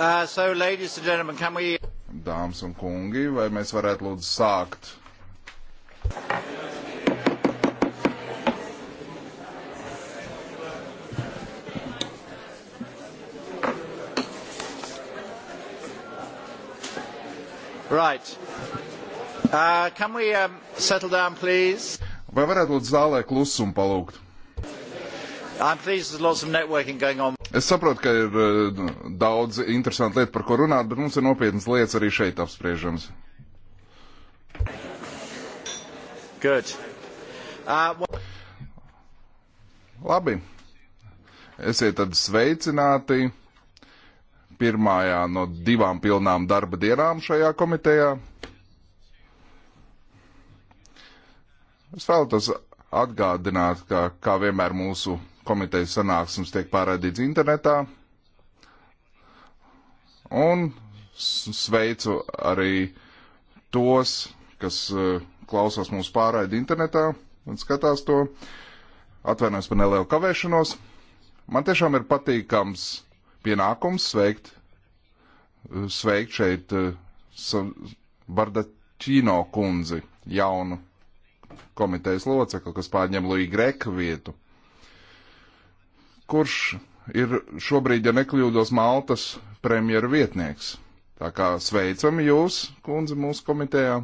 Uh, so, ladies and gentlemen, can we... Dāmas un kungi, vai mēs varētu lūdzu sākt Right. Uh, can we um, settle down, please? Vai varētu lūdzu zālē klusumu palūgt? I'm pleased there's lots of networking going on. Es saprotu, ka ir uh, daudz interesanti lietu, par ko runāt, bet mums ir nopietnas lietas arī šeit apspriežams. Good. Uh, what... Labi. Esiet tad sveicināti pirmajā no divām pilnām darba dienām šajā komitejā. Es vēlos atgādināt, ka kā vienmēr mūsu komitejas sanāksmes tiek pārraidīts internetā. Un sveicu arī tos, kas e, klausās mūsu pārraidi internetā un skatās to. Atvainojos par nelielu kavēšanos. Man tiešām ir patīkams pienākums sveikt, sveikt šeit eh, Bardačīno kundzi, jaunu komitejas locekli, kas pārņem Līga Greka vietu, kurš ir šobrīd, ja nekļūdos, Maltas premjera vietnieks. Tā kā sveicam jūs, kundze, mūsu komitejā.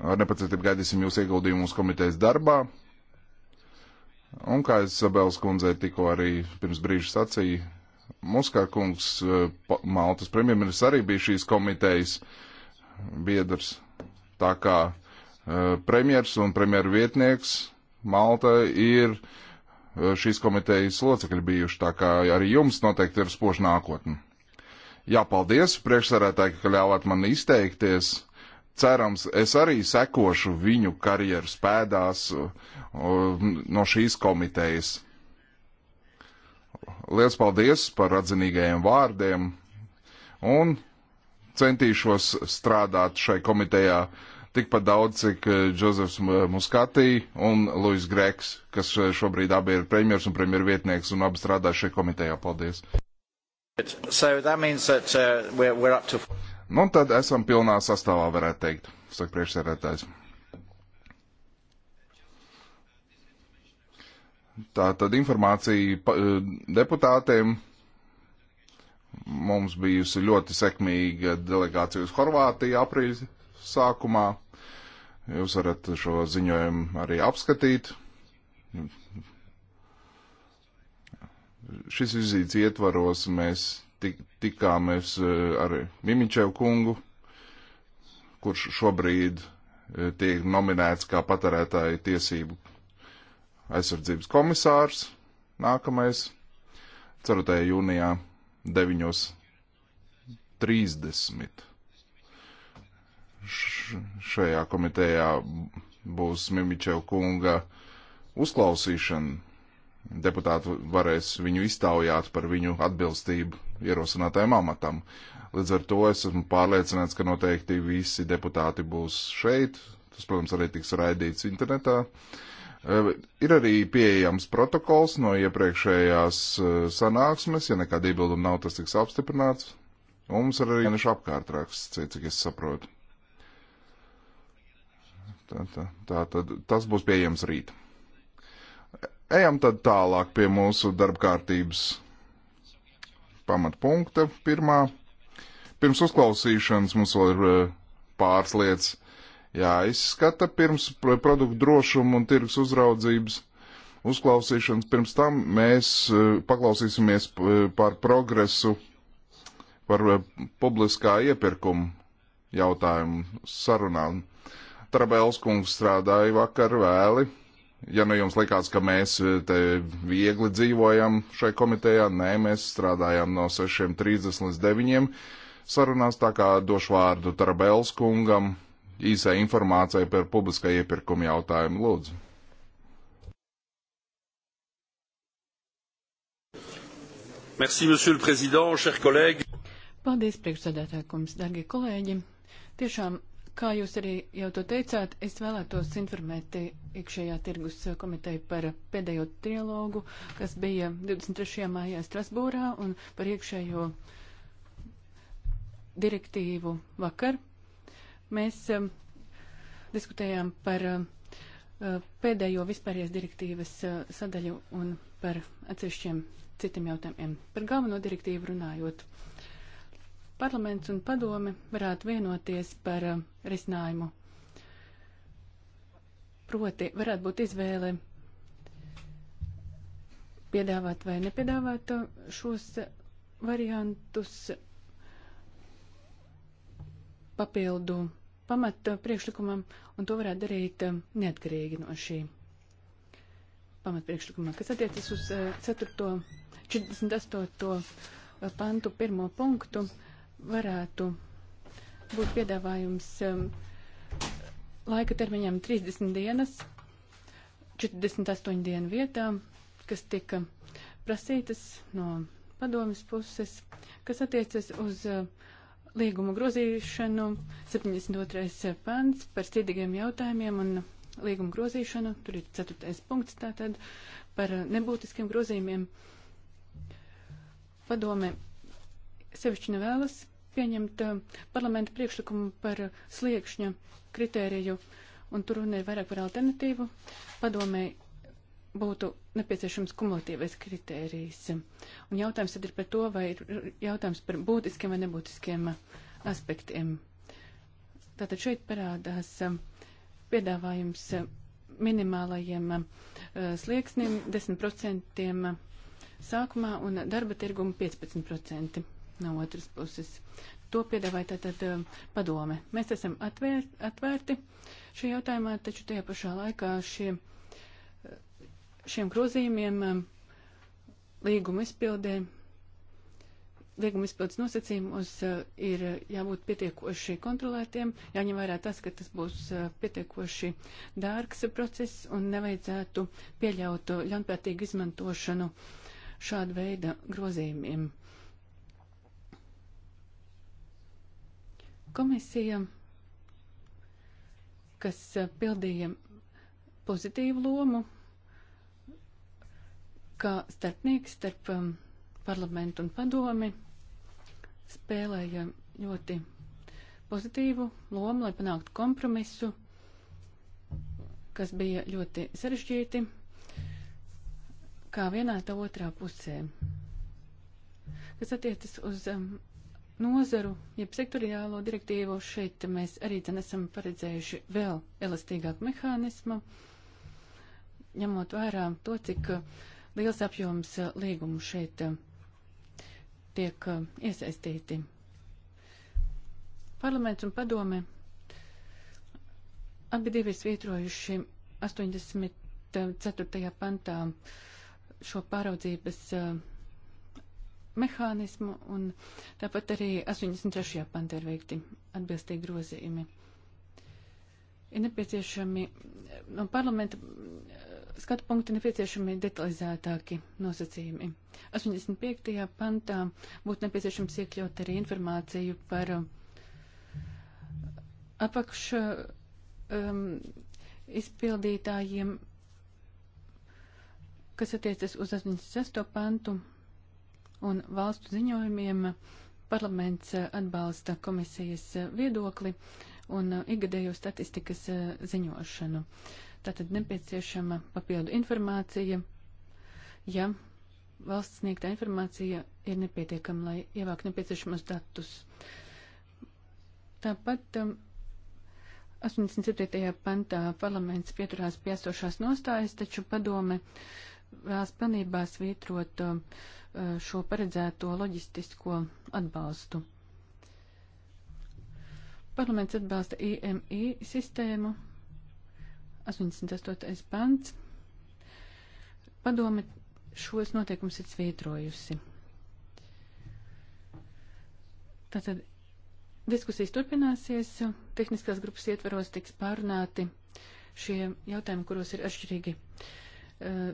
Ar nepacietību gaidīsim jūs ieguldījumus komitejas darbā. Un kā Izabels kundze tikko arī pirms brīža sacīja, Muskā kungs, eh, Maltas premjerministrs arī bija šīs komitejas biedrs. Tā kā eh, premjers un premjeru vietnieks Malta ir eh, šīs komitejas locekļi bijuši, tā kā arī jums noteikti ir spoža nākotne. Jā, paldies priekšsarētāji, ka ļāvāt man izteikties cerams, es arī sekošu viņu karjeras pēdās uh, uh, no šīs komitejas. Lielas paldies par atzinīgajiem vārdiem un centīšos strādāt šai komitejā tikpat daudz, cik Džozefs uh, Muskatī un Luis Greks, kas šobrīd abi ir premjers un premjeru vietnieks un abi strādā šai komitejā. Paldies! So that means that uh, we're, we're up to... Nu, tad esam pilnā sastāvā, varētu teikt, saka priekšsēdētājs. Tā tad informācija pa, eh, deputātiem. Mums bijusi ļoti sekmīga delegācija uz Horvātiju aprīļa sākumā. Jūs varat šo ziņojumu arī apskatīt. Šis vizītes ietvaros mēs tik, tikāmies eh, ar Mimičevu kungu, kurš šobrīd eh, tiek nominēts kā patērētāju tiesību aizsardzības komisārs. Nākamais, 4. jūnijā, 9.30. Šajā komitejā būs Mimičev kunga uzklausīšana deputāti varēs viņu iztaujāt par viņu atbilstību ierosinātajam amatam. Līdz ar to es esmu pārliecināts, ka noteikti visi deputāti būs šeit. Tas, protams, arī tiks raidīts internetā. E, ir arī pieejams protokols no iepriekšējās e, sanāksmes, ja nekāda iebilduma nav, tas tiks apstiprināts. Un mums ir arī neša apkārtraksts, cik es saprotu. Tā, tā, tā, tā, tas būs pieejams rīt. Ejam tad tālāk pie mūsu darbkārtības pamatpunkta. Pirmā, pirms uzklausīšanas mums vēl ir eh, pāris lietas jāizskata pirms produktu drošuma un tirgus uzraudzības uzklausīšanas. Pirms tam mēs eh, paklausīsimies eh, par progresu, par publiskā iepirkuma jautājumu sarunām. Trabēls kungs strādāja vakar vēli ja nu jums likās, ka mēs eh, te viegli dzīvojam šai komitejā, nē, mēs strādājam no 6.30 līdz 9. sarunās, tā kā došu vārdu Tarabels kungam īsai informācijai par publiskā iepirkuma jautājumu lūdzu. Merci, monsieur le président, chers collègues. Paldies, priekšsēdētāj, kungs, darbie kolēģi. Tiešām Kā jūs arī jau to teicāt, es vēlētos informēt iekšējā tirgus komiteju par pēdējo trilogu, kas bija 23. mājā Strasbūrā un par iekšējo direktīvu vakar. Mēs um, diskutējām par um, uh, pēdējo vispārējās direktīvas uh, sadaļu un par atsevišķiem citiem jautājumiem. Par galveno direktīvu runājot. Uh, parlaments un padome varētu vienoties par uh, risinājumu. Proti, varētu būt izvēle piedāvāt vai nepiedāvāt uh, šos uh, variantus uh, papildu pamata priekšlikumam, un to varētu darīt neatkarīgi no šī pamata priekšlikumā, kas attiecas uz 4. 48. pantu pirmo punktu. Uh, varētu būt piedāvājums um, laika termiņam 30 dienas, 48 dienu vietā, kas tika prasītas no padomas puses, kas attiecas uz uh, līguma grozīšanu, 72. Uh, pants par strīdīgiem jautājumiem un līguma grozīšanu, tur ir 4. punkts tātad, par uh, nebūtiskiem grozījumiem. Padome sevišķi nevēlas pieņemt eh, parlamenta priekšlikumu par sliekšņa kritēriju, un tur runa ir vairāk par alternatīvu. Padomē būtu nepieciešams kumulatīvais kritērijs. Un jautājums tad ir par to, vai ir jautājums par būtiskiem vai nebūtiskiem aspektiem. Tātad šeit parādās eh, piedāvājums eh, minimālajiem slieksniem 10% sākumā un darba tirgumu 15% no otras puses. To piedāvāja tātad eh, padome. Mēs esam atvēr, atvērti šajā jautājumā, taču tajā pašā laikā šie, eh, šiem grozījumiem eh, līguma izpildē, līguma izpildes nosacījumos ir jābūt pietiekoši kontrolētiem, jāņem vērā tas, ka tas būs pietiekoši dārgs process un nevajadzētu pieļaut ļaunprātīgu izmantošanu šāda veida grozījumiem Komisija, kas eh, pildīja pozitīvu lomu, kā starpnieks starp um, parlamentu un padomi, spēlēja ļoti pozitīvu lomu, lai panāktu kompromisu, kas bija ļoti sarežģīti, kā vienā tā otrā pusē. Kas attiecas uz um, nozaru, jeb sektoriālo direktīvu šeit mēs arī esam paredzējuši vēl elastīgāku mehānismu, ņemot vērā to, cik uh, liels apjoms uh, līgumu šeit uh, tiek iesaistīti. Parlaments un padome abi divi ir svītrojuši 84. pantā šo pāraudzības uh, mehānismu, un tāpat arī 83. pantā ir veikti atbilstīgi grozījumi. Ir nepieciešami no parlamenta eh, skatu punkti nepieciešami detalizētāki nosacījumi. 85. pantā būtu nepieciešams iekļaut arī informāciju par eh, apakš um, izpildītājiem, kas attiecas uz 86. pantu un valstu ziņojumiem parlaments eh, atbalsta komisijas eh, viedokli un eh, ikgadējo statistikas ziņošanu. Tātad nepieciešama papildu informācija, ja valsts sniegtā informācija ir nepietiekama, lai ievāktu nepieciešamos datus. Tāpat um, 87. pantā parlaments pieturās piestošās nostājas, taču padome uh, vēlas pilnībā svītrot uh, šo paredzēto loģistisko atbalstu. Parlaments atbalsta IMI sistēmu 88. pants. Padome šos noteikumus ir svītrojusi. Tātad diskusijas turpināsies, tehniskās grupas ietvaros tiks pārunāti šie jautājumi, kuros ir atšķirīgi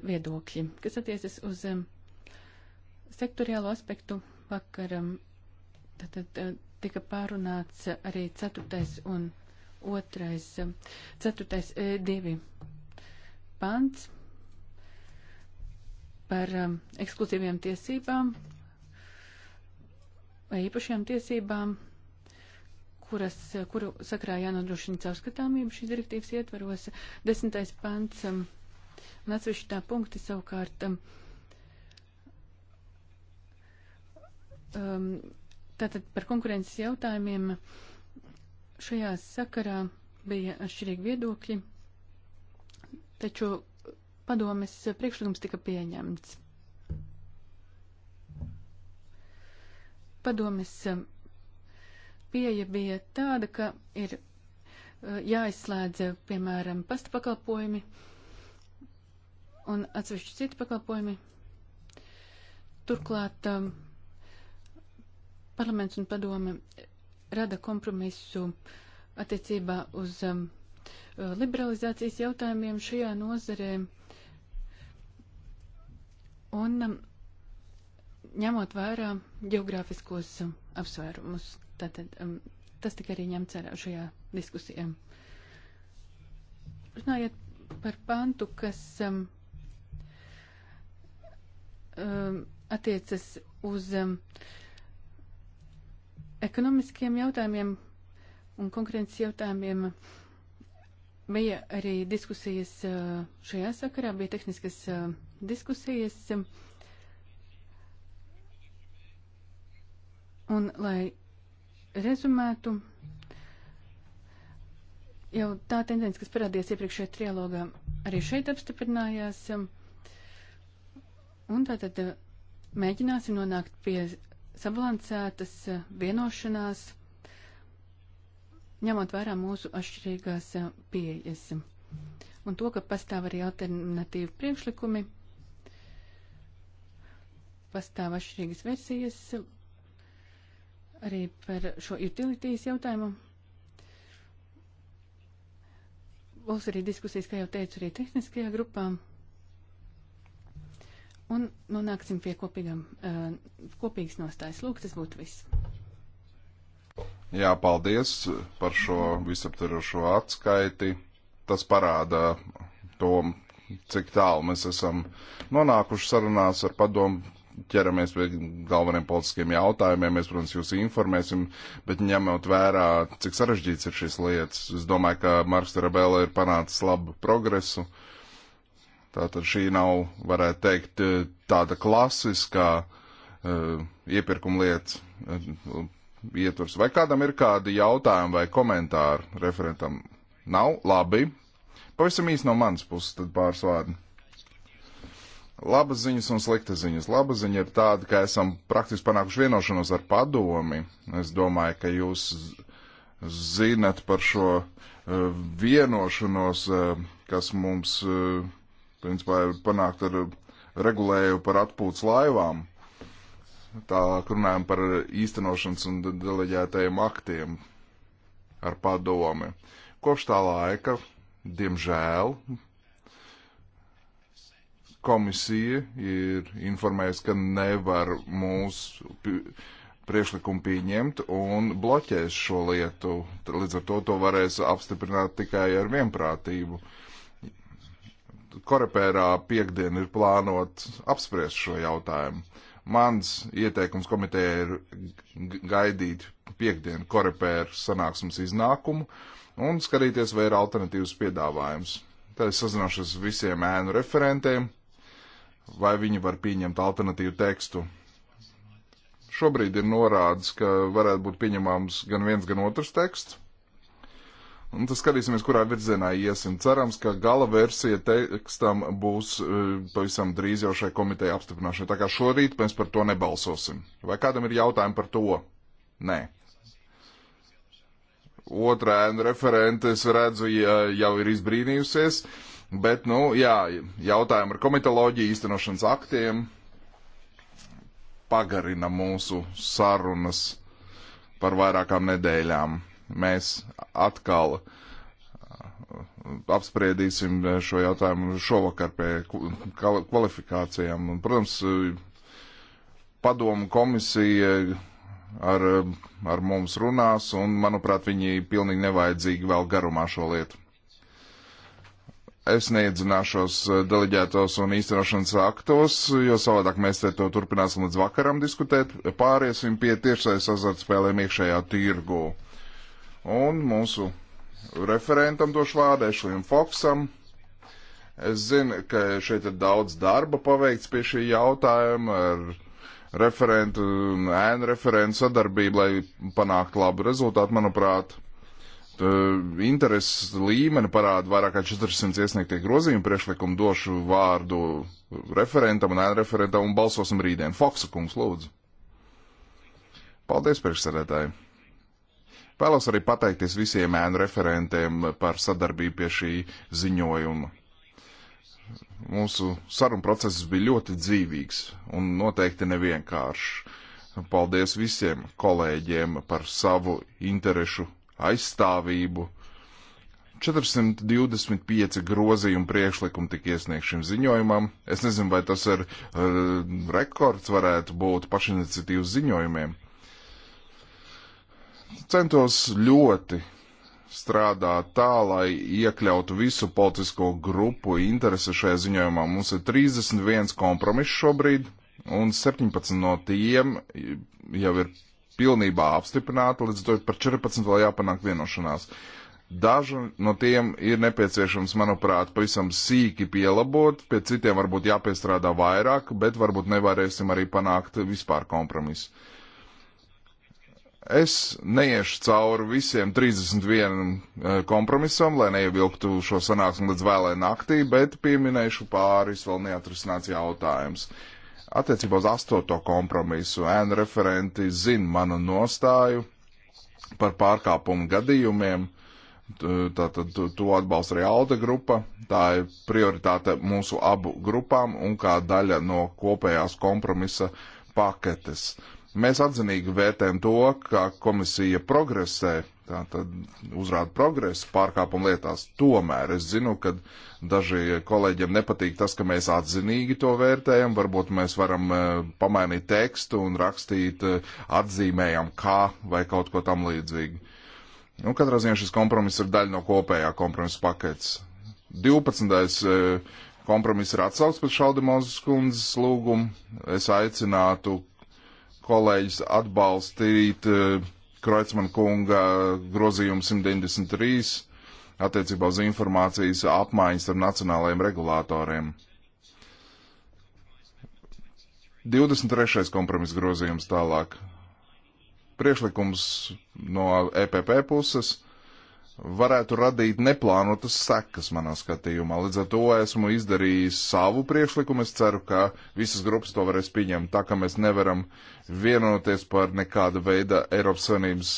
viedokļi. Kas attiecas uz um, sektoriālo aspektu, vakar um, tad, tad, uh, tika pārunāts arī ceturtais un otrais, um, ceturtais uh, divi pants par ekskluzīviem tiesībām vai īpašajām tiesībām, kuras, kuru sakrā jānodrošina caurskatāmību šīs direktīvas ietvaros. Desmitais pants Un atsevišķi tā punkti savukārt. Um, um, tātad par konkurences jautājumiem šajā sakarā bija atšķirīgi viedokļi, taču padomes priekšlikums tika pieņemts. Padomes um, pieeja bija tāda, ka ir uh, jāizslēdz, piemēram, pastapakalpojumi, pakalpojumi un atsevišķi citi pakalpojumi. Turklāt um, parlaments un padome rada kompromisu attiecībā uz um, liberalizācijas jautājumiem šajā nozarē. Un um, ņemot vērā geogrāfiskos um, apsvērumus, tātad um, tas tika arī ņemts vērā šajā diskusijā. Runājot par pantu, kas um, um, attiecas uz um, ekonomiskiem jautājumiem un konkurences jautājumiem. Bija arī diskusijas uh, šajā sakarā, bija tehniskas uh, diskusijas. Um, Un, lai rezumētu, jau tā tendence, kas parādījās iepriekšējā trialogā, arī šeit apstiprinājās. Um, Un tātad eh, mēģināsim nonākt pie sabalansētas eh, vienošanās, ņemot vērā mūsu atšķirīgās eh, pieejas. Un to, ka pastāv arī alternatīvi priekšlikumi, pastāv atšķirīgas versijas arī par šo utilities jautājumu. Būs arī diskusijas, kā jau teicu, arī tehniskajā grupā un nonāksim pie kopīgam, eh, kopīgas nostājas. Lūk, tas būtu viss. Jā, paldies par šo visaptverošo atskaiti. Tas parāda to, cik tālu mēs esam nonākuši sarunās ar padomu. Ķeramies pie galveniem politiskiem jautājumiem. Mēs, protams, jūs informēsim, bet ņemot vērā, cik sarežģīts ir šīs lietas, es domāju, ka Marks Terabēlē ir panācis labu progresu. Uh, Tātad šī nav, varētu teikt, eh, tāda klasiskā uh, iepirkuma lietas uh, eh, ietvers. Vai kādam ir kādi jautājumi vai komentāri referentam? Nav? Labi. Pavisam īsti no manas puses tad pāris vārdi. Labas ziņas un sliktas ziņas. Laba ziņa ir tāda, ka esam praktiski panākuši vienošanos ar padomi. Es domāju, ka jūs zinat par šo uh, vienošanos, uh, kas mums uh, principā ir panākt ar regulēju par atpūtas laivām. Tālāk runājam par īstenošanas un deleģētajiem aktiem ar padomi. Kopš tā laika, diemžēl, komisija ir informējusi, ka nevar mūsu priekšlikumu pieņemt un bloķēs šo lietu. Līdz ar to to varēs apstiprināt tikai ar vienprātību. Uh, korepērā piekdien ir plānots apspriest šo jautājumu. Mans ieteikums komitejai ir gaidīt piekdienu korepēru sanāksmes iznākumu un skatīties, vai ir alternatīvas piedāvājums. Tad es sazināšos visiem ēnu referentiem, vai viņi var pieņemt alternatīvu tekstu. Šobrīd ir norādes, ka varētu būt pieņemams gan viens, gan otrs teksts Un tad skatīsimies, kurā virzienā iesim. Cerams, ka gala versija tekstam būs e, pavisam drīz jau šai komitejai apstiprināšanai. Tā kā šorīt mēs par to nebalsosim. Vai kādam ir jautājumi par to? Nē. Otrā ēnu referente, es redzu, jau ir izbrīnījusies. Bet, nu, jā, jautājumi ar komitoloģiju īstenošanas aktiem pagarina mūsu sarunas par vairākām nedēļām mēs atkal uh, apspriedīsim šo jautājumu šovakar pie kvalifikācijām. Protams, uh, padomu komisija ar, ar mums runās, un, manuprāt, viņi pilnīgi nevajadzīgi vēl garumā šo lietu. Es neiedzināšos uh, deleģētos un īstenošanas aktos, jo savādāk mēs te to turpināsim līdz vakaram diskutēt. Pāriesim pie tiešsaistes azartspēlēm iekšējā tirgū. Un mūsu referentam došu vārdu Ešlim Foksam. Es zinu, ka šeit ir daudz darba paveikts pie šī jautājuma ar referentu, ēnu referentu sadarbību, lai panāktu labu rezultātu, manuprāt. Intereses līmeni parāda vairāk kā 400 iesniegtie grozījumi priekšlikumu došu vārdu referentam un ēnu referentam un balsosim rītdien. Foksa kungs, lūdzu. Paldies, priekšsēdētāji. Vēlos arī pateikties visiem ēnu referentiem par sadarbību pie šī ziņojuma. Mūsu saruna process bija ļoti dzīvīgs un noteikti nevienkāršs. Paldies visiem kolēģiem par savu interešu aizstāvību. 425 grozījumi priekšlikumi tika iesniegts šim ziņojumam. Es nezinu, vai tas ir uh, rekords varētu būt pašiniciatīvas ziņojumiem. Centos ļoti strādāt tā, lai iekļautu visu politisko grupu interesi šajā ziņojumā. Mums ir 31 kompromiss šobrīd, un 17 no tiem jau ir pilnībā apstiprināti, līdz to ir par 14 vēl jāpanāk vienošanās. Daži no tiem ir nepieciešams, manuprāt, pavisam sīki pielabot, pie citiem varbūt jāpiestrādā vairāk, bet varbūt nevarēsim arī panākt vispār kompromisu. Es neiešu cauri visiem 31 eh, kompromisam, lai neievilktu šo sanāksmu līdz vēlai naktī, bet pieminēšu pāris vēl neatrisināts jautājums. Attiecībā uz astoto kompromisu ēna referenti zina manu nostāju par pārkāpumu gadījumiem. Tātad to atbalsta arī Alde grupa. Tā ir prioritāte mūsu abu grupām un kā daļa no kopējās kompromisa paketes. Uh, Mēs atzinīgi vērtējam to, ka komisija progresē, tātad uzrāda progresu pārkāpumu lietās. Tomēr es zinu, ka daži kolēģiem nepatīk tas, ka mēs atzinīgi to vērtējam. Varbūt mēs varam e, pamainīt tekstu un rakstīt e, atzīmējam kā vai kaut ko tam līdzīgi. Nu, katrā ziņā šis kompromiss ir daļa no kopējā kompromisa paketes. 12. E, kompromiss ir atsaucis pēc Šaldemozes kundzes lūgumu. Es aicinātu kolēģis atbalstīt eh, Kreutzmann kunga grozījumu 193 attiecībā uz informācijas apmaiņas ar nacionālajiem regulātoriem. 23. kompromisa grozījums tālāk. Priekšlikums no EPP puses varētu radīt neplānotas sekas manā skatījumā. Līdz ar to esmu izdarījis savu priekšlikumu. Es ceru, ka visas grupas to varēs pieņemt, tā ka mēs nevaram vienoties par nekāda veida Eiropas Savienības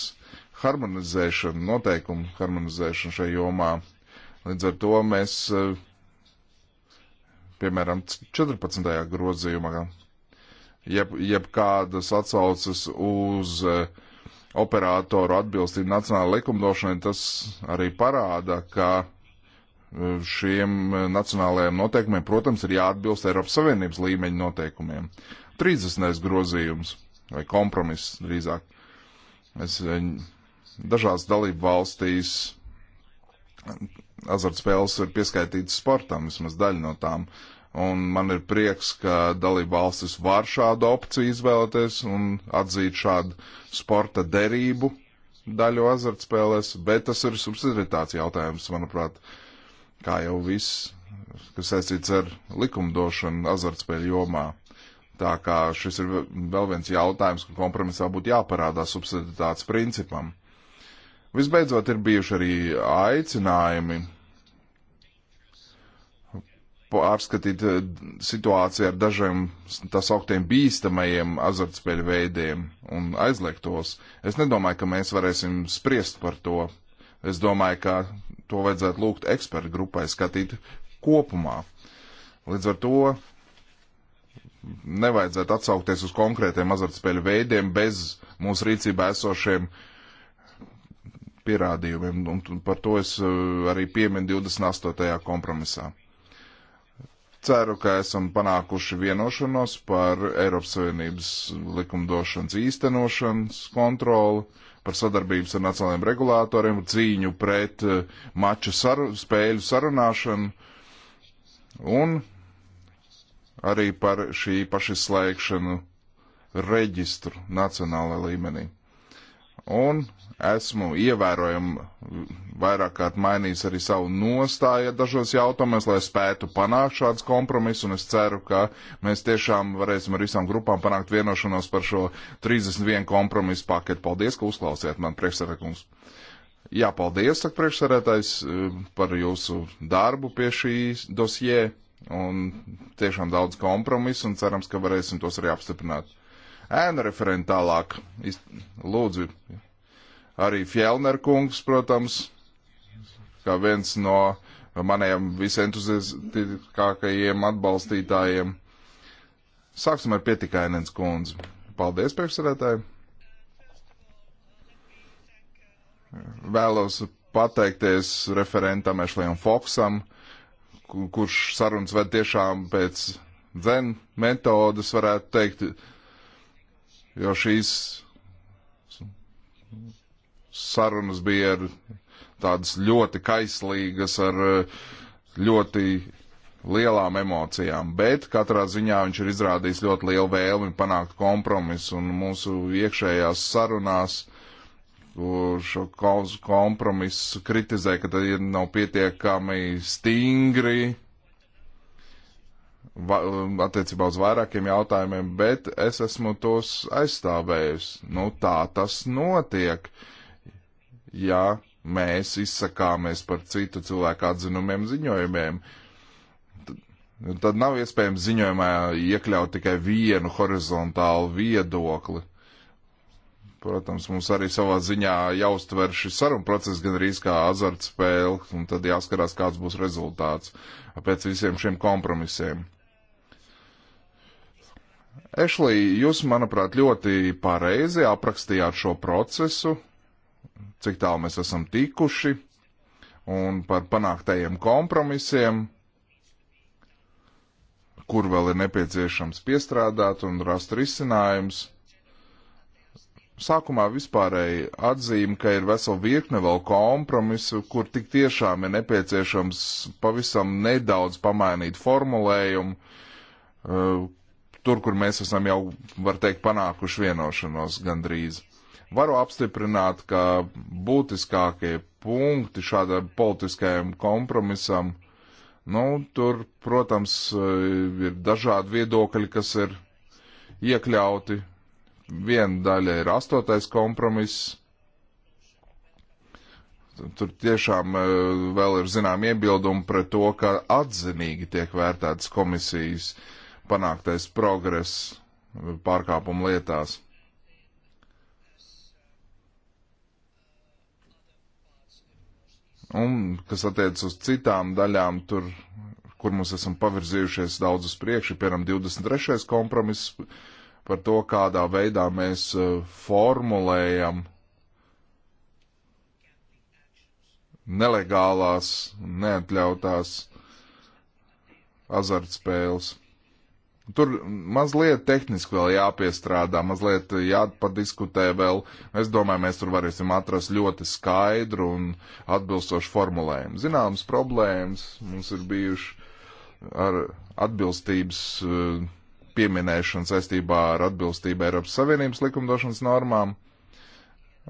harmonizēšanu, noteikumu harmonizēšanu šajā jomā. Līdz ar to mēs, eh, piemēram, 14. grozījumā, jeb, jeb kādas atsaucas uz uh, operātoru atbilstību nacionālajai likumdošanai, tas arī parāda, ka e, šiem nacionālajiem noteikumiem, protams, ir jāatbilst Eiropas Savienības līmeņa noteikumiem. 30. grozījums vai kompromiss drīzāk. Es e, dažās dalību valstīs azartspēles ir pieskaitītas sportam, vismaz daļa no tām un man ir prieks, ka dalība valstis var šādu opciju izvēlēties un atzīt šādu sporta derību daļu azartspēlēs, bet tas ir subsidiaritāts jautājums, manuprāt, kā jau viss, kas saistīts ar likumdošanu azartspēļu jomā. Tā kā šis ir vēl viens jautājums, ka kompromisā būtu jāparādās subsidiaritātes principam. Visbeidzot, ir bijuši arī aicinājumi pārskatīt eh, situāciju ar dažiem tā sauktiem bīstamajiem azartspēļu veidiem un aizliegt tos. Es nedomāju, ka mēs varēsim spriest par to. Es domāju, ka to vajadzētu lūgt ekspertu grupai skatīt kopumā. Līdz ar to nevajadzētu atsaukties uz konkrētiem azartspēļu veidiem bez mūsu rīcībā esošiem pierādījumiem, un par to es eh, arī pieminu 28. kompromisā. Ceru, ka esam panākuši vienošanos par Eiropas Savienības likumdošanas īstenošanas kontroli, par sadarbības ar nacionālajiem regulātoriem, cīņu pret eh, maču saru, spēļu sarunāšanu un arī par šī pašizslēgšanu reģistru nacionālā līmenī. Un esmu ievērojami vairāk kārt mainījis arī savu nostāju dažos jautājumos, lai spētu panākt šādus kompromisus, un es ceru, ka mēs tiešām varēsim ar visām grupām panākt vienošanos par šo 31 kompromisu paketu. Paldies, ka uzklausījāt man priekšsarakums. Jā, paldies, saka priekšsarētājs, eh, par jūsu darbu pie šīs dosjē, un tiešām daudz kompromisu, un cerams, ka varēsim tos arī apstiprināt. Ēna referenta tālāk, lūdzu, Arī Fjellner kungs, protams, kā viens no maniem visentuziastiskākajiem atbalstītājiem. Sāksim ar pietikainens kundzi. Paldies, priekšsarētāji! Vēlos pateikties referentam Ešlējam Foksam, kurš sarunas ved tiešām pēc dzen metodas, varētu teikt, jo šīs sarunas bija ar tādas ļoti kaislīgas, ar eh, ļoti lielām emocijām, bet katrā ziņā viņš ir izrādījis ļoti lielu vēlmi panākt kompromisu un mūsu iekšējās sarunās šo kompromisu kritizē, ka tad ir nav pietiekami stingri va, eh, attiecībā uz vairākiem jautājumiem, bet es esmu tos aizstāvējusi. Nu, tā tas notiek. Uh, ja mēs izsakāmies par citu cilvēku atzinumiem ziņojumiem. Tad nav iespējams ziņojumā iekļaut tikai vienu horizontālu viedokli. Protams, mums arī savā ziņā jāuztver šis sarunu process gan arī kā azartspēle, un tad jāskarās, kāds būs rezultāts pēc visiem šiem kompromisiem. Ešlī, jūs, manuprāt, ļoti pareizi aprakstījāt šo procesu, cik tālu mēs esam tikuši un par panāktajiem kompromisiem, kur vēl ir nepieciešams piestrādāt un rast risinājums. Sākumā vispārēji atzīm, ka ir vesela virkne vēl kompromisu, kur tik tiešām ir nepieciešams pavisam nedaudz pamainīt formulējumu, eh, tur, kur mēs esam jau, var teikt, panākuši vienošanos gandrīz. Varu apstiprināt, ka būtiskākie punkti šādam politiskajam kompromisam, nu, tur, protams, eh, ir dažādi viedokļi, kas ir iekļauti. Viena daļa ir astotais kompromiss. Tur tiešām eh, vēl ir zinām iebildumi pret to, ka atzinīgi tiek vērtētas komisijas panāktais progress pārkāpumu lietās. Un, kas attiec uz citām daļām, tur, kur mums esam pavirzījušies daudz uz priekšu, piemēram, 23. kompromiss par to, kādā veidā mēs eh, formulējam nelegālās, neatļautās azartspēles. Tur mazliet tehniski vēl jāpiestrādā, mazliet jāpadiskutē vēl. Es domāju, mēs tur varēsim atrast ļoti skaidru un atbilstošu formulējumu. Zināmas problēmas mums ir bijuši ar atbilstības eh, pieminēšanu saistībā ar atbilstību Eiropas Savienības likumdošanas normām.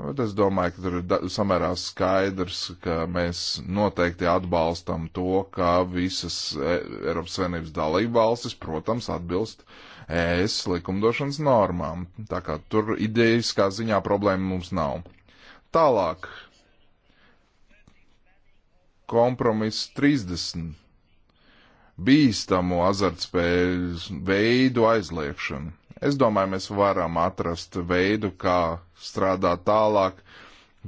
Bet es domāju, ka tur ir samērā skaidrs, ka mēs noteikti atbalstam to, ka visas e, Eiropas Savienības dalība valstis, protams, atbilst ES likumdošanas normām. Tā kā tur idejiskā ziņā problēma mums nav. Tālāk. Kompromiss 30. Bīstamu azartspēļu veidu aizliekšanu. Es domāju, mēs varam atrast veidu, kā strādāt tālāk,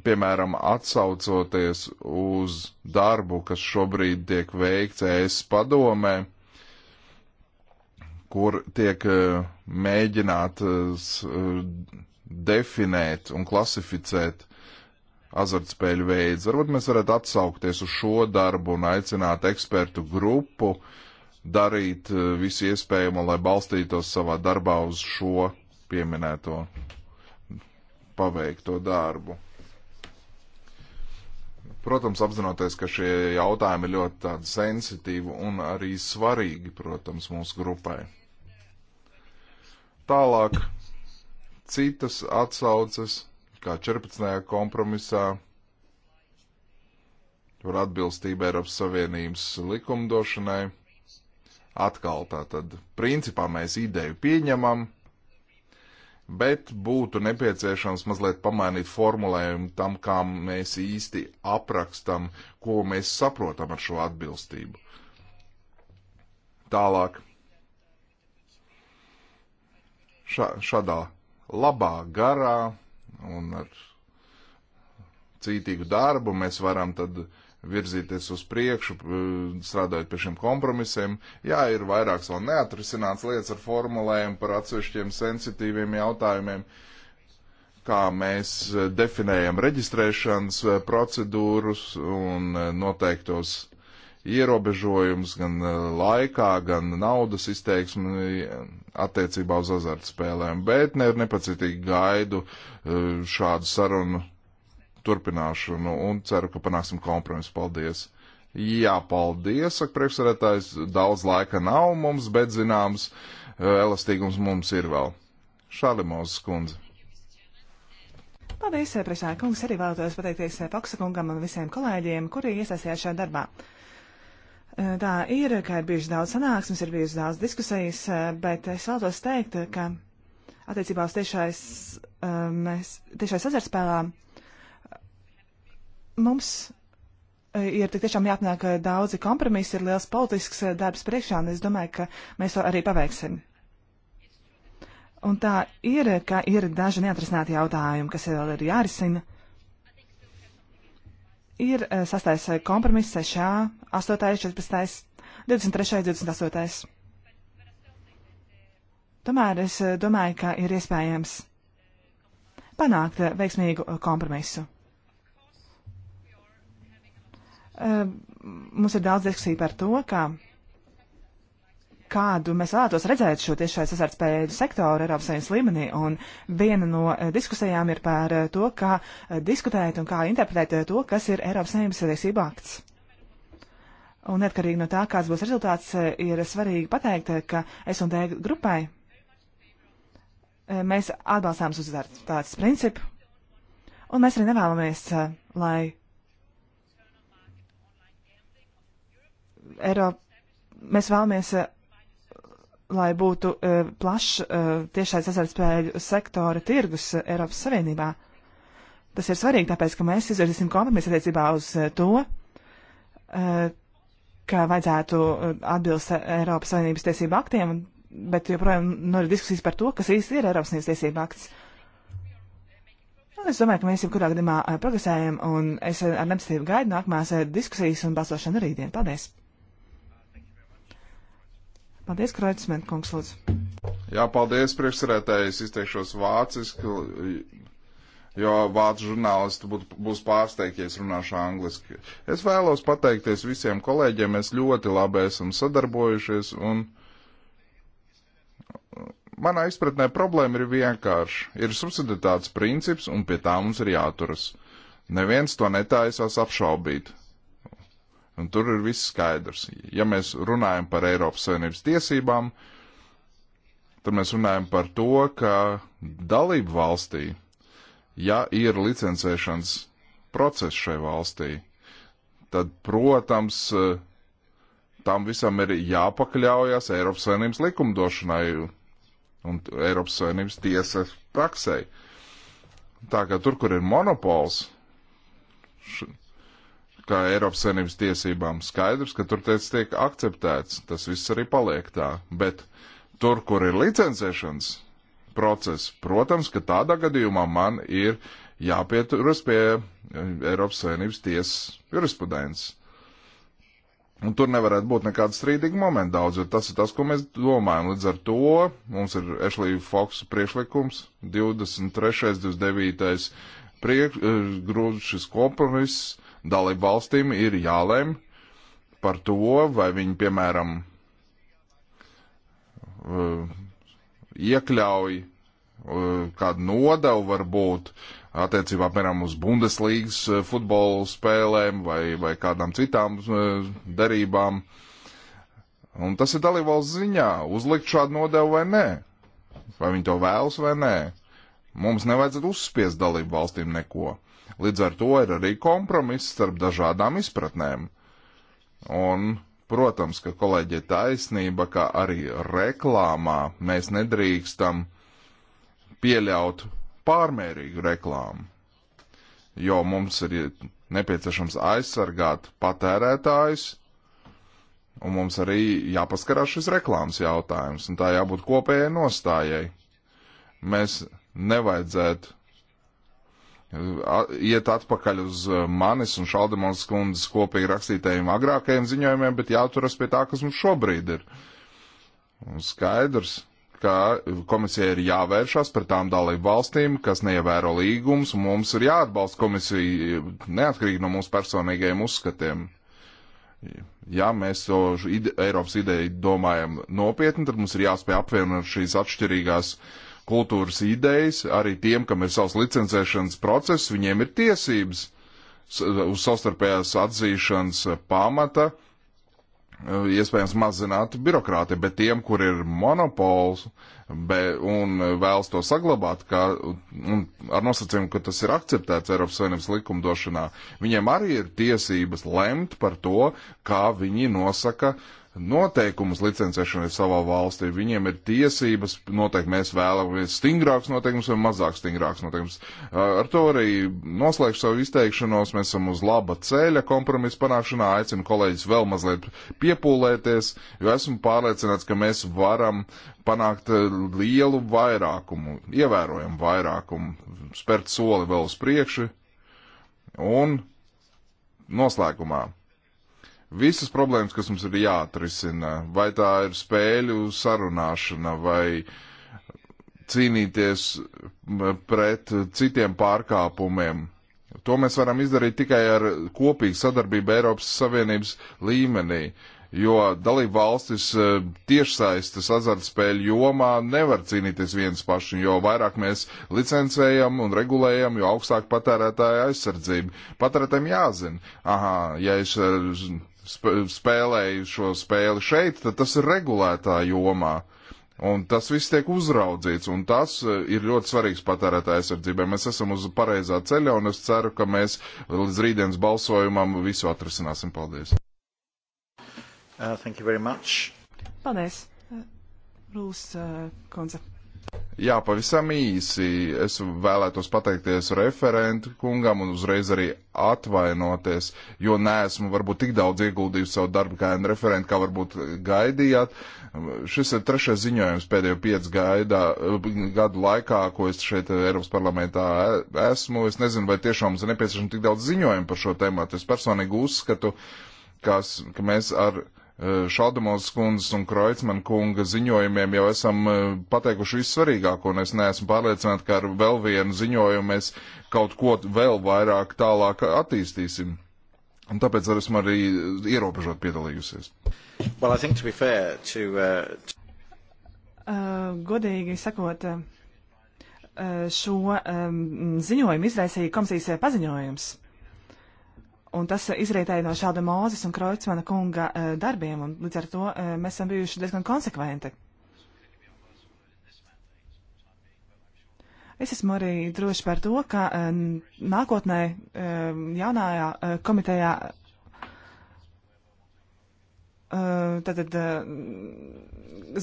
piemēram, atsaucoties uz darbu, kas šobrīd tiek veikts ES padomē, kur tiek e, mēģināts e, e, definēt un klasificēt azartspēļu veids. Varbūt mēs varētu atsaukties uz šo darbu un aicināt ekspertu grupu darīt visu iespējamo, lai balstītos savā darbā uz šo pieminēto paveikto darbu. Protams, apzinoties, ka šie jautājumi ir ļoti sensitīvi un arī svarīgi, protams, mūsu grupai. Tālāk citas atsauces, kā 14. kompromisā par atbilstību Eiropas Savienības likumdošanai. Atkal tā tad principā mēs ideju pieņemam, bet būtu nepieciešams mazliet pamainīt formulējumu tam, kā mēs īsti aprakstam, ko mēs saprotam ar šo atbilstību. Tālāk. Šā, šādā labā garā un ar cītīgu darbu mēs varam tad uh, virzīties uz priekšu, strādājot pie šiem kompromisiem. Jā, ir vairākas vēl neatrisināts lietas ar formulējumu par atsevišķiem sensitīviem jautājumiem, kā mēs definējam reģistrēšanas eh, procedūrus un eh, noteiktos ierobežojums gan eh, laikā, gan naudas izteiksmi attiecībā uz azartspēlēm, bet ne, nepacitīgi gaidu šādu sarunu turpināšanu un ceru, ka panāksim kompromisu. Paldies! Jā, paldies, saka priekšsarētājs. Daudz laika nav mums, bet zināms, eh, elastīgums mums ir vēl. Šālimos skundze. Paldies, eh, priekšsarētāj kungs. Arī vēlētos pateikties eh, Paksa kungam un visiem kolēģiem, kuri iesaistījās šajā darbā. Tā ir, ka ir bijušas daudz sanāksmes, ir bijušas daudz diskusijas, bet es vēlētos teikt, ka attiecībā uz tiešais, mēs tiešais azartspēlām Mums e, ir tik tiešām jāpanāk daudzi kompromisi, ir liels politisks e, darbs priekšā, un es domāju, ka mēs to arī paveiksim. Un tā ir, ka ir daži neatrisināti jautājumi, kas vēl ir jārisina. Ir e, sastais kompromiss 6, 8, 14, 23, 28. Tomēr es domāju, ka ir iespējams panākt veiksmīgu kompromisu. Eh, mums ir daudz diskusiju par to, kā, kādu mēs vēlētos redzēt šo tiešais azartspēļu sektoru Eiropas Savienības līmenī. Un viena no eh, diskusijām ir par eh, to, kā diskutēt un kā interpretēt to, kas ir Eiropas Savienības tiesība akts. Un neatkarīgi no tā, kāds būs rezultāts, ir svarīgi pateikt, ka S&D grupai mēs atbalstām uz uzvērtātas principu, un mēs arī nevēlamies, lai Eiropa, mēs vēlamies, eh, lai būtu eh, plašs eh, tiešais azartspēļu sektora tirgus Eiropas Savienībā. Tas ir svarīgi, tāpēc, ka mēs izvirzīsim kompromisu attiecībā uz to, ka vajadzētu atbilst Eiropas Savienības tiesību aktiem, bet joprojām norit nu, diskusijas par to, kas īsti ir Eiropas Savienības tiesību akts. Es domāju, ka mēs jebkurā gadījumā progresējam, un es ar nepacietību gaidu nākamās diskusijas un balsošanu rītdien. Paldies! Paldies, Kreutzmann kungs, lūdzu. Jā, paldies, priekšsarētājs, izteikšos vāciski, jo vācu žurnālisti būt, būs pārsteigti, ja es runāšu angliski. Es vēlos pateikties visiem kolēģiem, mēs ļoti labi esam sadarbojušies un manā izpratnē problēma ir vienkārša. Ir subsiditātes princips, un pie tā mums ir jāturas. Neviens to netaisās apšaubīt. Un tur ir viss skaidrs. Ja mēs runājam par Eiropas Savienības tiesībām, tad mēs runājam par to, ka dalību valstī, ja ir licencēšanas process šai valstī, tad, protams, tam visam ir jāpakļaujas Eiropas Savienības likumdošanai un Eiropas Savienības tiesas praksē. Tā kā tur, kur ir monopols, š, kā Eiropas Savienības tiesībām. Skaidrs, ka tur tas tiek akceptēts, tas viss arī paliek tā, bet tur, kur ir licencēšanas process, protams, ka tādā gadījumā man ir jāpieturas pie eh, Eiropas Savienības tiesas jurisprudences. Un tur nevarētu būt nekāda strīdīga momenta daudz, jo tas ir tas, ko mēs domājam. Līdz ar to mums ir Ešlija Foksa priekšlikums 23. 29. Priek, eh, grūšas kompromiss, Dalību valstīm ir jālem par to, vai viņi, piemēram, eh, iekļauj eh, kādu nodevu varbūt attiecībā, piemēram, uz Bundeslīgas eh, futbola spēlēm vai, vai kādām citām darībām. Un tas ir dalībvalsts ziņā, uzlikt šādu nodevu vai nē. Vai viņi to vēlas vai nē. Mums nevajadzētu uzspiest dalību valstīm neko. Līdz ar to ir arī kompromiss starp dažādām izpratnēm. Un, protams, ka kolēģi ir taisnība, ka arī reklāmā mēs nedrīkstam pieļaut pārmērīgu reklāmu, jo mums ir nepieciešams aizsargāt patērētājus, un mums arī jāpaskarās šis reklāmas jautājums, un tā jābūt kopējai nostājai. Mēs nevajadzētu iet atpakaļ uz uh, manis un Šaldemons kundzes kopīgi rakstītajiem agrākajiem ziņojumiem, bet jāturas pie tā, kas mums šobrīd ir. Un skaidrs, ka komisija ir jāvēršas pret tām dalību valstīm, kas neievēro līgumus, un mums ir jāatbalsta komisija neatkarīgi no mūsu personīgajiem uzskatiem. Ja mēs to ide Eiropas ideju domājam nopietni, tad mums ir jāspēj apvienot šīs atšķirīgās uh, kultūras idejas, arī tiem, kam ir savs licencēšanas process, viņiem ir tiesības uz savstarpējās atzīšanas pamata, eh, iespējams mazināt birokrātiju, bet tiem, kur ir monopols be, un vēlas to saglabāt, kā, un ar nosacījumu, ka tas ir akceptēts Eiropas Savienības likumdošanā, viņiem arī ir tiesības lemt par to, kā viņi nosaka uh, noteikumus licencēšanai savā valstī. Viņiem ir tiesības noteikt, mēs vēlamies stingrākus noteikumus vai mazāk stingrākus noteikumus. Ar to arī noslēgšu savu izteikšanos. Mēs esam uz laba ceļa kompromisu panākšanā. Aicinu kolēģis vēl mazliet piepūlēties, jo esmu pārliecināts, ka mēs varam panākt lielu vairākumu, ievērojamu vairākumu, spērt soli vēl uz priekšu. Un noslēgumā Visas problēmas, kas mums ir jāatrisina, vai tā ir spēļu sarunāšana, vai cīnīties pret citiem pārkāpumiem, to mēs varam izdarīt tikai ar kopīgu sadarbību Eiropas Savienības līmenī jo dalību valstis eh, tiešsaistes azartspēļu jomā nevar cīnīties viens paši, jo vairāk mēs licencējam un regulējam, jo augstāk patērētāja aizsardzība. Patērētājiem jāzina, aha, ja es eh, spēlēju šo spēli šeit, tad tas ir regulētā jomā. Un tas viss tiek uzraudzīts, un tas e, ir ļoti svarīgs patērētāja aizsardzībai. Mēs esam uz pareizā ceļa, un es ceru, ka mēs līdz rītdienas balsojumam visu atrisināsim. Paldies! Uh, Paldies, uh, Rūs uh, Konze. Jā, pavisam īsi. Es vēlētos pateikties referentu kungam un uzreiz arī atvainoties, jo neesmu varbūt tik daudz ieguldījusi savu darbu kā referentu, kā varbūt gaidījāt. Šis ir trešais ziņojums pēdējo piecu gaidā, gadu laikā, ko es šeit Eiropas parlamentā esmu. Es nezinu, vai tiešām mums ir nepieciešama tik daudz ziņojumu par šo tēmu. Es personīgi uzskatu, kas, ka mēs ar. Uh, Eh, Šādamos kundzes un Kreutzmann kunga ziņojumiem jau esam eh, pateikuši vissvarīgāko, un es neesmu pārliecināts, ka ar vēl vienu ziņojumu mēs kaut ko vēl vairāk tālāk attīstīsim. Un tāpēc ar esmu arī eh, ierobežot piedalījusies. Well, to to, uh... Uh, godīgi sakot, uh, šo um, ziņojumu izraisīja komisijas paziņojums. Un tas izrietēja no šāda Māzes un Kreutzmana kunga eh, darbiem, un līdz ar to eh, mēs esam bijuši diezgan konsekventi. Es esmu arī droši par to, ka eh, nākotnē jaunajā komitejā tātad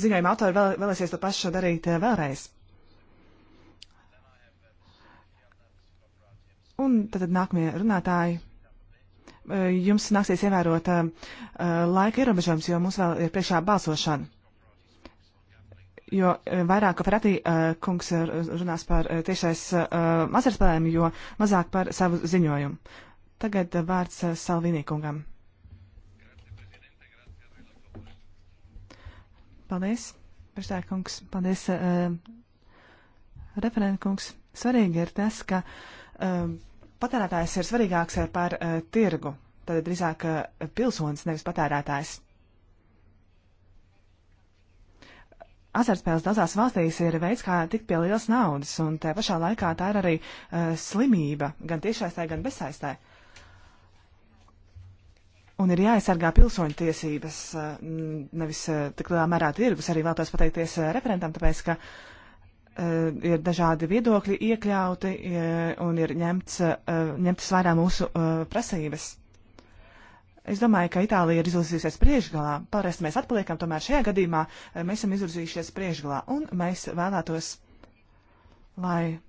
ziņojuma autori vēl, vēlēsies to pašu darīt vēlreiz. Un tad nākamie runātāji Eh, jums nāksies ievērot uh, laika ierobežojums, jo mums vēl ir priekšā balsošana. Jo vairāk Kaferati uh, kungs runās par tiešais uh, mazarspēlēm, jo mazāk par savu ziņojumu. Tagad vārds Salvīnī kungam. Paldies, priekšstādā kungs, paldies, referenta kungs. Svarīgi ir tas, ka patērētājs ir svarīgāks eh, par uh, tirgu. Tad drīzāk uh, pilsonis, nevis patērētājs. Azartspēles daudzās valstīs ir veids, kā tikt pie lielas naudas, un tā pašā laikā tā ir arī uh, slimība, gan tiešsaistē, gan bezsaistē. Un ir jāaizsargā pilsoņu tiesības, uh, nevis uh, tik lielā mērā tirgus. Arī vēlos pateikties uh, referentam, tāpēc, ka uh, Eh, ir dažādi viedokļi iekļauti eh, un ir ņemts, eh, ņemtas vērā mūsu prasības. Es domāju, ka Itālija ir izlasījusies priekšgalā. Parasti mēs atpaliekam, tomēr šajā gadījumā mēs esam izvirzījušies priekšgalā un mēs vēlētos, lai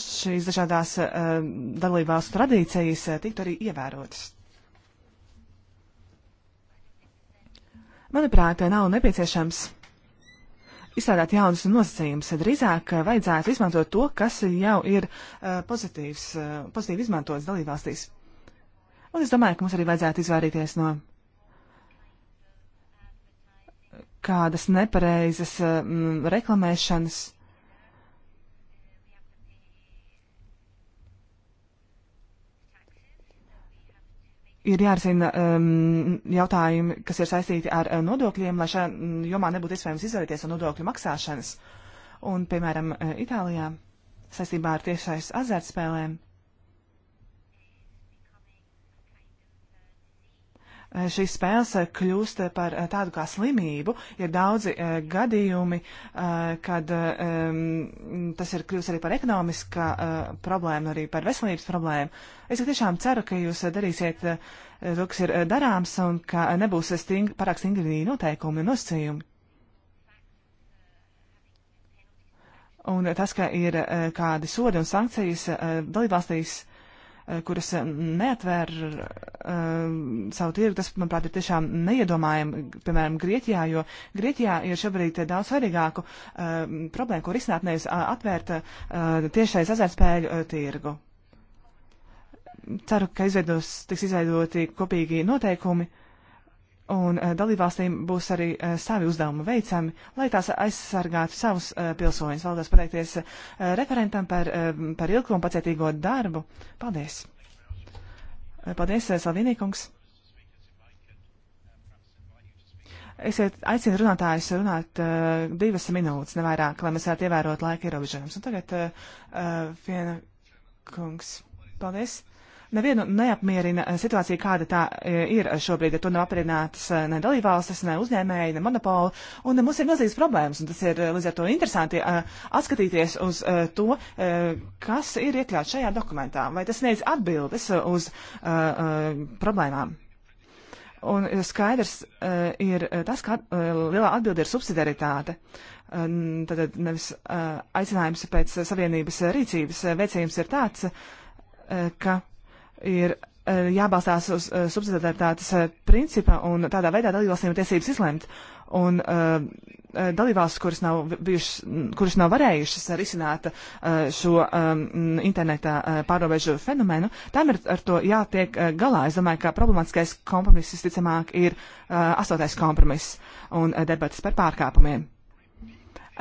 šīs dažādās dalībās tradīcijas tiktu arī ievērotas. Manuprāt, nav nepieciešams izstrādāt jaunus nosacījumus. Drīzāk eh, vajadzētu izmantot to, kas jau ir eh, pozitīvs, eh, pozitīvi izmantots dalībvalstīs. Un es domāju, ka mums arī vajadzētu izvairīties no kādas nepareizas mm, reklamēšanas ir jārisina um, jautājumi, kas ir saistīti ar uh, nodokļiem, lai šajā um, jomā nebūtu iespējams izvairīties no nodokļu maksāšanas. Un, piemēram, uh, Itālijā saistībā ar tiešais azartspēlēm Eh, šīs spēles eh, kļūst eh, par tādu kā slimību. Ir daudzi gadījumi, kad ehm, tas ir kļūst arī par ekonomiskā problēmu, arī par veselības problēmu. Es tiešām ceru, ka jūs darīsiet to, kas ir darāms, un ka nebūs sting, parāk stingri noteikumi un nosacījumi. Un tas, ka ir kādi sodi un sankcijas dalībvalstīs, Eh, kuras eh, neatvēr uh, eh, savu tirgu, tas, manuprāt, ir tiešām neiedomājami, piemēram, Grieķijā, jo Grieķijā ir šobrīd daudz svarīgāku uh, problēmu, kur izsnāt nevis atvērt uh, tiešais azartspēļu uh, tirgu. Ceru, ka izveidos, tiks izveidoti kopīgi noteikumi, uh, un eh, dalībvalstīm būs arī eh, savi uzdevumi veicami, lai tās aizsargātu savus eh, pilsoņus. Vēlos pateikties referentam par, par ilgu un pacietīgo darbu. Paldies! Paldies, Salvinīkungs! Es aicinu runātājus runāt uh, divas minūtes, nevairāk, lai mēs varētu ievērot laika ierobežojumus. Un tagad uh, viena kungs. Paldies! Uh, Nevienu neapmierina eh, situācija, kāda tā eh, ir šobrīd, ja to nav apmierinātas eh, ne dalībvalstis, ne uzņēmēji, ne monopoli, un ne mums ir milzīgas problēmas, un tas ir līdz ar to interesanti atskatīties uz to, kas ir iekļauts šajā dokumentā, vai tas sniedz atbildes uz problēmām. Un skaidrs uh, ir tas, ka uh, lielā atbilde ir subsidiaritāte. Uh, tad nevis uh, aicinājums pēc savienības rīcības veicējums ir tāds, uh, ka ir e, jābalstās uz e, subsidiaritātes e, principa un tādā veidā dalībvalstīm ir tiesības izlemt. Un uh, dalībvalstis, kuras nav, bijušas, kuras nav varējušas risināt uh, šo um, interneta uh, pārobežu fenomenu, tam ir ar to jātiek uh, galā. Es domāju, ka problemātiskais kompromiss visticamāk ir uh, astotais kompromiss un uh, debatas par pārkāpumiem.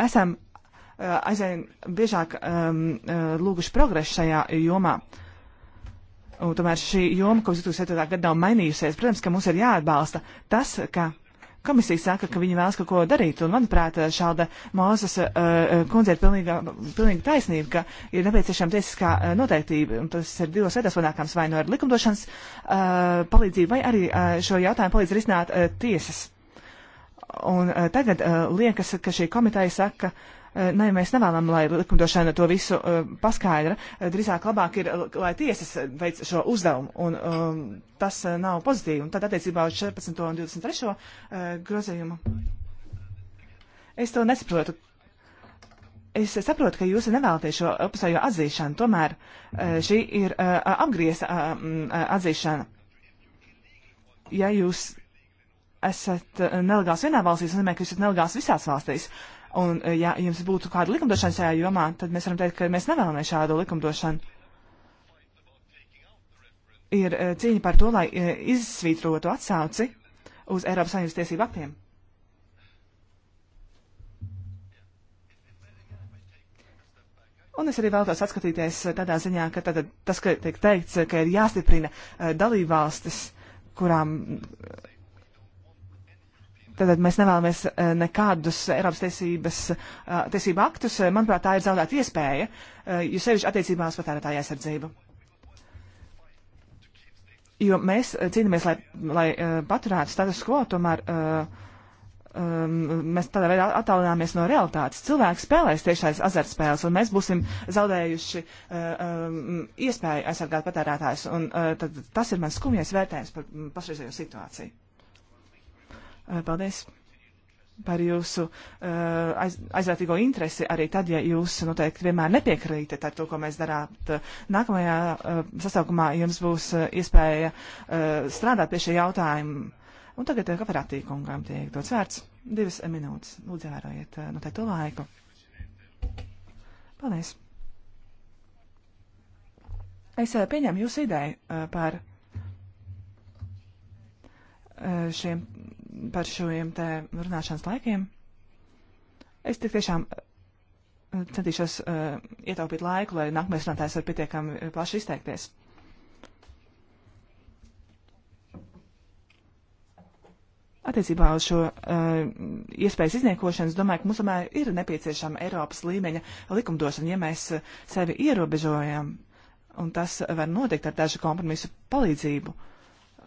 Esam uh, aizvien biežāk um, uh, lūguši progresu šajā jomā. Uh, Un tomēr šī joma, ko 2007. gadā nav mainījusies, protams, ka mums ir jāatbalsta tas, ka komisija saka, ka viņi vēlas kaut ko darīt, un manuprāt, šāda Mozes uh, uh kundze ir pilnīga, pilnīga taisnība, ka ir nepieciešama tiesiskā uh, noteiktība, un tas ir divos veidos panākams, vai no nu ar likumdošanas uh, palīdzību, vai arī uh, šo jautājumu palīdz risināt uh, tiesas. Un uh, tagad uh, liekas, ka šī komiteja saka, uh, Eh, Nē, mēs nevēlam, lai likumdošana to visu uh, paskaidra. Eh, drīzāk labāk ir, lai tiesas veic šo uzdevumu, un um, tas nav pozitīvi. Un tad attiecībā uz 14. un 23. Uh, grozījumu. Es to nesaprotu. Es saprotu, ka jūs nevēlaties šo apusējo atzīšanu, tomēr uh, šī ir uh, apgrieza uh, atzīšana. Ja jūs esat nelegāls vienā valstī, tas nozīmē, ka jūs esat nelegāls visās valstīs. Uh, Un, e, ja jums būtu kāda likumdošana šajā jomā, tad mēs varam teikt, ka mēs nevēlamies šādu likumdošanu. Ir e, cīņa par to, lai e, izsvītrotu atsauci uz Eiropas Savienības tiesību aktiem. Un es arī vēlos atskatīties tādā ziņā, ka tad, tas, ka tiek teikts, ka ir jāstiprina dalībvalstis, kurām Tātad mēs nevēlamies eh, nekādus Eiropas tiesības, eh, tiesību aktus. Eh, manuprāt, tā ir zaudēta iespēja, jo sevišķi attiecībā uz patērētāju aizsardzību. Jo mēs cīnāmies, lai, lai paturētu status quo, tomēr um, mēs tādā veidā attālināmies no realitātes. Cilvēki spēlēs tiešais azartspēles, un mēs būsim zaudējuši um, iespēju aizsargāt patērētājus. Un tad tas ir mans skumjais vērtējums par mm, pašreizējo situāciju. Eh, paldies par jūsu eh, aiz, aizvērtīgo interesi, arī tad, ja jūs noteikti vienmēr nepiekrītat ar to, ko mēs darām. Nākamajā eh, sasaukumā jums būs iespēja strādāt pie šī jautājuma. Un tagad kaferātī kungām tiek dots vērts. Divas minūtes. Lūdzu, vērojiet noteikto nu, laiku. Paldies. Es pieņemu jūsu ideju par Eh, šiem, par šiem te runāšanas laikiem. Es tik tiešām eh, centīšos uh, ietaupīt laiku, lai nākamais runātājs var pietiekami plaši izteikties. Attiecībā uz šo uh, iespējas izniekošanu, es domāju, ka mums tomēr ir nepieciešama Eiropas līmeņa likumdošana, ja mēs uh, sevi ierobežojam, un tas var notikt ar dažu kompromisu palīdzību. Uh,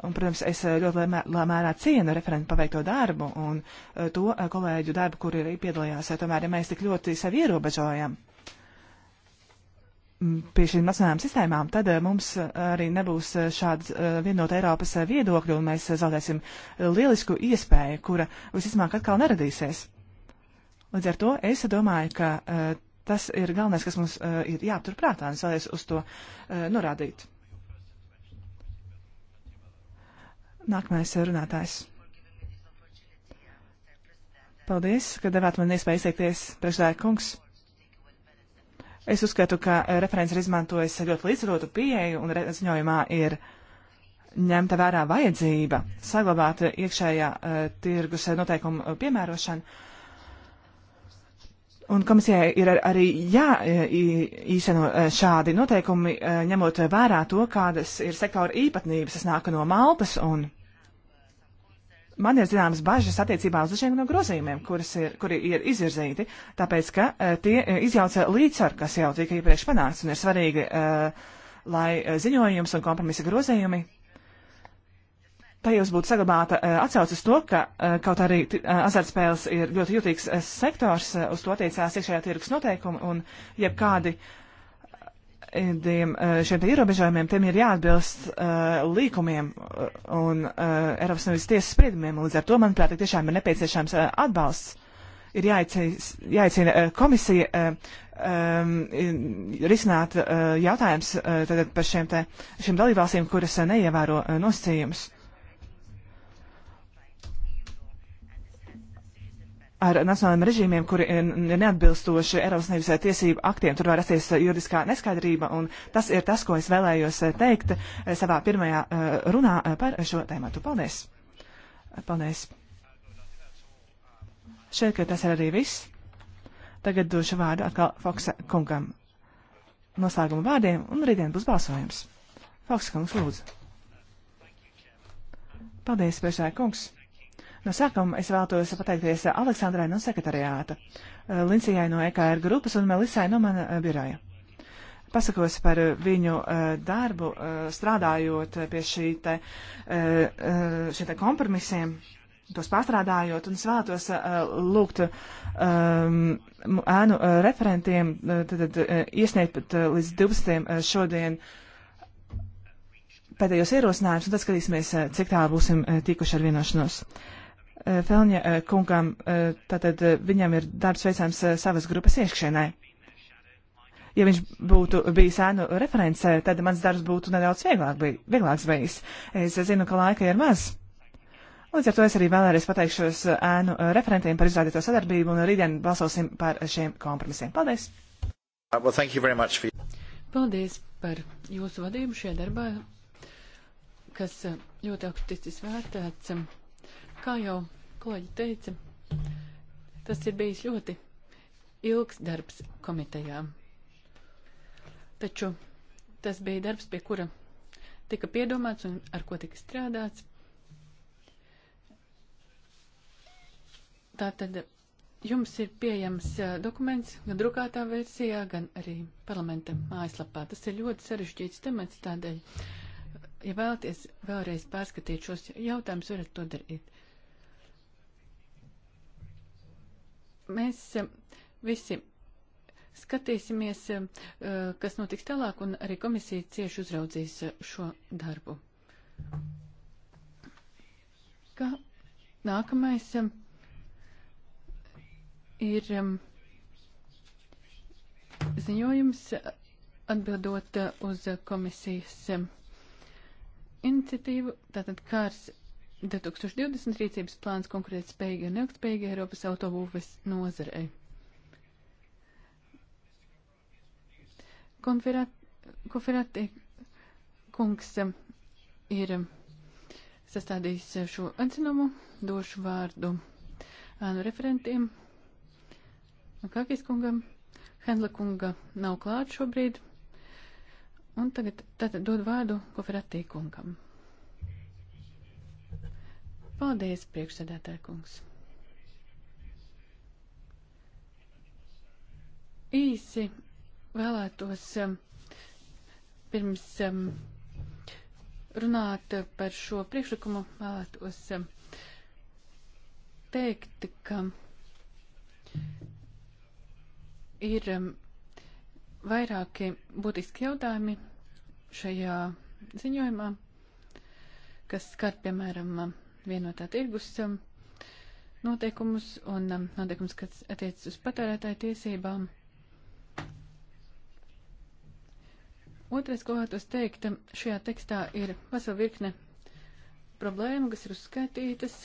Un, protams, es eh, ļoti lielā mērā cienu referentu paveikto darbu un eh, to eh, kolēģu darbu, kur arī piedalījās. Tomēr, ja mēs tik ļoti sevi ierobežojam mm, pie šīm nacionālajām sistēmām, tad mums arī nebūs šāds vienot Eiropas viedokļu, un mēs zaudēsim lielisku iespēju, kura visticamāk atkal neradīsies. Līdz ar to es domāju, ka tas ir galvenais, kas mums ir jāpaturprātā, un es vēlēs uz to norādīt. Nākamais runātājs. Paldies, ka devāt man iespēju izteikties priekšsēdētāja kungs. Es uzskatu, ka referents ir izmantojis ļoti līdzsvarotu pieeju un ziņojumā ir ņemta vērā vajadzība saglabāt iekšējā uh, tirgus eh, noteikumu piemērošanu Un komisijai ir arī jāīsteno e, e, šādi noteikumi, e, ņemot vērā to, kādas ir sektora īpatnības. Es nāku no Maltas, un man ir zināmas bažas attiecībā uz dažiem no grozījumiem, ir, kuri ir izvirzīti, tāpēc, ka tie izjauca līdzsvaru, kas jau tika iepriekš panākts, un ir svarīgi, lai ziņojums un kompromisa grozījumi tajos būtu saglabāta eh, atsauce uz to, ka eh, kaut arī eh, azartspēles ir ļoti jūtīgs sektors, uz to attiecās iekšējā tirgus noteikumi un jebkādi šiem te ierobežojumiem, tiem ir jāatbilst līkumiem un Eiropas Savienības tiesas spriedumiem. Līdz ar to, manuprāt, tiešām ir nepieciešams atbalsts. Ir jāicina komisija um, risināt jautājums par šiem, te, šiem dalībvalstīm, kuras neievēro nosacījumus. ar nacionāliem režīmiem, kuri eh, ir neatbilstoši Eiropas nevis eh, tiesību aktiem. Tur var rasties eh, juridiskā neskaidrība, un tas ir tas, ko es vēlējos teikt savā pirmajā runā par šo tēmatu. Paldies! Paldies! Šeit, ka tas ir arī viss. Tagad došu vārdu atkal Foksa kungam. Noslēguma vārdiem, un rītdien būs balsojums. Foksa kungs, lūdzu. Paldies, priekšsēkungs. No sākuma es vēlētos pateikties Aleksandrai no sekretariāta, eh, Lincijai no EKR grupas un Melisai no mana eh, biroja. Pasakos par viņu eh, darbu, strādājot pie šī te, šī te kompromisiem, tos pārstrādājot, un es vēlētos lūgt ehm, ēnu referentiem tad, tad, iesniegt pat līdz 12. šodien pēdējos ierosinājumus, un tad skatīsimies, cik tālu būsim tikuši ar vienošanos. Uh, Eh, Felņa eh, kungam, eh, tātad viņam ir darbs veicams savas grupas iekšēnē. Ja viņš būtu bijis ēnu referencē, tad mans darbs būtu nedaudz vieglāk, bij, vieglāks bijis. Es zinu, ka laika ir maz. Līdz ar to es arī vēlreiz pateikšos ēnu referentiem par izrādīto sadarbību un rītdien balsosim par šiem kompromisiem. Paldies! Uh, well, for... Paldies par jūsu vadību šajā darbā, kas ļoti augstis vērtēts. Kā jau kolēģi teica, tas ir bijis ļoti ilgs darbs komitejā. Taču tas bija darbs, pie kura tika piedomāts un ar ko tika strādāts. Tātad jums ir pieejams dokuments gan drukātā versijā, gan arī parlamenta mājaslapā. Tas ir ļoti sarežģīts temats, tādēļ, ja vēlaties vēlreiz pārskatīt šos jautājumus, varat to darīt. Mēs e, visi skatīsimies, e, e, kas notiks tālāk, un arī komisija cieši uzraudzīs šo darbu. Kā nākamais ir ziņojums atbildot uz komisijas iniciatīvu, tātad kārs 2020 rīcības plāns konkurēt spējīgi un ilgspējīgi Eiropas autobūves nozarei. Konferati kungs ir sastādījis šo atzinumu, došu vārdu ānu referentiem. Kakis kungam, Hendla kunga nav klāt šobrīd. Un tagad tātad dod vārdu Koferatī kungam. Paldies, priekšsēdētāja kungs. Īsi vēlētos um, pirms um, runāt par šo priekšlikumu, vēlētos um, teikt, ka ir vairāki būtiski jautājumi šajā ziņojumā, kas skar, piemēram, vienotā tirgus um, noteikumus un um, noteikumus, kas attiecas uz patērētāju tiesībām. Otrais, ko vēlētos teikt, um, šajā tekstā ir vesela virkne problēmu, kas ir uzskaitītas,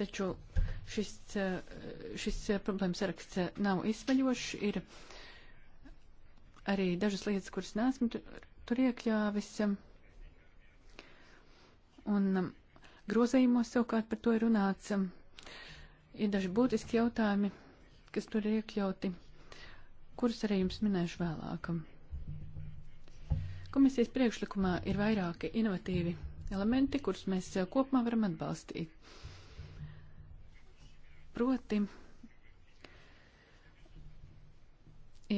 taču šis, uh, šis uh, problēmas saraksts uh, nav izsmeļošs. Ir arī dažas lietas, kuras neesmu tur, tur iekļāvis. Un Grozījumos savukārt par to ir runāts. Ir daži būtiski jautājumi, kas tur ir iekļauti, kurus arī jums minēšu vēlāk. Komisijas priekšlikumā ir vairāki inovatīvi elementi, kurus mēs kopumā varam atbalstīt. Proti,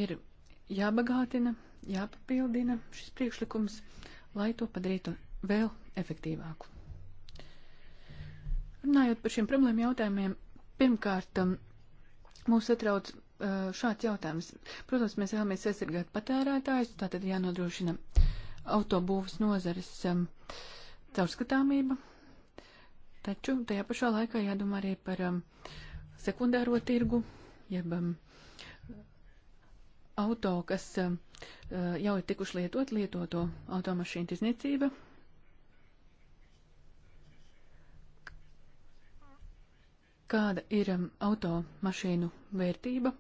ir jābagātina, jāpapildina šis priekšlikums, lai to padarītu vēl efektīvāku. Runājot par šiem problēmu jautājumiem, pirmkārt, um, mūs atrauc uh, šāds jautājums. Protams, mēs vēlamies aizsargāt patērētājus, tātad jānodrošina autobūvas nozares um, caurskatāmība, taču tajā pašā laikā jādomā arī par um, sekundāro tirgu, jeb auto, kas uh, jau ir tikuši lietot, lietoto automašīnu izniecība, kāda ir um, automašīnu vērtība,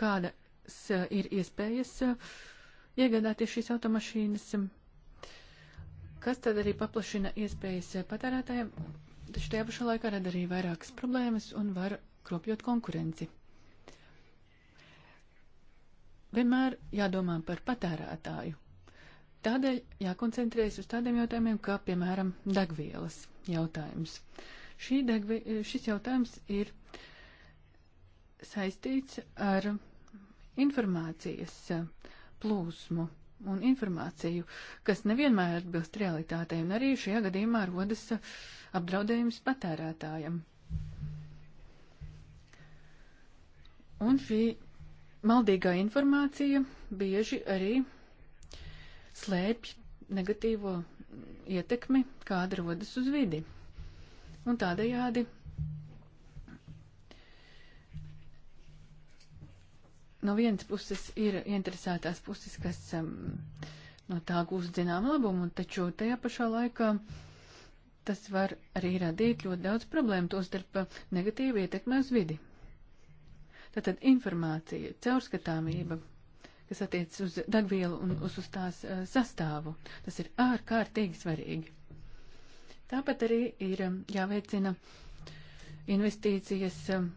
kādas uh, ir iespējas uh, iegādāties šīs automašīnas, um, kas tad arī paplašina iespējas uh, patērētājiem, taču tajā pašā laikā rada arī vairākas problēmas un var kropļot konkurenci. Vienmēr jādomā par patērētāju. Tādēļ jākoncentrējas uz tādiem jautājumiem, kā, piemēram, degvielas jautājums. Uh, Šī degvi, eh, šis jautājums ir saistīts ar informācijas eh, plūsmu un informāciju, kas nevienmēr atbilst realitātei, un arī šajā gadījumā rodas eh, apdraudējums patērētājam. Un šī maldīgā informācija bieži arī slēpj negatīvo mm, ietekmi, kāda rodas uz vidi. Un tādējādi no vienas puses ir interesētās puses, kas um, no tā gūst zinām labumu, taču tajā pašā laikā tas var arī radīt ļoti daudz problēmu, tostarp negatīvi ietekmē uz vidi. Tātad informācija, caurskatāmība, kas attiecas uz degvielu un uz, uz tās uh, sastāvu, tas ir ārkārtīgi svarīgi. Tāpat arī ir um, jāveicina investīcijas um,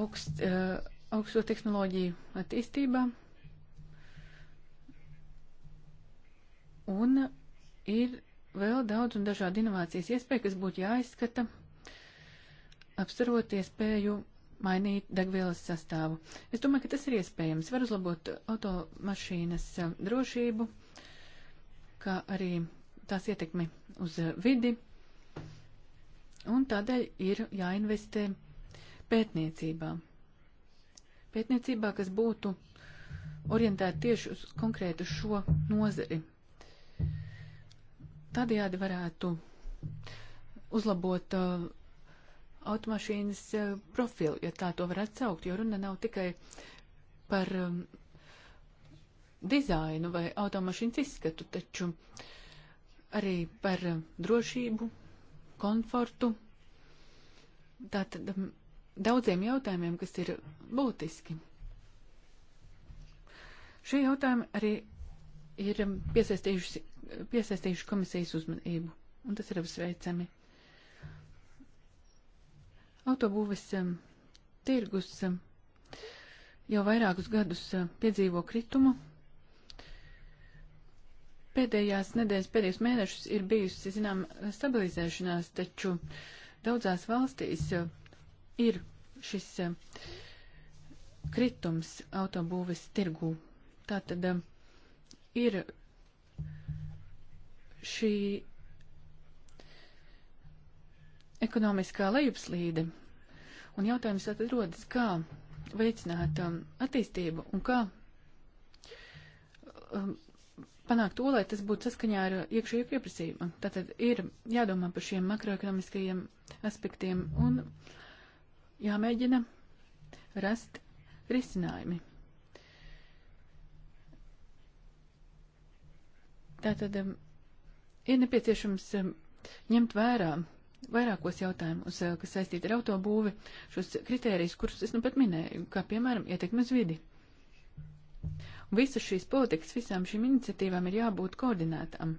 augst, uh, augsto tehnoloģiju attīstībā. Un ir vēl daudz un dažādi inovācijas iespēja, kas būtu jāizskata, apstarot iespēju mainīt degvielas sastāvu. Es domāju, ka tas ir iespējams. Var uzlabot automašīnas um, drošību, kā arī tās ietekmi uz eh, vidi, un tādēļ ir jāinvestē pētniecībā. Pētniecībā, kas būtu orientēta tieši uz konkrētu šo nozari. Tādējādi varētu uzlabot uh, automašīnas uh, profilu, ja tā to var atsaukt, jo runa nav tikai par um, dizainu vai automašīnas izskatu, taču uh, arī par um, drošību, komfortu. Tātad um, daudziem jautājumiem, kas ir būtiski. Šie jautājumi arī ir um, piesaistījuši, piesaistījuši komisijas uzmanību, un tas ir apsveicami. Autobūves tirgus jau vairākus gadus piedzīvo kritumu, Pēdējās nedēļas, pēdējos mēnešus ir bijusi, zinām, stabilizēšanās, taču daudzās valstīs uh, ir šis uh, kritums autobūves tirgū. Tātad um, ir šī ekonomiskā lejupslīde. Un jautājums tātad rodas, kā veicināt um, attīstību un kā um, panākt to, lai tas būtu saskaņā ar iekšējo pieprasījumu. Tātad ir jādomā par šiem makroekonomiskajiem aspektiem un jāmēģina rast risinājumi. Tātad um, ir nepieciešams um, ņemt vērā vairākos jautājumus, uh, kas saistīti ar autobūvi, šos kritērijus, kurus es nu pat minēju, kā piemēram ietekmes vidi. Visas šīs politikas, visām šīm iniciatīvām ir jābūt koordinētām.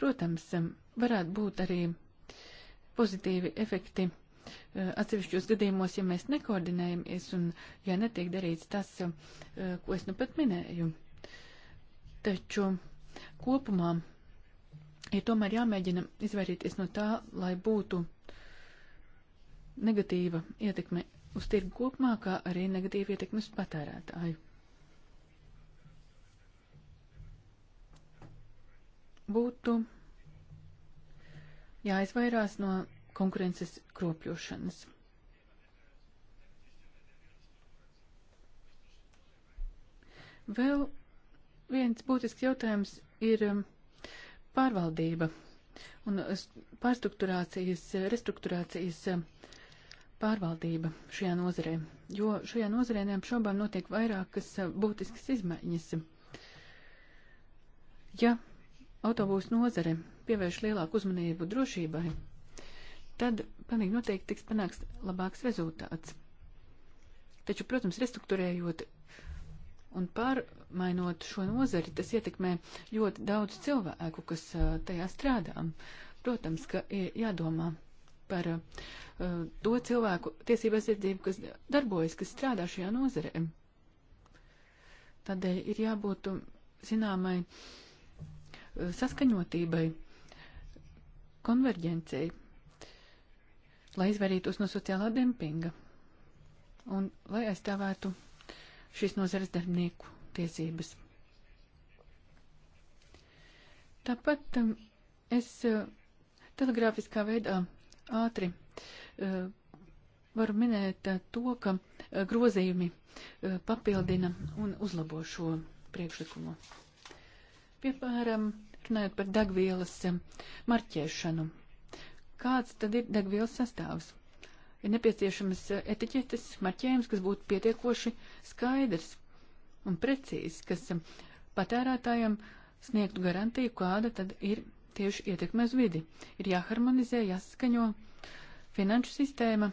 Protams, varētu būt arī pozitīvi efekti e, atsevišķos gadījumos, ja mēs nekoordinējamies un ja netiek darīts tas, e, ko es nu pat minēju. Taču kopumā ir tomēr jāmēģina izvairīties no tā, lai būtu negatīva ietekme uz tirgu kopumā, kā arī negatīvi ietekmes patērētāju. Būtu jāizvairās no konkurences kropļošanas. Vēl viens būtisks jautājums ir um, pārvaldība un pārstruktūrācijas, restruktūrācijas um, pārvaldība šajā nozarē, jo šajā nozarē neapšaubām notiek vairākas eh, būtiskas izmaiņas. Ja autobūs nozare pievērš lielāku uzmanību drošībai, tad pilnīgi noteikti tiks panāks labāks rezultāts. Taču, protams, restruktūrējot un pārmainot šo nozari, tas ietekmē ļoti daudz cilvēku, kas eh, tajā strādā. Protams, ka ir jādomā par uh, to cilvēku tiesību aizsardzību, kas darbojas, kas strādā šajā nozarē. Tādēļ eh, ir jābūt um, zināmai eh, saskaņotībai, konverģencei, lai izvairītos no sociālā dempinga un lai aizstāvētu šīs nozares darbinieku tiesības. Tāpat um, es telegrāfiskā veidā ātri. Varu minēt to, ka grozījumi papildina un uzlabo šo priekšlikumu. Piemēram, runājot par degvielas marķēšanu. Kāds tad ir degvielas sastāvs? Ir nepieciešamas etiķetes, marķējums, kas būtu pietiekoši skaidrs un precīzs, kas patērētājiem sniegtu garantiju, kāda tad ir tieši ietekmē uz vidi. Ir jāharmonizē, jāsaskaņo finanšu sistēma,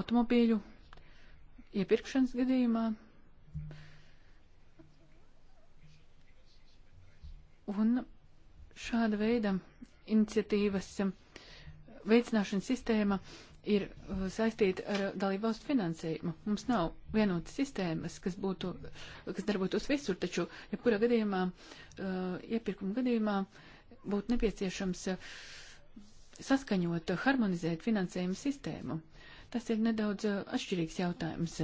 automobīļu iepirkšanas gadījumā. Un šāda veida iniciatīvas veicināšana sistēma uh, ir uh, saistīti ar dalībvalstu finansējumu. Mums nav vienotas sistēmas, kas, būtu, kas darbotos visur, taču, ja kurā gadījumā, uh, iepirkuma gadījumā, būtu nepieciešams uh, saskaņot, harmonizēt finansējumu sistēmu. Tas ir nedaudz atšķirīgs jautājums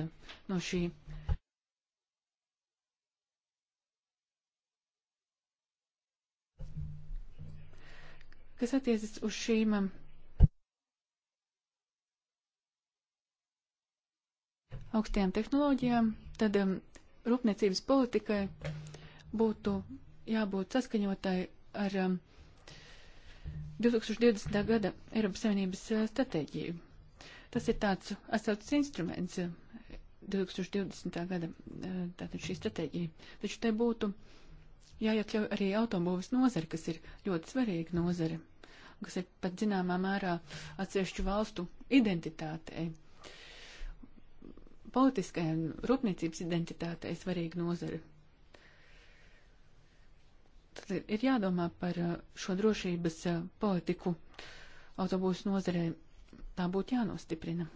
no šī. Kas attiecas uz šīm um, augstajām tehnoloģijām, tad um, rūpniecības politikai būtu jābūt saskaņotai ar um, 2020. gada Eiropas Savienības uh, stratēģiju. Tas ir tāds asauts instruments 2020. Uh, gada uh, tātad šī stratēģija. Taču te būtu jāiekļauj arī autobūvas nozara, kas ir ļoti svarīga nozara, kas ir pat zināmā mērā atsevišķu valstu identitātei politiskai un rūpniecības identitātei svarīga nozara. Tad ir jādomā par uh, šo drošības uh, politiku autobūsu nozarē. Tā būtu jānostiprina.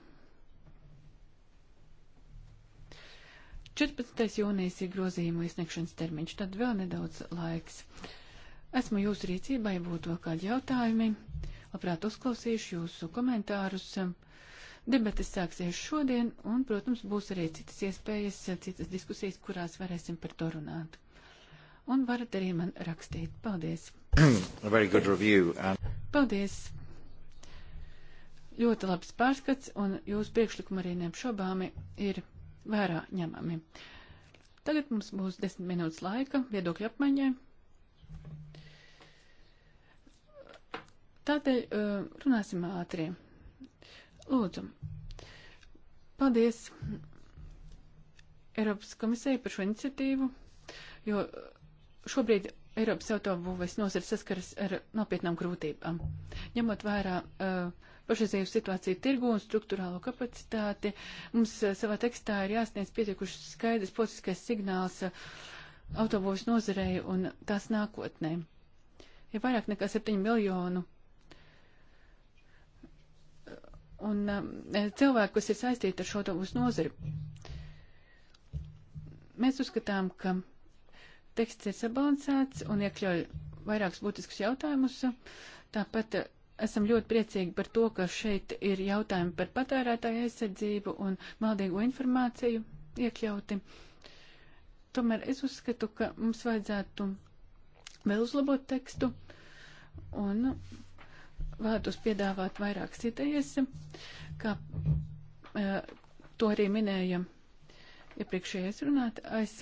14. jūnijas ir grozījuma iesniegšanas termiņš, tad vēl nedaudz laiks. Esmu jūsu rīcībā, ja būtu vēl kādi jautājumi. Labprāt uzklausīšu jūsu komentārus. Uh, Debates sāksies šodien, un, protams, būs arī citas iespējas, citas diskusijas, kurās varēsim par to runāt. Un varat arī man rakstīt. Paldies! And... Paldies! Ļoti labs pārskats, un jūsu priekšlikumi arī neapšaubāmi ir vērā ņemami. Tagad mums būs desmit minūtes laika viedokļu apmaiņai. Tādēļ uh, runāsim ātri. Lūdzu. Paldies Eiropas komisijai par šo iniciatīvu, jo šobrīd Eiropas autobūvēs nozara saskaras ar nopietnām grūtībām. Ņemot vērā uh, pašreizēju situāciju tirgu un struktūrālo kapacitāti, mums uh, savā tekstā ir jāsniedz pietiekuši skaidrs politiskais signāls uh, autobūvēs nozarei un tās nākotnē. Ir ja vairāk nekā 7 miljonu un um, e, cilvēki, kas ir saistīti ar šo uz nozari. Mēs uzskatām, ka teksts ir sabalansēts un iekļauj vairākus būtiskus jautājumus. Tāpat e, esam ļoti priecīgi par to, ka šeit ir jautājumi par patērētāju aizsardzību un maldīgo informāciju iekļauti. Tomēr es uzskatu, ka mums vajadzētu vēl uzlabot tekstu un vārdus piedāvāt vairākas idejas, kā e, to arī minēja iepriekšējais runātājs,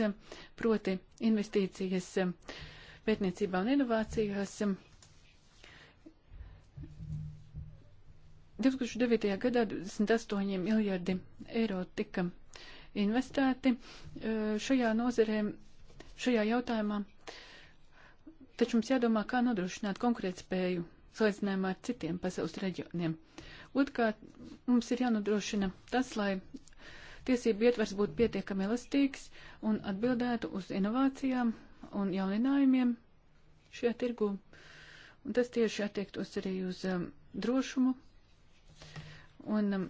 proti investīcijas pētniecībā un inovācijās. 2009. gadā 28 miljardi eiro tika investēti e, šajā nozarē, šajā jautājumā. Taču mums jādomā, kā nodrošināt konkurētspēju salīdzinājumā ar citiem pasaules reģioniem. Otkārt, mums ir jānodrošina tas, lai tiesību ietvers būtu pietiekami elastīgs un atbildētu uz inovācijām un jauninājumiem šajā tirgu. Un tas tieši attiektos arī uz um, drošumu. Un um,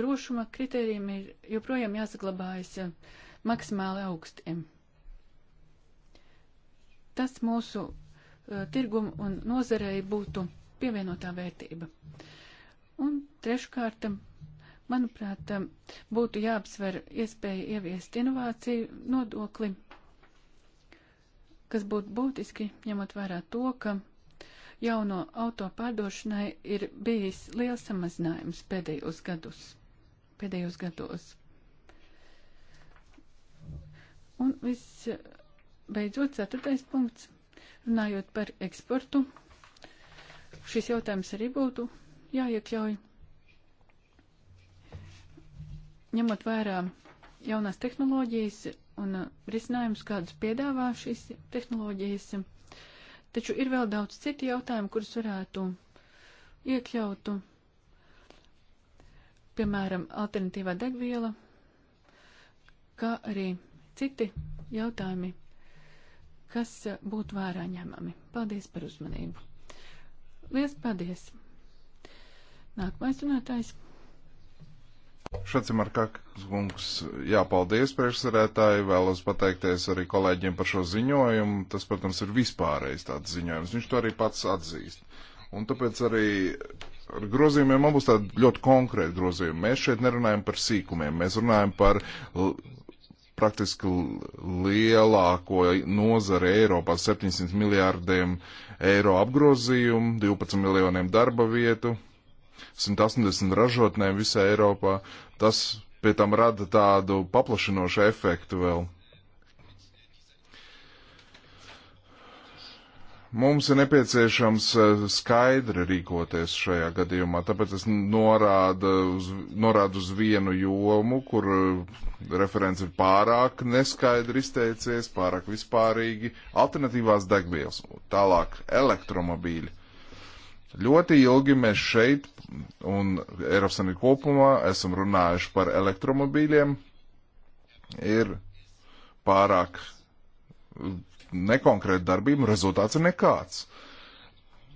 drošuma kritērijiem ir joprojām jāsaglabājas um, maksimāli augstiem. Tas mūsu Eh, tirgumu un nozarei būtu pievienotā vērtība. Un treškārt, manuprāt, būtu jāapsver iespēja ieviest inovāciju nodokli, kas būtu būtiski, ņemot vērā to, ka jauno auto pārdošanai ir bijis liels samazinājums pēdējos gadus. Pēdējos gados. Un viss beidzot, ceturtais punkts Runājot par eksportu, šis jautājums arī būtu jāiekļauj. Ņemot vērā jaunās tehnoloģijas un risinājumus, kādus piedāvā šīs tehnoloģijas, taču ir vēl daudz citu jautājumu, kurus varētu iekļaut piemēram, alternatīvā degviela, kā arī citi jautājumi, kas eh, būtu vērā ņemami. Paldies par uzmanību. Lielas paldies! Nākamais runātājs. Šāds ir Markakis kungs. Jā, paldies priekšsarētāji. Vēlos pateikties arī kolēģiem par šo ziņojumu. Tas, protams, ir vispārējais tāds ziņojums. Viņš to arī pats atzīst. Un tāpēc arī ar grozījumiem man būs tādi ļoti konkrēti grozījumi. Mēs šeit nerunājam par sīkumiem, mēs runājam par praktiski lielāko nozari Eiropā - 700 miljārdiem eiro apgrozījumu, 12 miljoniem darba vietu, 180 ražotnēm visā Eiropā. Tas pie tam rada tādu paplašinošu efektu vēl. Mums ir nepieciešams eh, skaidri rīkoties šajā gadījumā, tāpēc es norādu uz, norādu uz vienu jomu, kur eh, referents ir pārāk neskaidri izteicies, pārāk vispārīgi - alternatīvās degvielas, tālāk elektromobīļi. Ļoti ilgi mēs šeit un Eiropas Sanību kopumā esam runājuši par elektromobīļiem. Ir pārāk nekonkrētu darbību, rezultāts ir nekāds.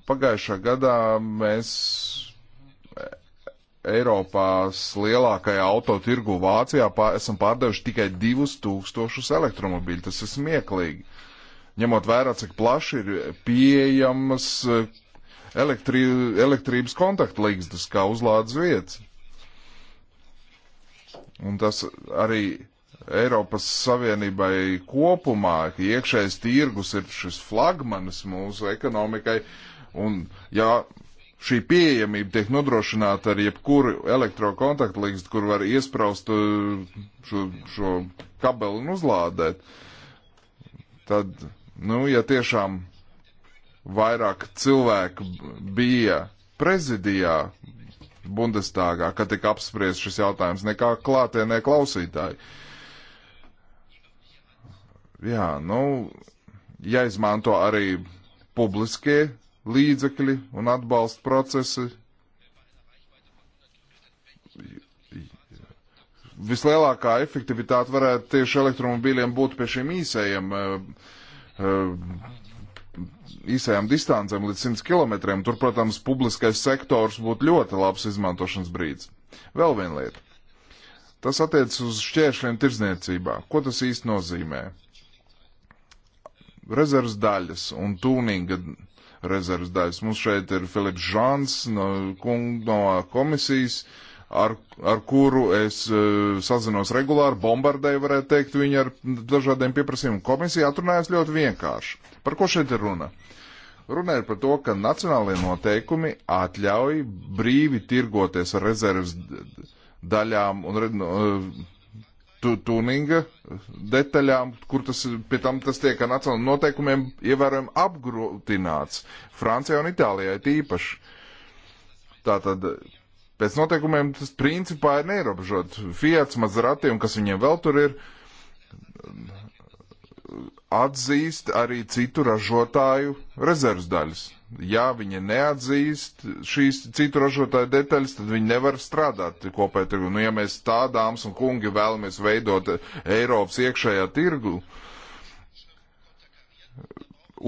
Pagājušā gadā mēs Eiropās lielākajā autotirgu Vācijā pār, esam pārdevuši tikai 2000 elektromobīļu. Tas ir smieklīgi. Ņemot vērā, cik plaši ir pieejamas eh, elektri, elektrības kontaktlīgstas kā uzlādes vietas. Un tas arī Eiropas Savienībai kopumā, ka iekšējais tirgus ir šis flagmanis mūsu ekonomikai, un ja šī pieejamība tiek nodrošināta ar jebkuru elektrokontaktlīgstu, kur var iespraust eh, šo, šo kabeli un uzlādēt, tad, nu, ja tiešām vairāk cilvēku bija prezidijā Bundestāgā, kad tika apspriests šis jautājums, nekā klātienē klausītāji. Uh, Jā, nu, jāizmanto arī publiskie līdzekļi un atbalsta procesi. Vislielākā efektivitāte varētu tieši elektromobīļiem būt pie šiem īsējiem, eh, eh, īsējām distancēm līdz 100 km. Tur, protams, publiskais sektors būtu ļoti labs izmantošanas brīdis. Vēl viena lieta. Tas attiecas uz šķēršļiem tirzniecībā. Ko tas īsti nozīmē? rezerves daļas un tūninga rezerves daļas. Mums šeit ir Filips Žāns no, no komisijas, ar, ar kuru es uh, sazinos regulāri, bombardēju, varētu teikt, viņu ar dažādiem pieprasījumiem. Komisija atrunājas ļoti vienkārši. Par ko šeit ir runa? Runa ir par to, ka nacionālajie noteikumi atļauj brīvi tirgoties ar rezerves daļām un uh, tuninga detaļām, kur tas pie tam tas tiek ar nacionāliem noteikumiem ievērojami apgrūtināts. Francijā un Itālijā ir īpaši. Tātad pēc noteikumiem tas principā ir neierobežot. Fiats, Maserati un kas viņiem vēl tur ir, atzīst arī citu ražotāju rezervas daļas. Ja viņi neatzīst šīs citu ražotāju detaļas, tad viņi nevar strādāt kopējā tirgu. Nu, ja mēs tā, dāmas un kungi, vēlamies veidot Eiropas iekšējā tirgu,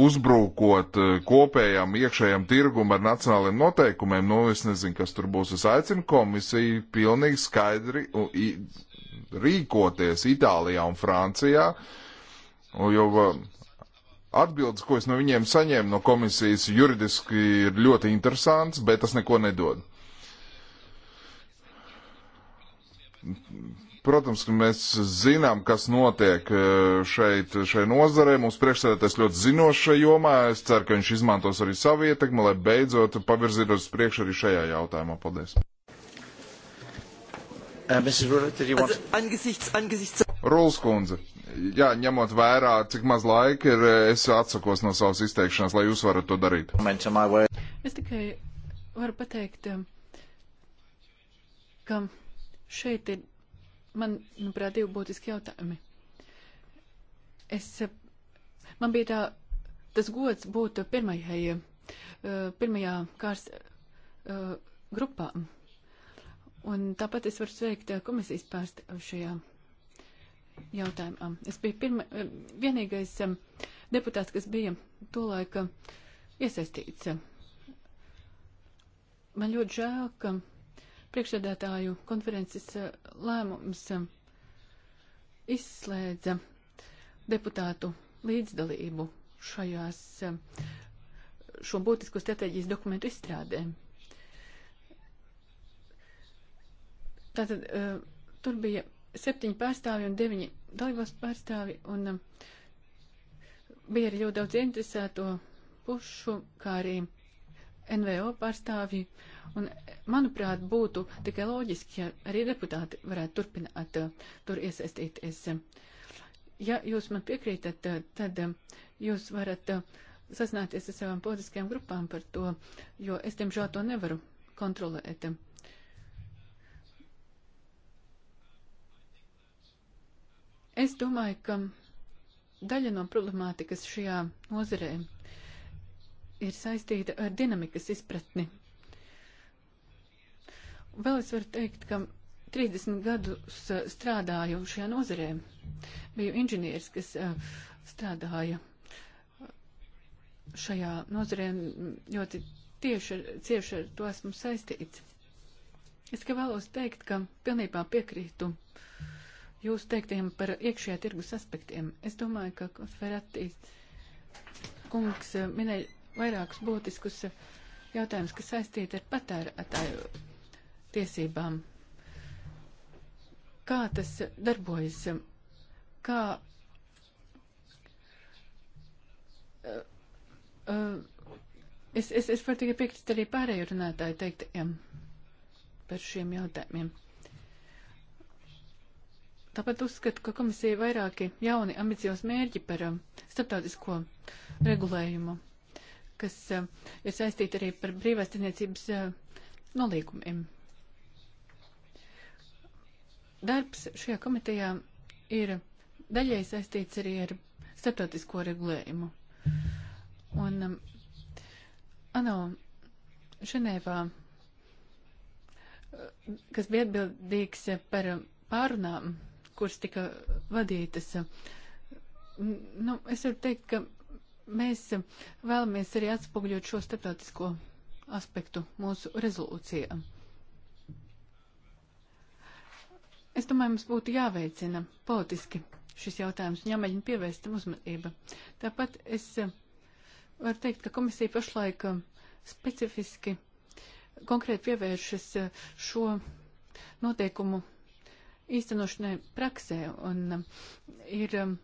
uzbrūkot kopējām iekšējām tirgum ar nacionāliem noteikumiem, nu, es nezinu, kas tur būs. Es aicinu komisiju pilnīgi skaidri rīkoties Itālijā un Francijā, jo Atbildes, ko es no viņiem saņēmu no komisijas, juridiski ir ļoti interesants, bet tas neko nedod. Protams, ka mēs zinām, kas notiek e, šeit, šai nozarē. Mūsu priekšsēdētājs ļoti zinošs šajā jomā. Es ceru, ka viņš izmantos arī savu ietekmi, lai beidzot pavirzītos priekš arī šajā jautājumā. Paldies! Uh, Rūls kundze, jā, ņemot vērā, cik maz laika ir, eh, es atsakos no savas izteikšanās, lai jūs varat to darīt. Es tikai varu pateikt, um, ka šeit ir, man, manuprāt, divi būtiski jautājumi. Es, eh, man bija tā, tas gods būt pirmajai, eh, pirmajā kārs grupā Un tāpat es varu sveikt eh, komisijas pārstāvu šajā jautājumā. Es biju pirma, eh, vienīgais eh, deputāts, kas bija tolaik iesaistīts. Man ļoti žēl, ka priekšsēdētāju konferences lēmums izslēdza deputātu līdzdalību šajās šo būtisko stratēģijas dokumentu izstrādēm. Tātad uh, tur bija septiņi pārstāvi un deviņi dalībās pārstāvi, un uh, bija arī ļoti daudz interesēto pušu, kā arī NVO pārstāvji. Un, manuprāt, būtu tikai loģiski, ja arī deputāti varētu turpināt uh, tur iesaistīties. Ja jūs man piekrītat, uh, tad uh, jūs varat sazināties ar savām politiskajām grupām par to, jo es, diemžēl, to nevaru kontrolēt. Es domāju, ka daļa no problemātikas šajā nozarē ir saistīta ar dinamikas izpratni. Vēl es varu teikt, ka 30 gadus eh, strādāju šajā nozarē. Biju inženieris, kas eh, strādāja eh, šajā nozarē ļoti tieši ar, cieši ar to esmu saistīts. Es tikai vēlos teikt, ka pilnībā piekrītu uh, jūsu teiktiem par iekšējā tirgus aspektiem. Es domāju, ka Ferati kungs eh, minēja vairākus būtiskus eh, jautājumus, kas saistīti ar patērētāju tiesībām. Kā tas darbojas? Kā Uh, es, es, es varu tikai piekrist arī pārējo runātāju teiktiem par šiem jautājumiem. Tāpat uzskatu, ka komisija vairāki jauni ambiciozi mērķi par um, starptautisko regulējumu, kas uh, ir saistīti arī par brīvās tirniecības uh, nolīgumiem. Darbs šajā komitejā ir daļai saistīts arī ar starptautisko regulējumu. Un um, ANO Ženēvā, uh, kas bija atbildīgs par um, pārunām kuras tika vadītas. Nu, es varu teikt, ka mēs vēlamies arī atspoguļot šo starptautisko aspektu mūsu rezolūcijā. Es domāju, mums būtu jāveicina politiski šis jautājums un jāmēģina pievērst tam uzmanība. Tāpat es eh, varu teikt, ka komisija pašlaik eh, specifiski konkrēti pievēršas eh, šo noteikumu īstenošanai praksē un um, ir um,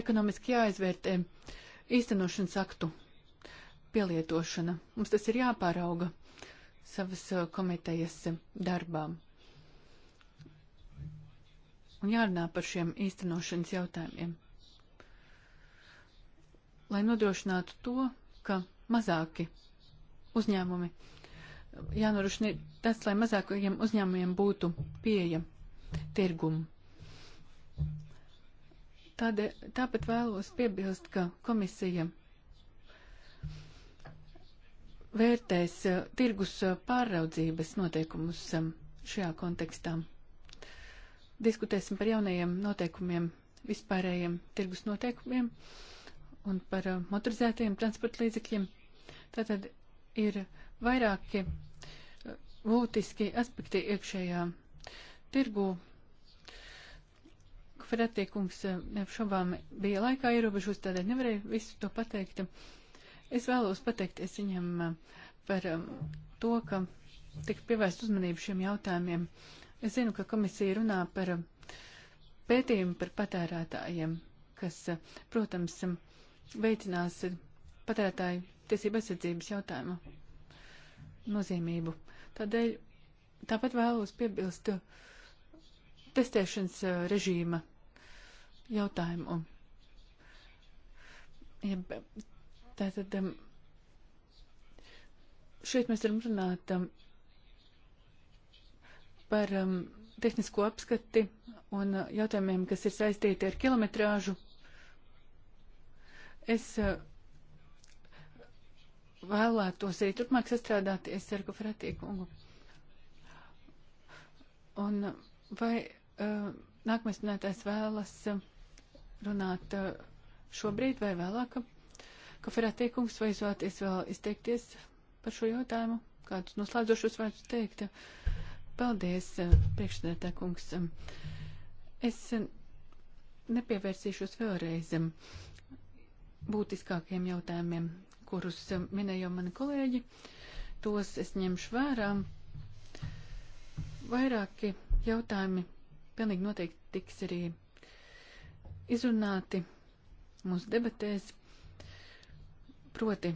ekonomiski jāizvērtē īstenošanas aktu pielietošana. Mums tas ir jāpārauga savas uh, komitejas um, darbām. Un jārunā par šiem īstenošanas jautājumiem. Lai nodrošinātu to, ka mazāki uzņēmumi jānorošina tas, lai mazākajiem uzņēmumiem būtu pieeja tirgumu. Tādē, tāpat vēlos piebilst, ka komisija vērtēs uh, tirgus uh, pārraudzības noteikumus um, šajā kontekstā. Diskutēsim par jaunajiem noteikumiem, vispārējiem tirgus noteikumiem un par uh, motorizētajiem transporta līdzekļiem. Tātad ir vairāki būtiski aspekti iekšējā tirgu. Fratiekungs eh, šobām bija laikā ierobežos, tādēļ nevarēju visu to pateikt. Es vēlos pateikties viņam eh, par eh, to, ka tika pievērst uzmanību šiem jautājumiem. Es zinu, ka komisija runā par pētījumu par patērētājiem, kas, protams, veicinās patērētāju tiesību aizsardzības jautājumu nozīmību. Tādēļ tāpat vēlos piebilst testēšanas režīma jautājumu. Jeb, tātad šeit mēs varam runāt par tehnisko apskati un jautājumiem, kas ir saistīti ar kilometrāžu. Es uh, vēlētos arī turpmāk sastrādāties ar Kofratī kungu. Un vai uh, nākamais runātājs vēlas eh, runāt uh, šobrīd vai vēlāk? Kofratī kungs, vai izvēlaties vēl izteikties par šo jautājumu? Kādus noslēdzošus vārdus teikt? Paldies, uh, priekšsēdētā kungs. Es uh, nepievērsīšos vēlreiz um, būtiskākiem jautājumiem kurus um, minēja mani kolēģi, tos es ņemšu vērā. Vairāki jautājumi pilnīgi noteikti tiks arī izrunāti mūsu debatēs. Proti,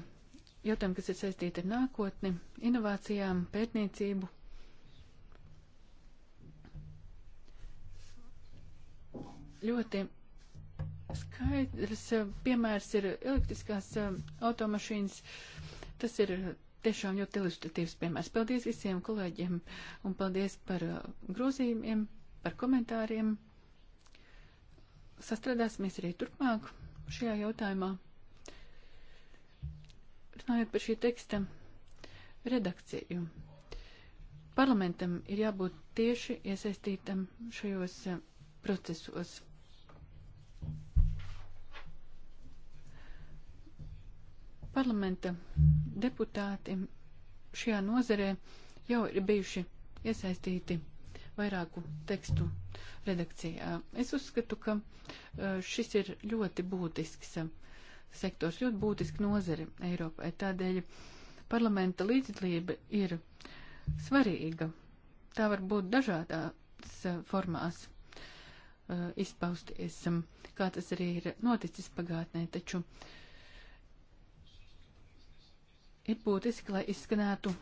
jautājumi, kas ir saistīti ar nākotni, inovācijām, pētniecību. Ļoti skaidrs eh, piemērs ir elektriskās eh, automašīnas. Tas ir tiešām ļoti ilustratīvs piemērs. Paldies visiem kolēģiem un paldies par eh, grozījumiem, par komentāriem. Sastrādāsimies arī turpmāk šajā jautājumā. Runājot par šī teksta redakciju. Parlamentam ir jābūt tieši iesaistītam šajos procesos. Parlamenta deputāti šajā nozarē jau ir bijuši iesaistīti vairāku tekstu redakcijā. Es uzskatu, ka e, šis ir ļoti būtisks e, sektors, ļoti būtiski nozare Eiropai. Tādēļ parlamenta līdzdalība ir svarīga. Tā var būt dažādās e, formās izpausties, kā tas arī ir noticis pagātnē, taču uh, ir būtiski, lai izskanētu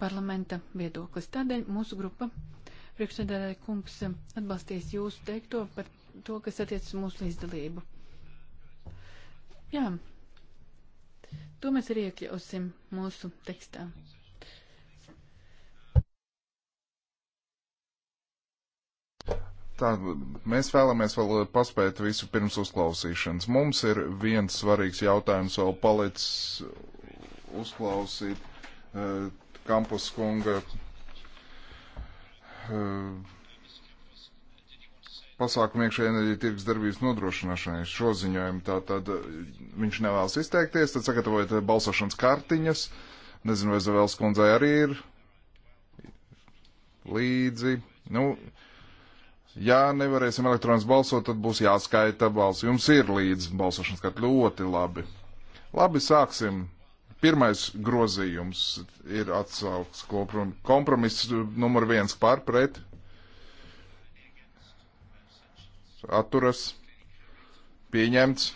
parlamenta viedoklis. Tādēļ mūsu grupa priekšsēdētāja kungs atbalstīs jūsu teikto par to, kas attiecas mūsu līdzdalību. Jā, to mēs arī iekļausim mūsu tekstā. Tā, mēs vēlamies vēl paspēt visu pirms uzklausīšanas. Mums ir viens svarīgs jautājums vēl palicis uzklausīt uh, eh, Kampus kunga uh, pasākumu iekšējā enerģija tirgus darbības nodrošināšanai šo ziņojumu. Tātad eh, viņš nevēlas izteikties, tad sagatavojiet balsošanas kartiņas. Nezinu, vai Zavēls kundzai arī ir līdzi. Nu, Ja nevarēsim elektroniski balsot, tad būs jāskaita balss. Jums ir līdz balsošanas karta ļoti labi. Labi, sāksim Pirmais grozījums ir atsauks koprun. kompromiss eh, numur viens par pret. Atturas. Pieņemts.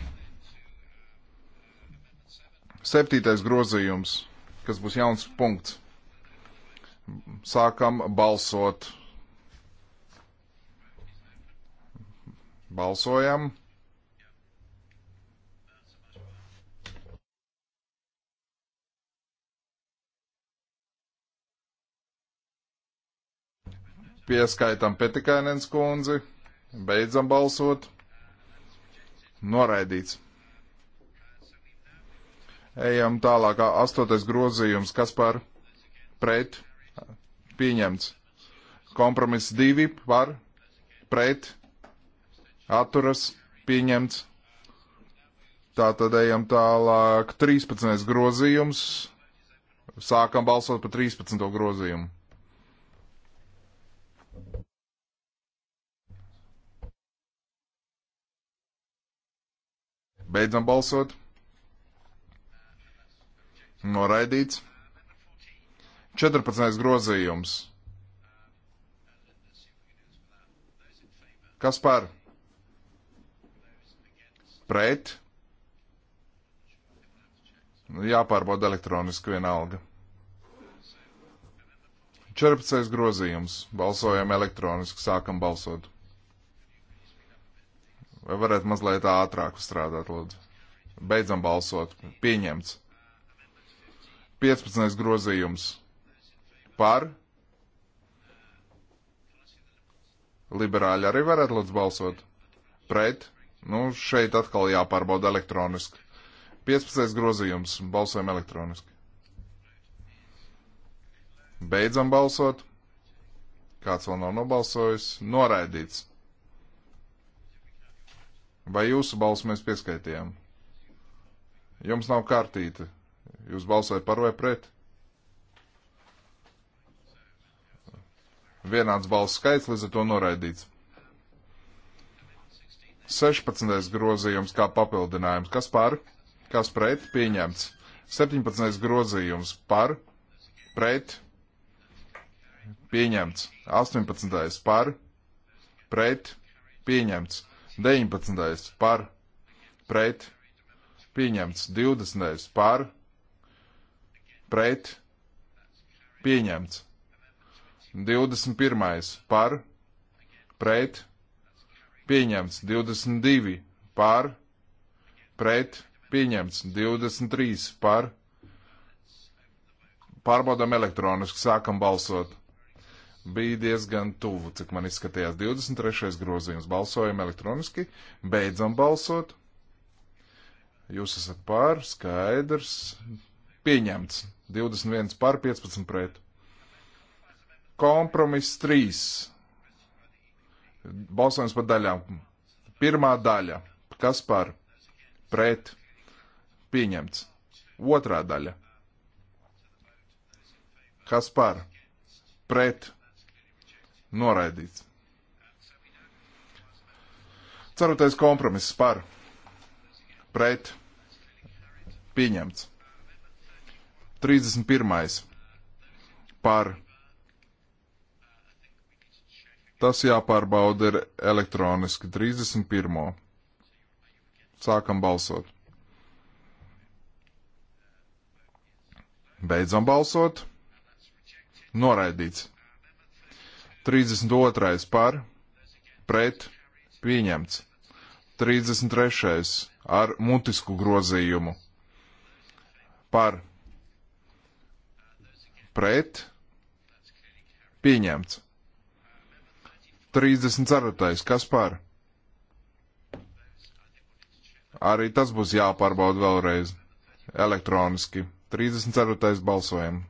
Septītais grozījums, kas būs jauns punkts. Sākam balsot. Balsojam. pieskaitām Petikainens kundzi, beidzam balsot, noraidīts. Ejam tālāk, astotais grozījums, kas par pret pieņemts. Kompromiss divi par pret atturas pieņemts. Tā tad ejam tālāk, 13. grozījums. Sākam balsot par 13. grozījumu. Beidzam balsot. Noraidīts. 14. grozījums. Kas par? Pret? Jāpārbauda elektroniski vienalga. 14. grozījums. Balsojam elektroniski, sākam balsot. Vai varētu mazliet ātrāk strādāt, lūdzu? Beidzam balsot. Pieņemts. 15. grozījums par. Liberāļi arī varētu lūdzu balsot. Pret. Nu, šeit atkal jāpārbauda elektroniski. 15. grozījums. Balsojam elektroniski. Beidzam balsot. Kāds vēl nav nobalsojis. Noraidīts. Vai jūsu balsu mēs pieskaitījām? Jums nav kārtīta. Jūs balsojat par vai pret? Vienāds balss skaits, līdz ar to noraidīts. 16. grozījums kā papildinājums. Kas par? Kas pret? Pieņemts. 17. grozījums par? Pret? Pieņemts. 18. par? Pret? Pieņemts. 19. par pret pieņemts. 20. par pret pieņemts. 21. par pret pieņemts. 22. par pret pieņemts. 23. par pārbaudām elektroniski sākam balsot bija diezgan tuvu, cik man izskatījās 23. grozījums. Balsojam elektroniski, beidzam balsot. Jūs esat pār, skaidrs, pieņemts. 21 pār 15 pret. Kompromiss 3. Balsojums par daļām. Pirmā daļa. Kas par? Pret. Pieņemts. Otrā daļa. Kas par? Pret Noraidīts. Ceturtais kompromiss par. Pret. Pieņemts. 31. Par. Tas jāpārbauda ir elektroniski. 31. Sākam balsot. Beidzam balsot. Noraidīts. 32. par, pret, pieņemts. 33. ar mutisku grozījumu par, pret, pieņemts. 34. kas par? Arī tas būs jāpārbauda vēlreiz elektroniski. 34. balsojumu.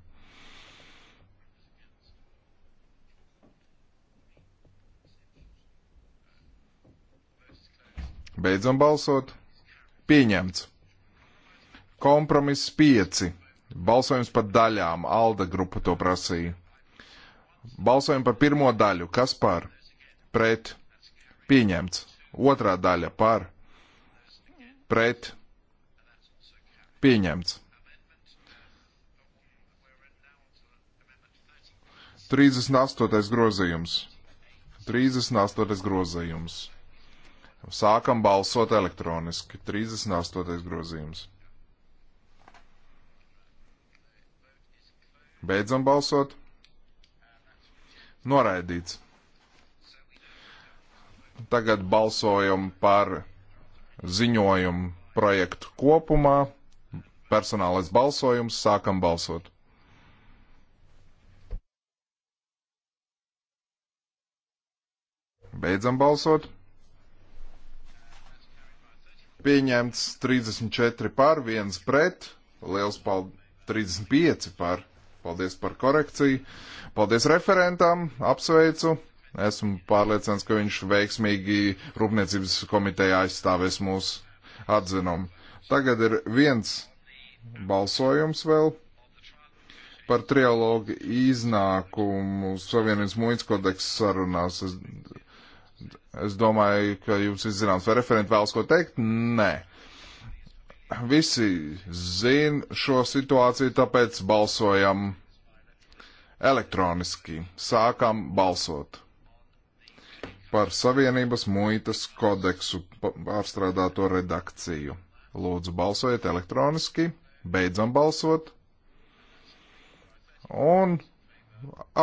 Beidzam balsot. Pieņemts. Kompromiss 5. Balsojums par daļām. Alda grupa to prasīja. Balsojam par pirmo daļu. Kas par? Pret. Pieņemts. Otrā daļa par. Pret. Pieņemts. 38. grozījums. 38. grozījums. Sākam balsot elektroniski. 38. grozījums. Beidzam balsot. Noraidīts. Tagad balsojam par ziņojumu projektu kopumā. Personālais balsojums. Sākam balsot. Beidzam balsot pieņemts 34 par, 1 pret, liels paldies, 35 par. Paldies par korekciju. Paldies referentam, apsveicu. Esmu pārliecināts, ka viņš veiksmīgi Rūpniecības komiteja aizstāvēs mūsu atzinumu. Tagad ir viens balsojums vēl par trialogu iznākumu Savienības muitas kodeksa sarunās. Es Es domāju, ka jums ir zināms, vai referenti vēlas ko teikt? Nē. Visi zina šo situāciju, tāpēc balsojam elektroniski. Sākam balsot par Savienības muitas kodeksu pārstrādāto redakciju. Lūdzu, balsojiet elektroniski, beidzam balsot. Un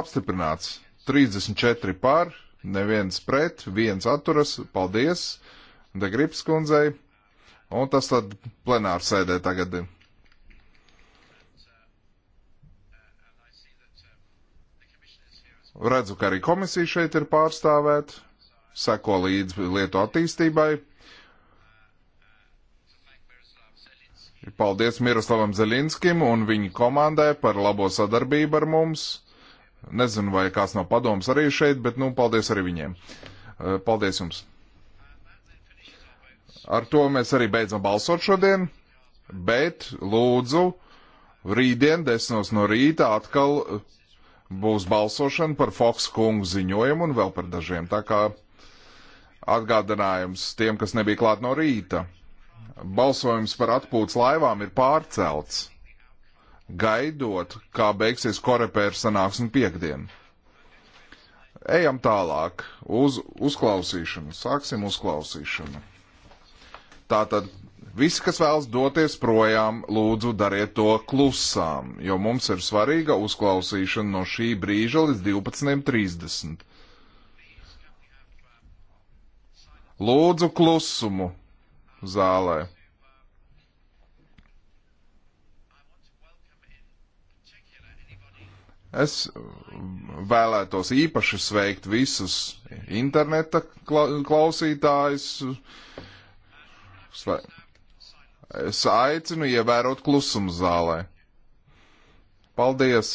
apstiprināts 34 par, neviens pret, viens atturas, paldies Degrips kundzei, un tas tad plenāra sēdē tagad. Redzu, ka arī komisija šeit ir pārstāvēt, seko līdz lietu attīstībai. Paldies Miroslavam Zeļinskim un viņa komandai par labo sadarbību ar mums. Nezinu, vai kāds no padomas arī šeit, bet, nu, paldies arī viņiem. Eh, paldies jums. Ar to mēs arī beidzam balsot šodien, bet lūdzu, rītdien, desmitos no rīta, atkal eh, būs balsošana par Fox kungu ziņojumu un vēl par dažiem. Tā kā atgādinājums tiem, kas nebija klāt no rīta. Balsojums par atpūtas laivām ir pārcelts gaidot, kā beigsies korepēra sanāksme piekdien. Ejam tālāk uz uzklausīšanu. Sāksim uzklausīšanu. Tātad visi, kas vēlas doties projām, lūdzu dariet to klusām, jo mums ir svarīga uzklausīšana no šī brīža līdz 12.30. Lūdzu klusumu zālē. Es vēlētos īpaši sveikt visus interneta klausītājus. Es aicinu ievērot klusumu zālē. Paldies!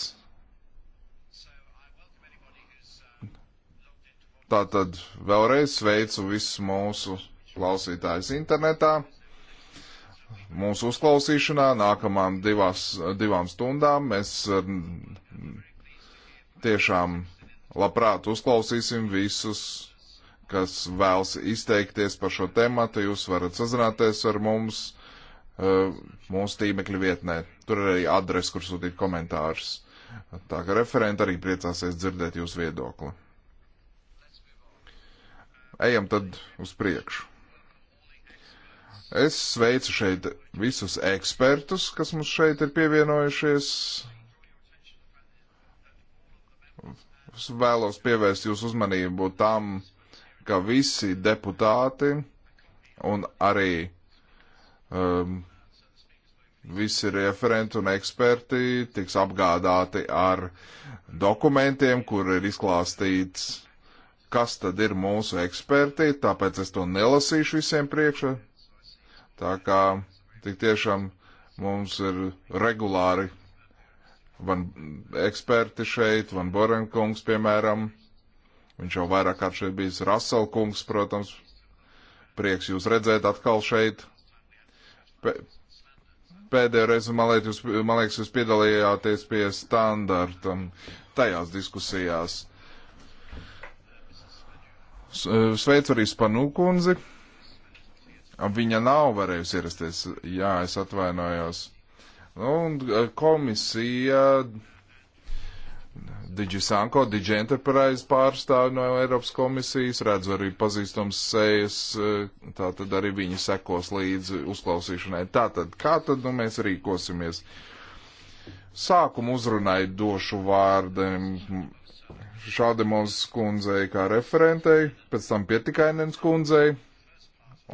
Tātad vēlreiz sveicu visus mūsu klausītājus internetā. Mūsu uzklausīšanā nākamām divās, divām stundām mēs tiešām labprāt uzklausīsim visus, kas vēlas izteikties par šo tēmatu. Jūs varat sazināties ar mums eh, mūsu tīmekļa vietnē. Tur ir arī adres, kur sūtīt komentārus. Tā ka referenti arī priecāsies dzirdēt jūsu viedokli. Ejam tad uz priekšu. Es sveicu šeit visus ekspertus, kas mums šeit ir pievienojušies. vēlos pievērst jūsu uzmanību tam, ka visi deputāti un arī um, visi referenti un eksperti tiks apgādāti ar dokumentiem, kur ir izklāstīts, kas tad ir mūsu eksperti, tāpēc es to nelasīšu visiem priekšā. Tā kā tik tiešām mums ir regulāri van eksperti šeit, Van Borenkungs, piemēram, viņš jau vairāk kārt šeit bijis, Raselkungs, protams, prieks jūs redzēt atkal šeit. Pēdējo reizi, man liekas, jūs, man liekas, jūs piedalījāties pie standartam tajās diskusijās. Sveicu arī Spanu kundzi. Viņa nav varējusi ierasties. Jā, es atvainojos. Nu, un eh, komisija Digisanko, Digenterprise pārstāvi no Eiropas komisijas, redzu arī pazīstams sejas, eh, tā tad arī viņi sekos līdzi uzklausīšanai. Tā tad, kā tad nu, mēs rīkosimies? Sākumu uzrunai došu vārdiem Šādemos kundzei kā referentei, pēc tam pietikainens kundzei,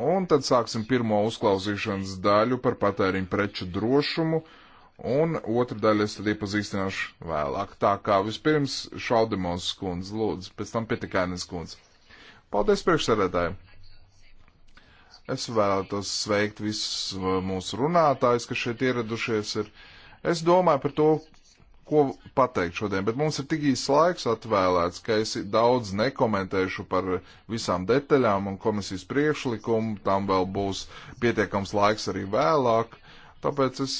Un tad sāksim pirmo uzklausīšanas daļu par patēriņu preču drošumu, un otru daļu es tad iepazīstināšu vēlāk. Tā kā vispirms Šaldemons skundz, lūdzu, pēc tam Pietikainis skundz. Paldies priekšsēdētāji! Es vēlētos sveikt visus mūsu runātājus, kas šeit ieradušies ir. Es domāju par to, ko pateikt šodien, bet mums ir tik īsts laiks atvēlēts, ka es daudz nekomentēšu par visām detaļām un komisijas priekšlikumu, tam vēl būs pietiekams laiks arī vēlāk, tāpēc es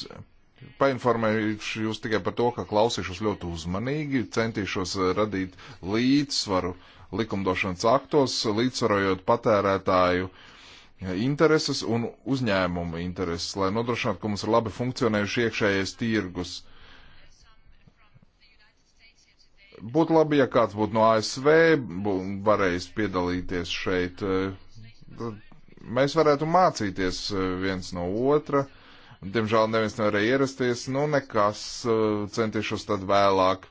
painformēšu jūs tikai par to, ka klausīšos ļoti uzmanīgi, centīšos radīt līdzsvaru likumdošanas aktos, līdzsvarojot patērētāju intereses un uzņēmumu intereses, lai nodrošinātu, ka mums ir labi funkcionējuši iekšējais tirgus Būtu labi, ja kāds būtu no ASV varējis piedalīties šeit. Eh, mēs varētu mācīties eh, viens no otra. Diemžēl neviens nevarēja ierasties. Nu, nekas. Eh, centīšos tad vēlāk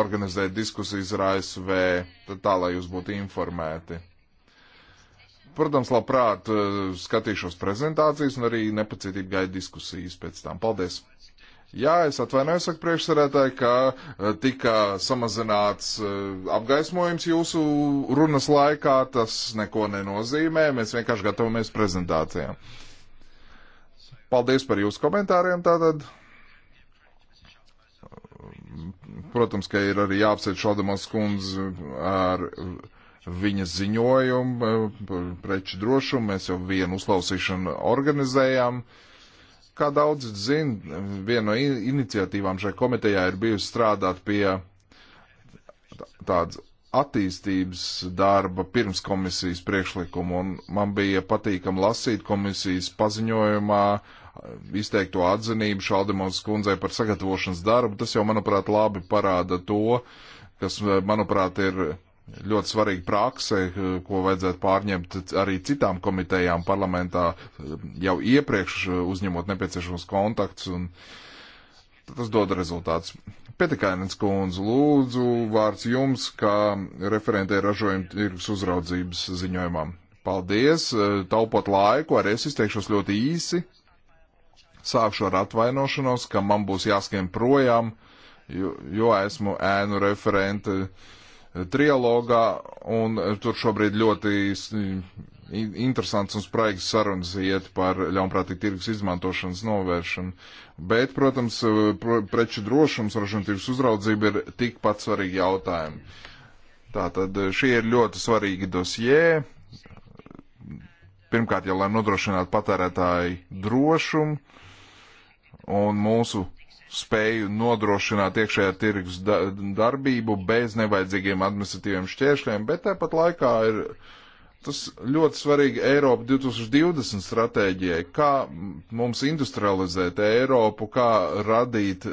organizēt diskusijas ar ASV, tad tā, lai jūs būtu informēti. Protams, labprāt skatīšos prezentācijas un arī nepacietību gaidu diskusijas pēc tām. Paldies! Jā, es atvainojos, saka priekšsarētāji, ka eh, tika samazināts eh, apgaismojums jūsu runas laikā. Tas neko nenozīmē. Mēs vienkārši gatavojamies prezentācijām. Paldies par jūsu komentāriem tātad. Protams, ka ir arī jāapsēd Šaldemos kundzi ar viņas ziņojumu eh, par preču drošumu. Mēs jau vienu uzklausīšanu organizējām. Uh, Kā daudz zina, viena no iniciatīvām šajā komitejā ir bijusi strādāt pie tādas attīstības darba pirms komisijas priekšlikumu, un man bija patīkam lasīt komisijas paziņojumā izteikto atzinību Šaldemos kundzei par sagatavošanas darbu. Tas jau, manuprāt, labi parāda to, kas, manuprāt, ir ļoti svarīga prakse, eh, ko vajadzētu pārņemt arī citām komitejām parlamentā eh, jau iepriekš eh, uzņemot nepieciešamos kontaktus, un tas dod rezultātus. Pietikainens kundze, lūdzu, vārds jums, kā referentē ražojuma tirgus uzraudzības ziņojumam. Paldies, taupot laiku, arī es izteikšos ļoti īsi. Sākšu ar atvainošanos, ka man būs jāskiem projām, jo, jo esmu ēnu referente uh, trialogā, un tur šobrīd ļoti interesants un spraigas sarunas iet par ļaunprātīgu tirgus izmantošanas novēršanu. Bet, protams, preču drošums, ražotības uzraudzība ir tikpat svarīgi jautājumi. Tātad šie ir ļoti svarīgi dosjē. Pirmkārt, jau lai nodrošinātu patērētāju drošumu un mūsu spēju nodrošināt iekšējā tirgus darbību bez nevajadzīgiem administratīviem šķēršļiem, bet tāpat laikā ir tas ļoti svarīgi Eiropa 2020 stratēģijai, kā mums industrializēt Eiropu, kā radīt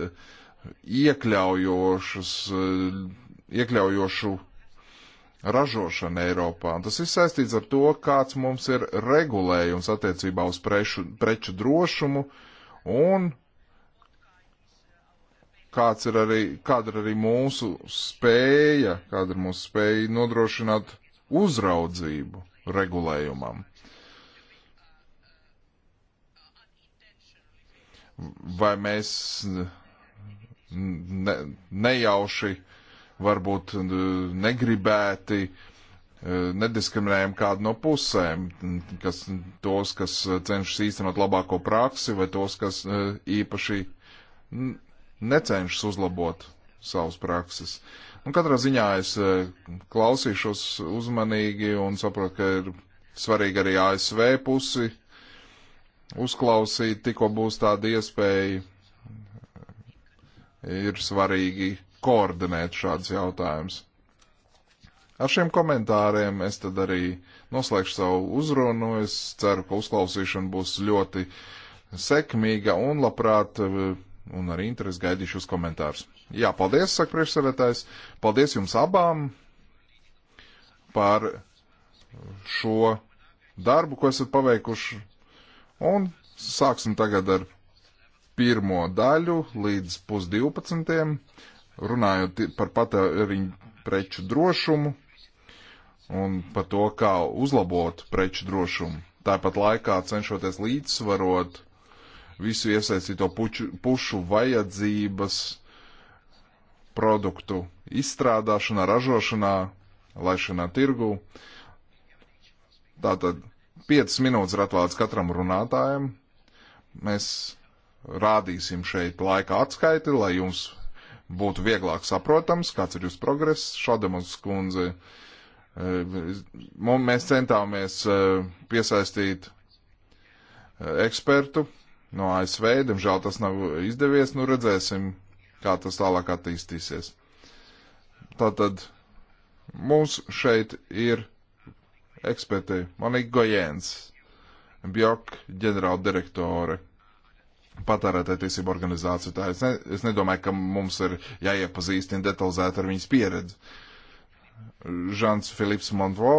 iekļaujošas, iekļaujošu ražošanu Eiropā. Un tas ir saistīts ar to, kāds mums ir regulējums attiecībā uz preču, preču drošumu un kāds ir arī, kāda ir arī mūsu spēja, kāda ir mūsu spēja nodrošināt uzraudzību regulējumam. Vai mēs ne, nejauši, varbūt negribēti, nediskriminējam kādu no pusēm, kas, tos, kas cenšas īstenot labāko praksi, vai tos, kas īpaši necenšas uzlabot savas prakses. Un katrā ziņā es e, klausīšos uzmanīgi un saprotu, ka ir svarīgi arī ASV pusi uzklausīt, tikko būs tāda iespēja. Ir svarīgi koordinēt šādus jautājumus. Ar šiem komentāriem es tad arī noslēgšu savu uzrunu. Es ceru, ka uzklausīšana būs ļoti sekmīga un labprāt e, un ar interesi gaidīšu uz komentārus. Jā, paldies, saka priekšsēdētājs. Paldies jums abām par šo darbu, ko esat paveikuši. Un sāksim tagad ar pirmo daļu līdz pusdivpadsmitiem, runājot par patēriņu preču drošumu un par to, kā uzlabot preču drošumu. Tāpat laikā cenšoties līdzsvarot visu iesaistīto puču, pušu vajadzības produktu izstrādāšanā, ražošanā, laišanā tirgu. Tātad 5 minūtes ir atvēlēts katram runātājam. Mēs rādīsim šeit laika atskaiti, lai jums būtu vieglāk saprotams, kāds ir jūsu progress. Šādamans kundze, eh, mēs centāmies eh, piesaistīt eh, ekspertu no ASV. Diemžēl tas nav izdevies, nu redzēsim, kā tas tālāk attīstīsies. Tātad mums šeit ir eksperti Monika Gojens, Bjork ģenerāla direktore patērētāju tiesību organizāciju. Tā es, ne, es nedomāju, ka mums ir jāiepazīstina detalizēti ar viņas pieredzi. Žants Filips Monvo,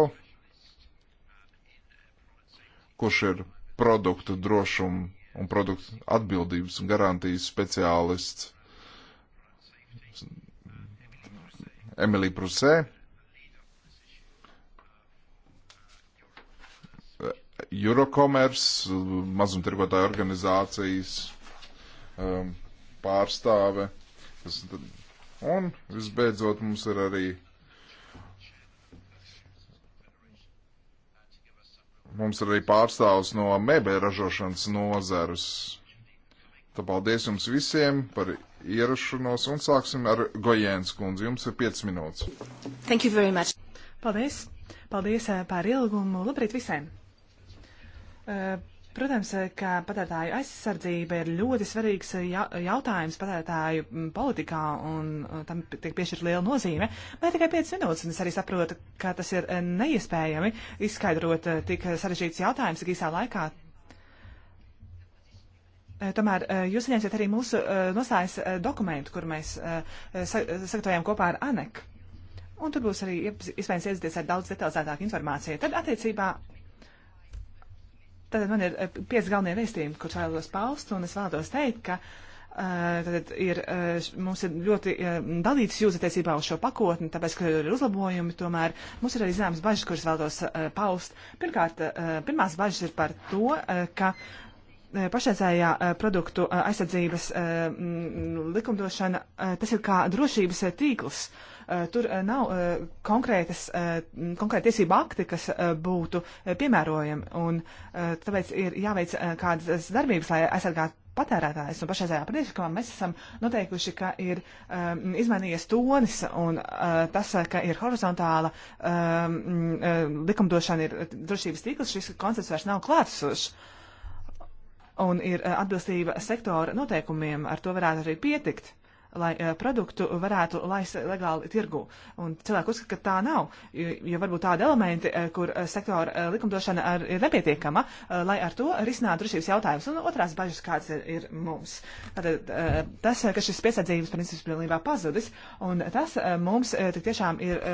kurš ir produktu drošuma un produktu atbildības un garantijas speciālists Emilija Prusē. Eurocommerce, mazumtirgotāja organizācijas um, pārstāve. Un visbeidzot mums ir arī Mums ir arī pārstāvs no mēbēļa ražošanas nozares. Tā paldies jums visiem par ierašanos un sāksim ar Gojēnas kundzi. Jums ir 5 minūtes. Thank you very much. Paldies. Paldies eh, par ilgumu. Labrīt visiem. Eh, Protams, ka patērētāju aizsardzība ir ļoti svarīgs eh, jautājums patērētāju mm, politikā, un eh, tam tiek piešķirta liela nozīme. Man ir tikai 5 minūtes, un es arī saprotu, ka tas ir eh, neiespējami izskaidrot tik sarežģīts jautājums tik īsā laikā. Tomēr jūs saņemsiet arī mūsu nostājas dokumentu, kur mēs sagatavojam kopā ar ANEK. Un tur būs arī iespējams iepazīties ar daudz detalizētāku informāciju. Tad attiecībā Tātad man ir eh, pieci galvenie vēstījumi, kurus vēlos paust, un es vēlos teikt, ka uh, eh, tātad ir, uh, mums ir ļoti uh, dalīts jūtas attiecībā uz šo pakotni, tāpēc, ka ir uzlabojumi, tomēr mums ir arī zināmas bažas, kuras vēlos paust. Pirmkārt, pirmās bažas ir par to, ka pašreizējā produktu aizsardzības likumdošana, tas ir kā drošības tīkls. Eh, tur eh, nav eh, konkrētas, konkrēta tiesība akti, kas būtu piemērojami, un tāpēc ir jāveic kādas darbības, lai aizsargātu patērētājs. Un pašreizējā priekšlikumā mēs esam noteikuši, ka ir um, izmainījies tonis un uh, tas, ka ir horizontāla um, uh, likumdošana, ir drošības tīkls, šis koncepts vairs nav klātsošs. Un ir uh, atbilstība sektora noteikumiem, ar to varētu arī pietikt lai eh, produktu varētu laist legāli tirgu. Un cilvēki uzskata, ka tā nav, jo varbūt tādi elementi, eh, kur eh, sektora likumdošana ir nepietiekama, lai ar to risinātu drošības jautājumus. Un otrās bažas, kāds ir mums. Tātad tas, ka šis piesardzības princips pilnībā pazudis, un tas mums tik tiešām ir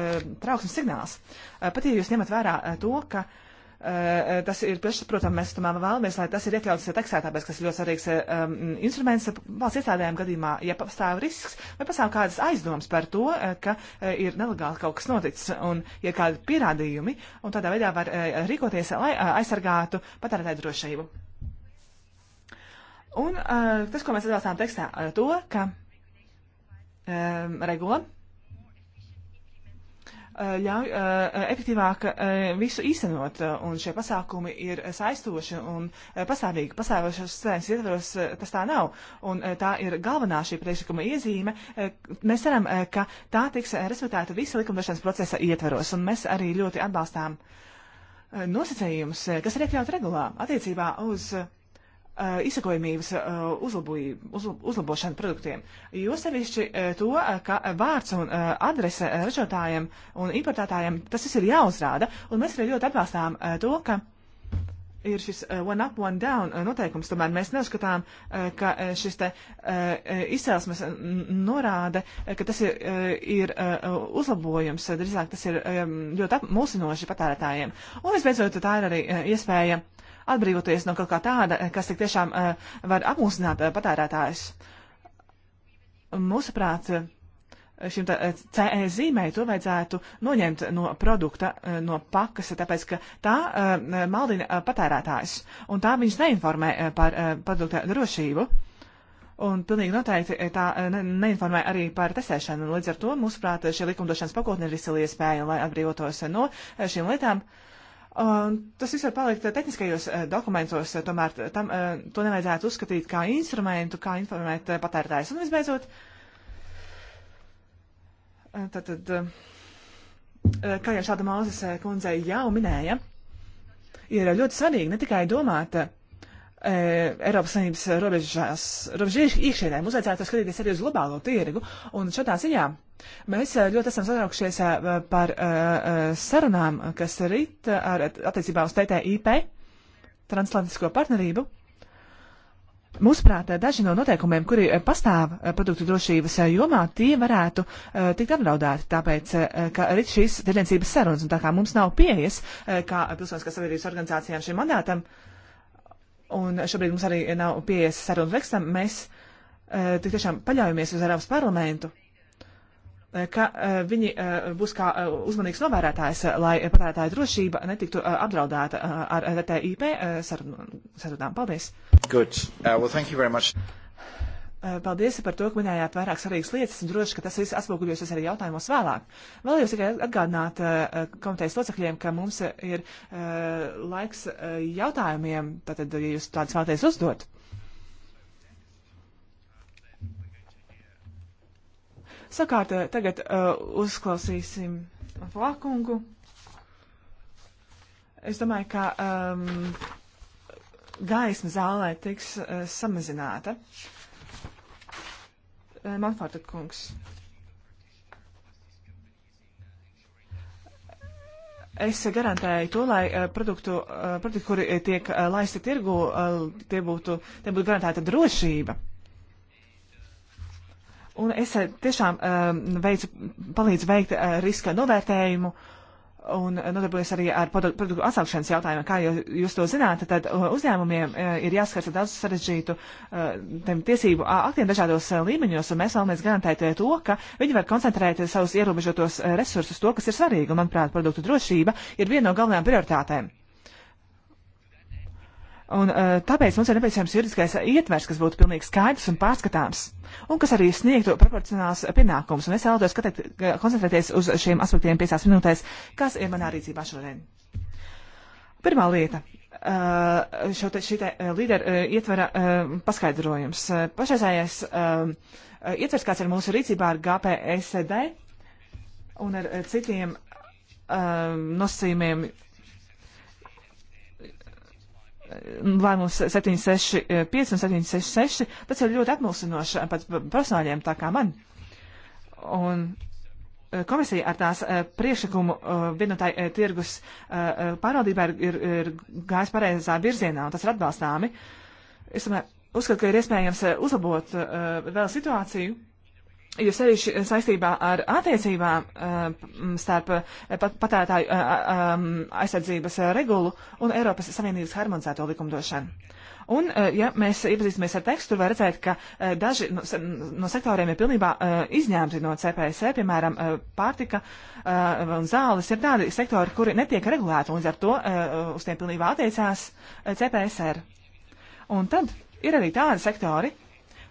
trauksmes signāls. Pat ja jūs ņemat vērā to, ka. Uh, Eh, tas ir priekšsaprotami. Mēs tomēr vēlamies, lai tas ir iekļauts tekstā, tāpēc, kas ir ļoti svarīgs eh, um, instruments valsts iestādēm gadījumā, ja pastāv risks vai pastāv kādas aizdomas par to, eh, ka ir nelegāli kaut kas noticis un ir ja kādi pierādījumi, un tādā veidā var rīkoties, lai aizsargātu patērētāju drošību. Un uh, tas, ko mēs atbalstām tekstā, to, ka um, regula ļauj efektīvāk visu īstenot, un šie pasākumi ir saistoši un pastāvīgi. Pastāvošas sēnes ietvaros tas tā nav, un tā ir galvenā šī priekšlikuma iezīme. Mēs ceram, ka tā tiks respektēta visa likumdošanas procesa ietvaros, un mēs arī ļoti atbalstām nosacējumus, kas ir iekļaut regulā attiecībā uz Uh, izsakojamības uh, uzlabošanu produktiem. Jo sevišķi uh, to, ka vārds un adrese ražotājiem un importētājiem tas viss ir jāuzrāda, un mēs arī ļoti atbalstām to, ka ir šis one up, one down noteikums. Tomēr mēs neuzskatām, ka šis te izcelsmes norāde, ka tas ir, ir uzlabojums, drīzāk tas ir um, ļoti mulsinoši patērētājiem. Un visbeidzot, tā ir arī iespēja atbrīvoties no kaut kā tāda, eh, kas tik tiešām eh, var apmūsināt eh, patērētājus. Mūsuprāt, šim CE zīmēju to vajadzētu noņemt no produkta, no pakas, tāpēc, ka tā maldina patērētājs un tā viņus neinformē par produkta drošību. Un pilnīgi noteikti tā ne, neinformē arī par testēšanu. Līdz ar to, mūsuprāt, šī likumdošanas pakotne ir visili iespēja, lai atbrīvotos no šīm lietām. Uh, Tas viss var palikt tehniskajos eh, dokumentos, eh, tomēr tam, eh, to nevajadzētu uzskatīt kā instrumentu, kā informēt patērētājus. Un visbeidzot, tātad, kā jau šāda Mauzes kundze jau minēja, ir ļoti svarīgi ne tikai domāt E, Eiropas Savienības robežās, robežas iekšēnē. Mums vajadzētu skatīties arī uz globālo tirgu. Un šādā ziņā mēs e, ļoti esam satraukšies e, par sarunām, kas rit ar attiecībā uz TTIP, Transatlantisko partnerību. Mūsuprāt, daži no noteikumiem, kuri pastāv produktu drošības jomā, tie varētu uh, tikt apdraudēti, tāpēc, uh, ka arī šīs tirdzniecības sarunas, un tā kā mums nav pieejas, uh, kā pilsoniskās sabiedrības organizācijām šim mandātam, uh, un šobrīd mums arī nav pieejas sarunu tekstam, mēs uh, tik tiešām paļaujamies uz Eiropas parlamentu, uh, ka uh, viņi būs kā uzmanīgs novērētājs, lai patērētāja drošība netiktu apdraudēta ar TIP sarunām. Paldies! Good. Uh, well, thank you very much. Eh, paldies par to, ka minējāt vairāk svarīgas lietas. Droši, ka tas viss atspoguļosies arī jautājumos vēlāk. Vēlējos tikai atgādināt eh, komitejas locekļiem, ka mums ir eh, laiks jautājumiem, tātad, ja jūs tādus vēlaties uzdot. Sakārt, tagad uzklausīsim Flakungu. Es domāju, ka um, gaisma zālē tiks uh, samazināta. Uh, Eh, Manfārta kungs. Es garantēju to, lai uh, produktu, uh, eh, produktu kuri tiek uh, laisti tirgu, tie būtu, tie būtu garantēta drošība. Un es tiešām veicu, palīdzu veikt riska novērtējumu un nodarbojas arī ar produktu atsaukšanas jautājumu. Kā jūs to zināt, tad uh, uzņēmumiem uh, ir jāskatās daudz sarežģītu uh, tiesību aktiem dažādos līmeņos, un mēs vēlamies garantēt to, ka viņi var koncentrēt savus ierobežotos resursus to, kas ir svarīgi. Un, manuprāt, produktu drošība ir viena no galvenajām prioritātēm. Un, eh, tāpēc mums ir nepieciešams juridiskais ietvers, kas būtu pilnīgi skaidrs un pārskatāms, un kas arī sniegtu proporcionāls pienākums. Un es vēlētos koncentrēties uz šiem aspektiem piecās minūtēs, kas ir manā rīcībā šodien. Pirmā lieta eh, šo te, šī te eh, līdera ietvera paskaidrojums. Pašreizējais ietvers, kāds ir mūsu rīcībā ar GPSD un ar citiem nosacījumiem lēmums 765 eh, un 766, tas ir ļoti apmulsinoši eh, pat personāļiem tā kā man. Un eh, komisija ar tās priekšlikumu vienotāju tirgus pārvaldībā ir, ir, ir gājis pareizā virzienā, un tas ir atbalstāmi. Es domāju, uzskatu, ka ir iespējams uzlabot vēl situāciju Jo sevišķi saistībā ar attiecībām uh, starp uh, patērētāju uh, um, aizsardzības regulu un Eiropas Savienības harmonizēto likumdošanu. Un, ja mēs iepazīstamies ar tekstu, var redzēt, ka daži no, no sektoriem ir pilnībā izņemti no CPS, e, piemēram, pārtika un zāles ir tādi sektori, kuri netiek regulēti, un līdz ar to uz tiem pilnībā attiecās CPSR. Un tad ir arī tādi sektori,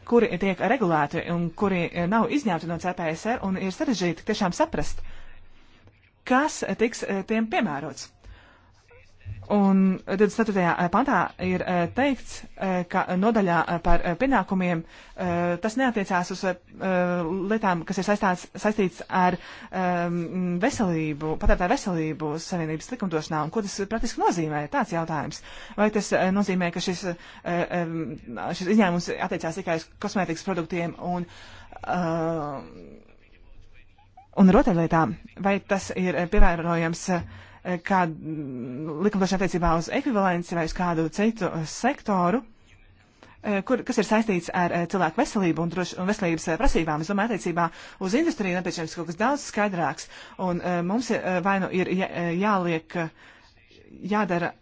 kuri tiek regulēti un kuri e, nav izņemti no CPSR, un ir sarežģīti tiešām saprast, kas tiks e, tiem piemērots. Un 24. Eh, pantā ir eh, teikts, eh, ka nodaļā par pienākumiem tas neatiecās uz lietām, kas ir saistāts, saistīts ar ehm, veselību, patērētāju veselību savienības likumdošanā. Un ko tas praktiski nozīmē? Tāds jautājums. Vai tas nozīmē, ka šis, ehm, šis izņēmums attiecās tikai uz kosmētikas produktiem un. Ehm, un rotaļlietām, vai tas ir pievērojams uh, kādu likumdošanu attiecībā uz ekvivalenci vai uz kādu citu sektoru, e, kur, kas ir saistīts ar e, cilvēku veselību un, droši, un veselības e, prasībām. Es domāju, attiecībā uz industriju nepieciešams kaut kas daudz skaidrāks. Un mums ir, vai nu ir jā, jāliek, jādara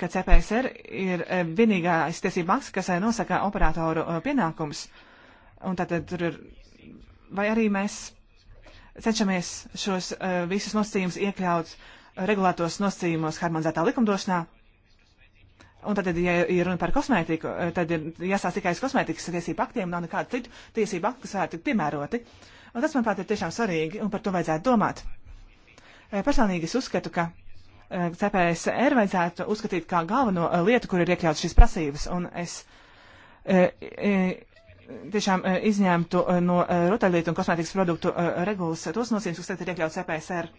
ka CPSR ir vienīgais tiesība maksa, kas nosaka operatoru pienākums. Un tātad tur ir, vai arī mēs cenšamies šos visus nosacījumus iekļaut uh, regulētos nosacījumos harmonizētā likumdošanā. Un tad, ja ir runa par kosmētiku, eh, tad ir jāsās tikai uz kosmētikas tiesību aktiem, nav nekādu citu tiesību aktu, kas varētu tikt piemēroti. Un tas, manuprāt, ir tiešām svarīgi, un par to vajadzētu domāt. Eh, personīgi es uzskatu, ka eh, CPSR vajadzētu uzskatīt kā galveno lietu, kur ir iekļauts šīs prasības. Un es e, e, tiešām e, izņemtu no rotaļlietu un kosmētikas produktu regulas tos nosīmes, kas tagad ir iekļauts CPSR.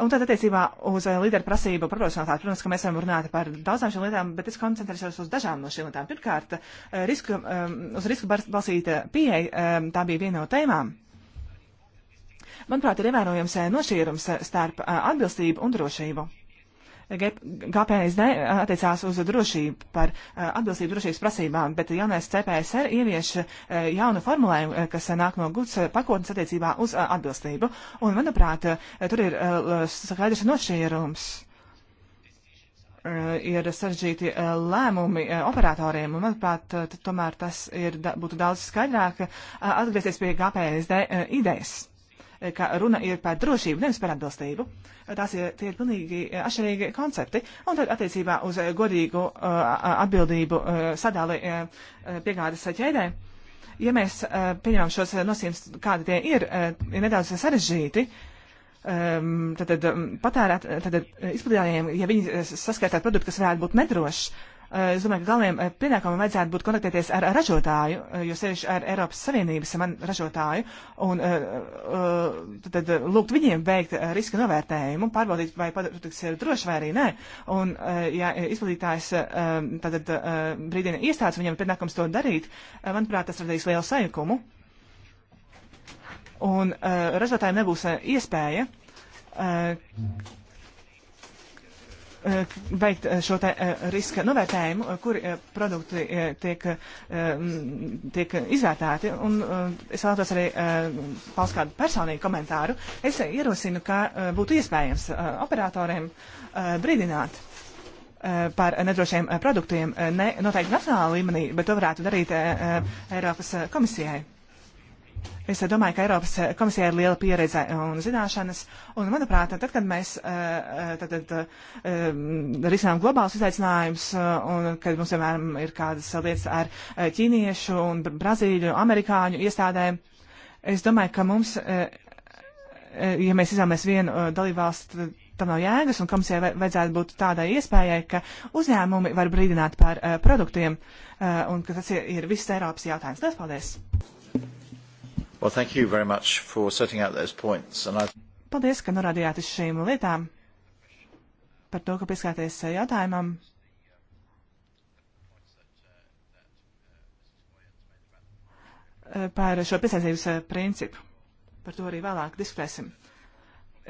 Un tad attiecībā uz eh, līderu prasību proporcionalitāti, protams, ka mēs varam runāt par daudzām šīm lietām, bet es koncentrēšos uz dažām no šīm lietām. Pirmkārt, eh, risku, eh, uz risku balsīta pieeja, tā bija viena no tēmām. Manuprāt, ir ievērojams nošķīrums starp atbilstību un drošību. GPSD attiecās uz drošību par eh, atbilstību drošības prasībām, bet jaunais CPSR e ievieš eh, jaunu formulējumu, eh, kas nāk no guds pakotnes attiecībā uz atbilstību. Un, manuprāt, tur ir skaidrs nošķīrums. Ir sarežģīti lēmumi operatoriem, un, manuprāt, tomēr tas ir, būtu daudz skaidrāk atgriezties pie GPSD idejas ka runa ir par drošību, nevis par atbilstību. Tās ir, tie ir pilnīgi atšķirīgi koncepti. Un tad attiecībā uz godīgu uh, atbildību uh, sadali uh, piegādes ķēdē. Ja mēs pieņemam šos nosīmes, kādi tie ir, ir nedaudz sarežģīti, tātad um, um, patērēt, tātad izplatītājiem, ja viņi saskaitā produktu, kas varētu būt nedrošs, Eh, es domāju, ka galiem eh, pienākumam vajadzētu būt kontaktēties ar ražotāju, eh, jo sevišķi ar Eiropas Savienības man ražotāju, un tad, tad lūgt viņiem veikt riska novērtējumu, pārbaudīt, vai produkts ir droši vai arī nē. Un, ja izplatītājs tad brīdina iestādes, viņam ir pienākums to darīt, manuprāt, tas radīs lielu sajukumu. Un ražotājiem nebūs iespēja veikt eh, šo tā, eh, riska novērtējumu, eh, kuri produkti tiek, tiek izvērtēti. Un es vēlētos arī paust kādu personīgu komentāru. Es ierosinu, ka būtu iespējams operatoriem brīdināt par nedrošiem produktiem ne noteikti nacionālā līmenī, bet to varētu darīt Eiropas komisijai. Es domāju, ka Eiropas eh, komisijai ir liela pieredze eh, un zināšanas, un, manuprāt, tad, kad mēs eh, tad, tad, risinām globālus izaicinājumus, un kad mums, piemēram, ir kādas lietas ar ķīniešu un brazīļu, amerikāņu iestādēm, es domāju, ka mums, ja mēs izvēlamies vienu dalībvalstu, tam nav jēgas, un komisijai vajadzētu būt tādai iespējai, ka uzņēmumi var brīdināt par produktiem, un ka tas ir viss Eiropas jautājums. Liels paldies! Well, thank you very much for setting out those points. And I... Paldies, ka norādījāt uz šīm lietām par to, ka pieskāties jautājumam. Eh, par šo piesaistības eh, principu. Par to arī vēlāk diskutēsim.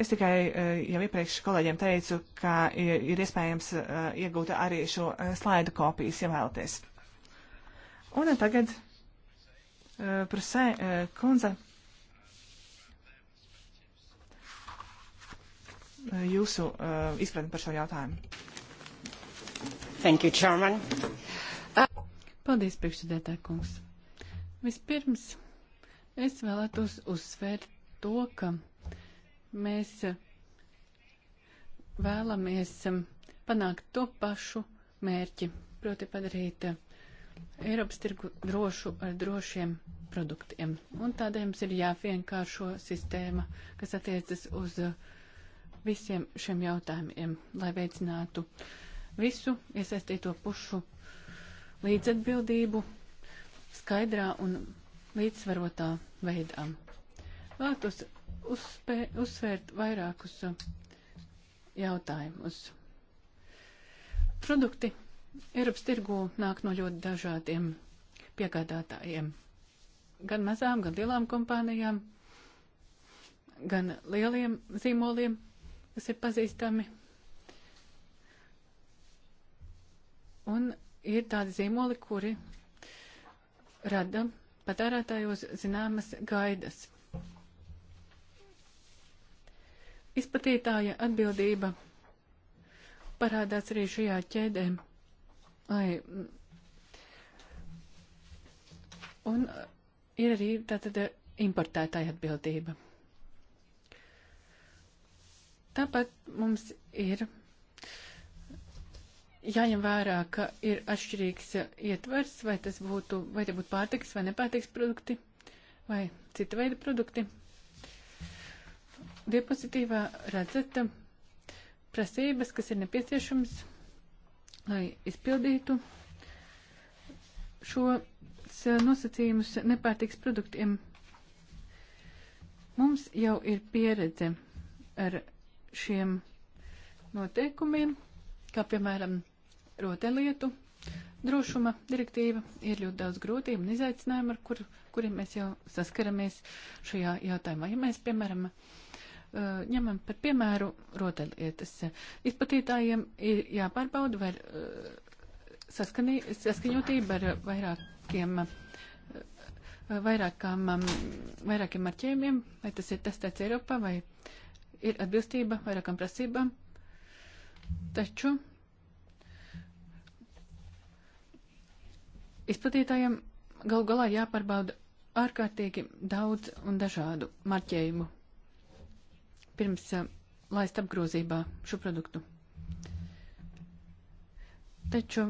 Es tikai eh, jau iepriekš kolēģiem teicu, ka ir iespējams iegūt arī šo slaidu kopijas, ja vēlaties. Un tagad Eh, Prusē eh, kundze. Eh, jūsu uh, izpratni par šo jautājumu. Thank you, Chairman. Uh, Paldies, priekšsēdētāj kungs. Vispirms es vēlētos uzsvērt to, ka mēs vēlamies panākt to pašu mērķi, proti padarīt uh, Eiropas tirgu drošu ar drošiem produktiem. Un tādēļ mums ir jāvienkāršo sistēma, kas attiecas uz uh, visiem šiem jautājumiem, lai veicinātu visu iesaistīto pušu līdzatbildību skaidrā un līdzsvarotā veidā. Vēlētos uzspē, uzsvērt vairākus uh, jautājumus. Produkti Eiropas tirgu nāk no ļoti dažādiem piegādātājiem. Gan mazām, gan lielām kompānijām, gan lieliem zīmoliem, kas ir pazīstami. Un ir tādi zīmoli, kuri rada patērētājos zināmas gaidas. Izplatītāja atbildība parādās arī šajā ķēdē. Ai, un uh, ir arī tātad uh, importētāja atbildība. Tāpat mums ir jāņem vērā, ka ir atšķirīgs uh, ietvers, vai tas būtu, vai te būtu pārtiks vai nepārtiks produkti, vai cita veida produkti. Diapozitīvā redzat prasības, kas ir nepieciešams lai izpildītu šos eh, nosacījumus nepārtiks produktiem. Mums jau ir pieredze ar šiem noteikumiem, kā piemēram rotaļlietu drošuma direktīva. Ir ļoti daudz grūtību un izaicinājumu, ar kur, kuriem mēs jau saskaramies šajā jautājumā. Ja mēs, piemēram, uh, Eh, ņemam par piemēru rotaļlietas. Izplatītājiem ir jāpārbauda, vai eh, saskanī, saskaņotība ar vairākiem, eh, vairākām, mm, vairākiem marķējumiem, vai tas ir testēts Eiropā, vai ir atbilstība vairākām prasībām. Taču izplatītājiem gal galā jāpārbauda ārkārtīgi daudz un dažādu marķējumu pirms laist apgrozībā šo produktu. Taču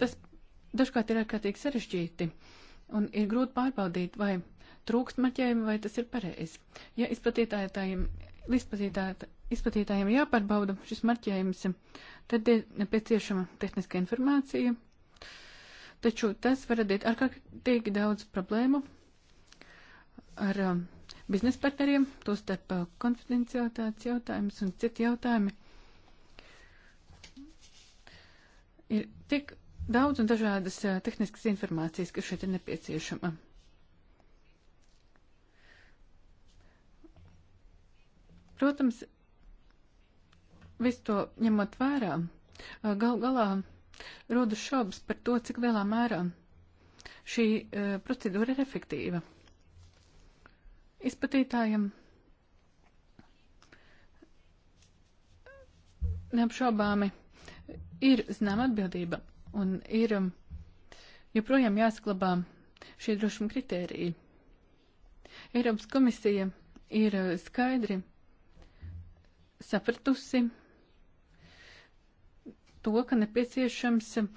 tas dažkārt ir ārkārtīgi sarežģīti un ir grūti pārbaudīt, vai trūkst marķējumi, vai tas ir pareizi. Ja izplatītājiem, izplatītājiem ir jāpārbauda šis marķējums, tad ir nepieciešama tehniska informācija, taču tas var radīt ārkārtīgi daudz problēmu ar um, biznesa partneriem, tostarp uh, konfidencialitātes jautājums un citi jautājumi. Ir tik daudz un dažādas uh, tehniskas informācijas, kas šeit ir nepieciešama. Protams, visu to ņemot vērā, uh, gal galā rodas šaubas par to, cik lielā mērā šī uh, procedūra ir efektīva izplatītājiem. Neapšaubāmi ir zināma atbildība un ir um, joprojām jāsaglabā šie drošuma kritēriji. Eiropas komisija ir uh, skaidri sapratusi to, ka nepieciešams uh,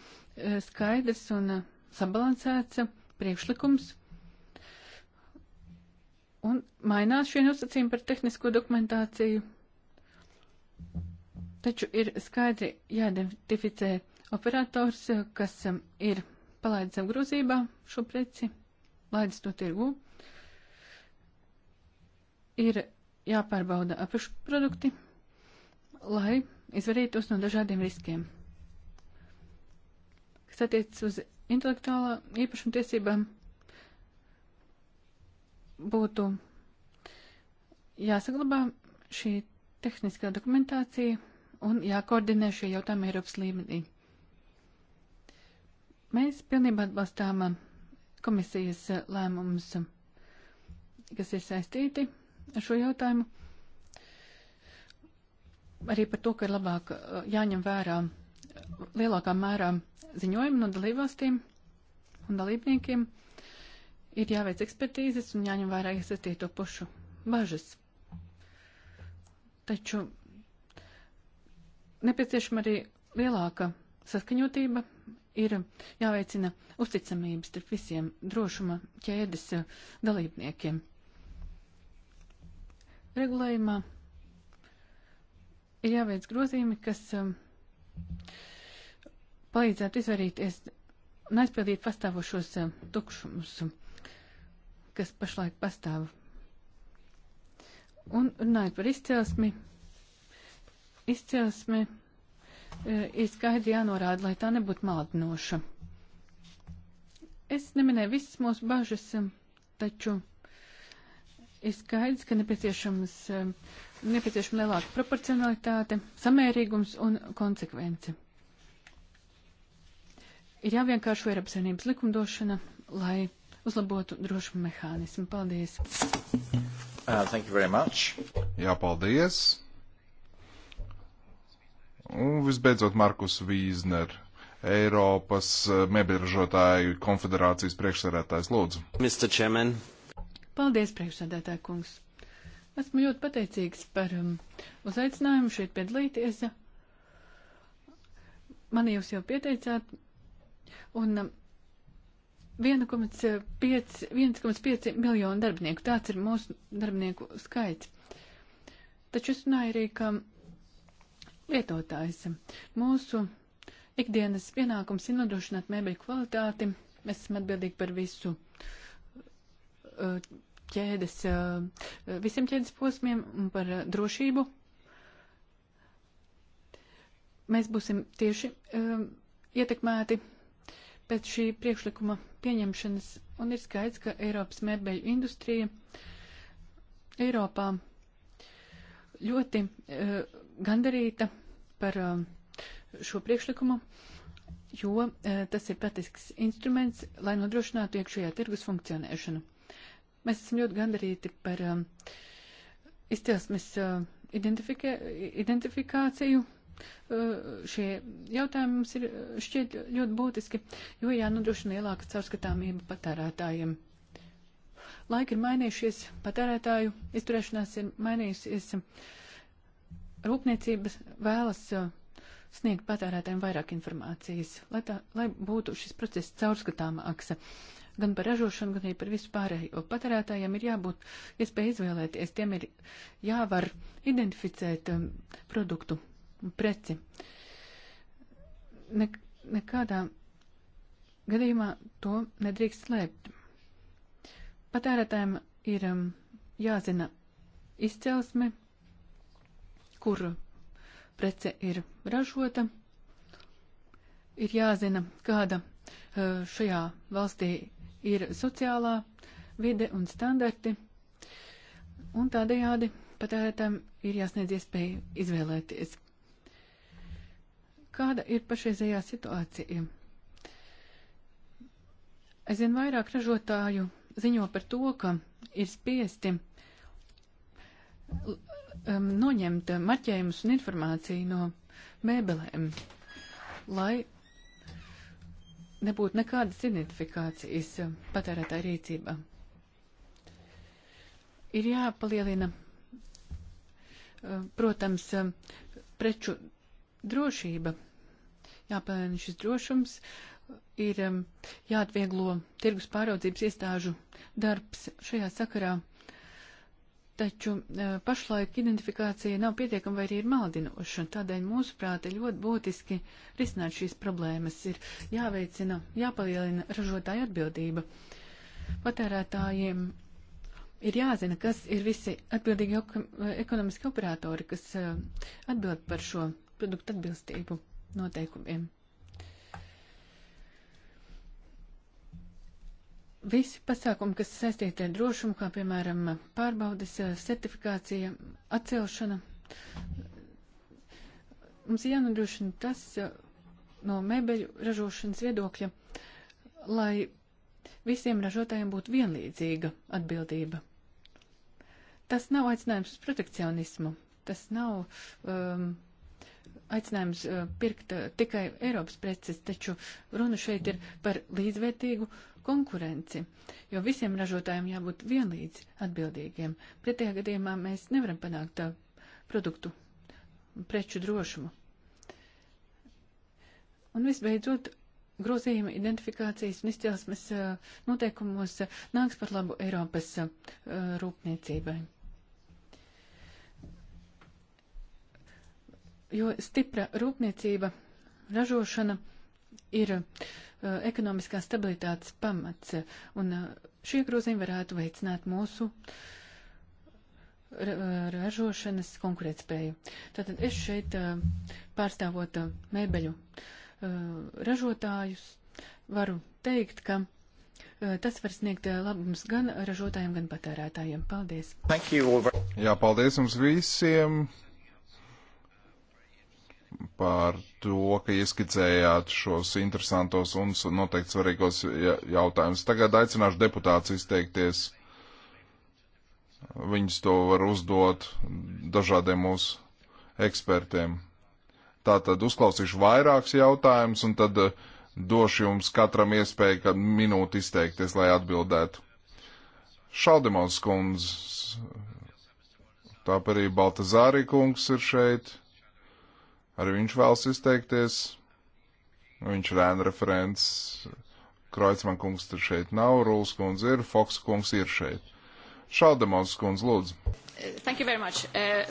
skaidrs un uh, sabalansēts priekšlikums Un mainās šie nosacījumi par tehnisko dokumentāciju. Taču ir skaidri jāidentificē operators, kas um, ir palaidis apgrozībā šo preci, laidis to tirgu. Ir jāpārbauda apakšprodukti, lai izvarītos no dažādiem riskiem. Kas attiecas uz intelektuālā īpašuma tiesībām, būtu jāsaglabā šī tehniskā dokumentācija un jākoordinē šie jautājumi Eiropas līmenī. Mēs pilnībā atbalstām komisijas lēmumus, kas ir saistīti ar šo jautājumu. Arī par to, ka ir labāk uh, jāņem vērā lielākā mērā ziņojumi no dalībvalstīm un dalībniekiem. Uh, ir jāveic ekspertīzes un jāņem vērā iesaistīto pušu bažas. Taču nepieciešama arī lielāka saskaņotība, ir jāveicina uzticamības starp visiem drošuma ķēdes dalībniekiem. Regulējumā ir jāveic grozījumi, kas um, palīdzētu izvairīties un aizpildīt pastāvošos um, tukšumus. Uh, kas pašlaik pastāv. Un runājot par izcelsmi, izcelsme ir skaidri jānorāda, lai tā nebūtu maldinoša. Es neminēju visas mūsu bažas, taču ir skaidrs, ka nepieciešams, e, nepieciešama lielāka proporcionalitāte, samērīgums un konsekvence. Ir jāvienkāršo Eiropas Savienības likumdošana, lai uzlabotu drošumu mehānismu. Paldies! Uh, thank you very much. Jā, paldies! Un visbeidzot Markus Vīzner, Eiropas uh, mēbīražotāju konfederācijas priekšsarētājs. Lūdzu! Mr. Chairman! Paldies, priekšsarētāj kungs! Esmu ļoti pateicīgs par um, uzaicinājumu šeit piedalīties. Mani jūs jau pieteicāt, un um, 1,5 miljonu darbinieku. Tāds ir mūsu darbinieku skaits. Taču es runāju arī, ka lietotājs mūsu ikdienas pienākums ir nodrošināt mēbeļu kvalitāti. Mēs esam atbildīgi par visu uh, ķēdes, uh, visiem ķēdes posmiem un par uh, drošību. Mēs būsim tieši ietekmēti pēc šī priekšlikuma pieņemšanas, un ir skaidrs, ka Eiropas mēbeļu industrija Eiropā ļoti uh, gandarīta par uh, šo priekšlikumu, jo uh, tas ir patisks instruments, lai nodrošinātu iekšējā tirgus funkcionēšanu. Mēs esam ļoti gandarīti par uh, izcelsmes uh, identifikāciju, šie jautājumi mums ir šķiet ļoti būtiski, jo jānodrošina lielāka caurskatāmība patērētājiem. Laika ir mainījušies, patērētāju izturēšanās ir mainījusies, rūpniecības vēlas sniegt patērētājiem vairāk informācijas, lai, tā, lai būtu šis process caurskatāmāks gan par ražošanu, gan arī par visu pārējo. Patērētājiem ir jābūt iespēja izvēlēties, tiem ir jāvar identificēt um, produktu preci. Ne, nekādā gadījumā to nedrīkst slēpt. Patērētājiem ir um, jāzina izcelsme, kur prece ir ražota, ir jāzina, kāda uh, šajā valstī ir sociālā vide un standarti, un tādējādi patērētājiem ir jāsniedz iespēja izvēlēties kāda ir pašreizējā situācija. Aizvien vairāk ražotāju ziņo par to, ka ir spiesti um, noņemt marķējumus un informāciju no mēbelēm, lai nebūtu nekādas identifikācijas patērētāja rīcībā. Ir jāpalielina, uh, protams, uh, preču drošība jāpērn šis drošums, ir um, jāatvieglo tirgus pāraudzības iestāžu darbs šajā sakarā. Taču uh, pašlaik identifikācija nav pietiekama vai arī ir maldinoša. Tādēļ mūsuprāt ir ļoti būtiski risināt šīs problēmas. Ir jāveicina, jāpalielina ražotāja atbildība. Patērētājiem ir jāzina, kas ir visi atbildīgi ekonomiski operatori, kas uh, atbild par šo produktu atbilstību noteikumiem. Visi pasākumi, kas saistīti ar drošumu, kā piemēram pārbaudes, eh, certifikācija, atcelšana, mums jānodrošina tas eh, no mēbeļu ražošanas viedokļa, lai visiem ražotājiem būtu vienlīdzīga atbildība. Tas nav aicinājums uz protekcionismu, tas nav um, aicinājums eh, pirkt eh, tikai Eiropas preces, taču runa šeit ir par līdzvērtīgu konkurenci, jo visiem ražotājiem jābūt vienlīdz atbildīgiem. Pretējā gadījumā mēs nevaram panākt eh, produktu preču drošumu. Un visbeidzot, grozījuma identifikācijas un izcelsmes noteikumos nāks par labu Eiropas rūpniecībai. jo stipra rūpniecība, ražošana ir uh, ekonomiskās stabilitātes pamats, un uh, šie grozījumi varētu veicināt mūsu ra uh, ražošanas konkurētspēju. Tātad es šeit uh, pārstāvot uh, mēbeļu uh, ražotājus varu teikt, ka tas var sniegt labums gan ražotājiem, gan patērētājiem. Paldies! Jā, paldies jums visiem! par to, ka ieskicējāt šos interesantos un noteikti svarīgos jautājumus. Tagad aicināšu deputātus izteikties. Viņus to var uzdot dažādiem mūsu ekspertiem. Tātad uzklausīšu vairākus jautājumus un tad eh, došu jums katram iespēju, kad minūti izteikties, lai atbildētu. Šaldemons kundze, tāpēc arī Baltazārī kungs ir šeit. Arī viņš vēlas izteikties. Viņš ir ēna referents. Kreutzmann kungs tur šeit nav, Rūls kungs ir, Foks kungs ir šeit. Šaldemons kungs, lūdzu. Thank you very much. Uh,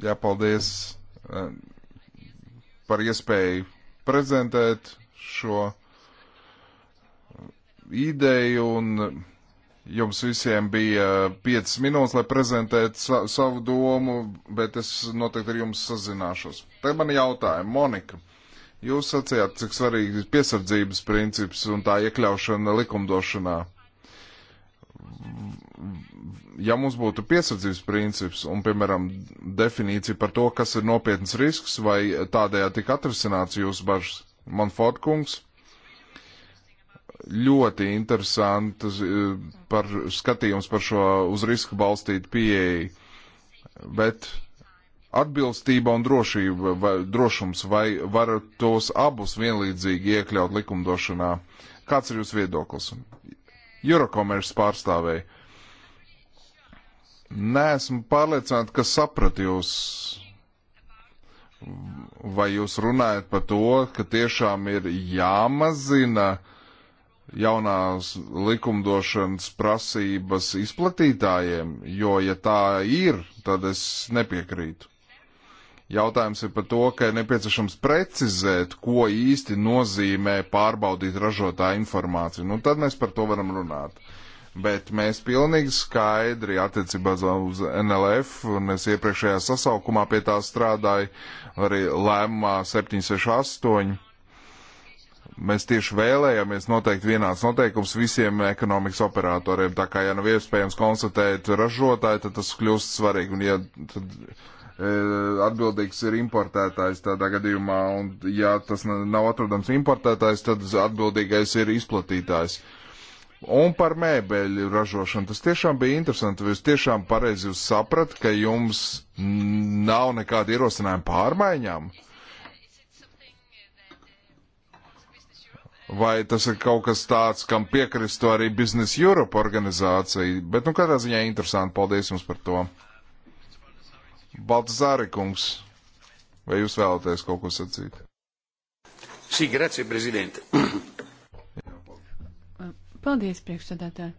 Jā, paldies uh, par iespēju prezentēt šo ideju un Jums visiem bija 5 eh, minūtes, lai prezentētu sa savu domu, bet es noteikti ar jums sazināšos. Te man jautājumi, Monika. Jūs sacījāt, cik svarīgi ir piesardzības princips un tā iekļaušana likumdošanā. Ja mums būtu piesardzības princips un, piemēram, definīcija par to, kas ir nopietns risks, vai tādējā tik atrisināts jūsu bažas, man Fordkungs, ļoti interesantas par skatījums par šo uz risku balstītu pieeju, bet atbilstība un drošība, vai, drošums, vai var tos abus vienlīdzīgi iekļaut likumdošanā? Kāds ir jūsu viedoklis? Eurokomers pārstāvēja. Nē, esmu pārliecināta, ka sapratu jūs vai jūs runājat par to, ka tiešām ir jāmazina jaunās likumdošanas prasības izplatītājiem, jo ja tā ir, tad es nepiekrītu. Jautājums ir par to, ka ir nepieciešams precizēt, ko īsti nozīmē pārbaudīt ražotā informāciju. Nu, tad mēs par to varam runāt. Bet mēs pilnīgi skaidri attiecībā uz NLF, un es iepriekšējā sasaukumā pie tā strādāju, arī lēmumā 768 Mēs tieši vēlējāmies noteikt vienāds noteikums visiem ekonomikas operatoriem. Tā kā, ja nav iespējams konstatēt ražotāju, tad tas kļūst svarīgi. Un, ja tad, e, atbildīgs ir importētājs tādā gadījumā, un ja tas nav atrodams importētājs, tad atbildīgais ir izplatītājs. Un par mēbeļu ražošanu. Tas tiešām bija interesanti. Jūs tiešām pareizi jūs saprat, ka jums nav nekāda ierosinājuma pārmaiņām. Uh, vai tas ir kaut kas tāds, kam piekristu arī Business Europe organizācija, bet nu katrā ziņā interesanti, paldies jums par to. Baltasāri kungs, vai jūs vēlaties kaut ko sacīt? Sī, sí, grazie, prezidente. paldies, priekšsēdētāji.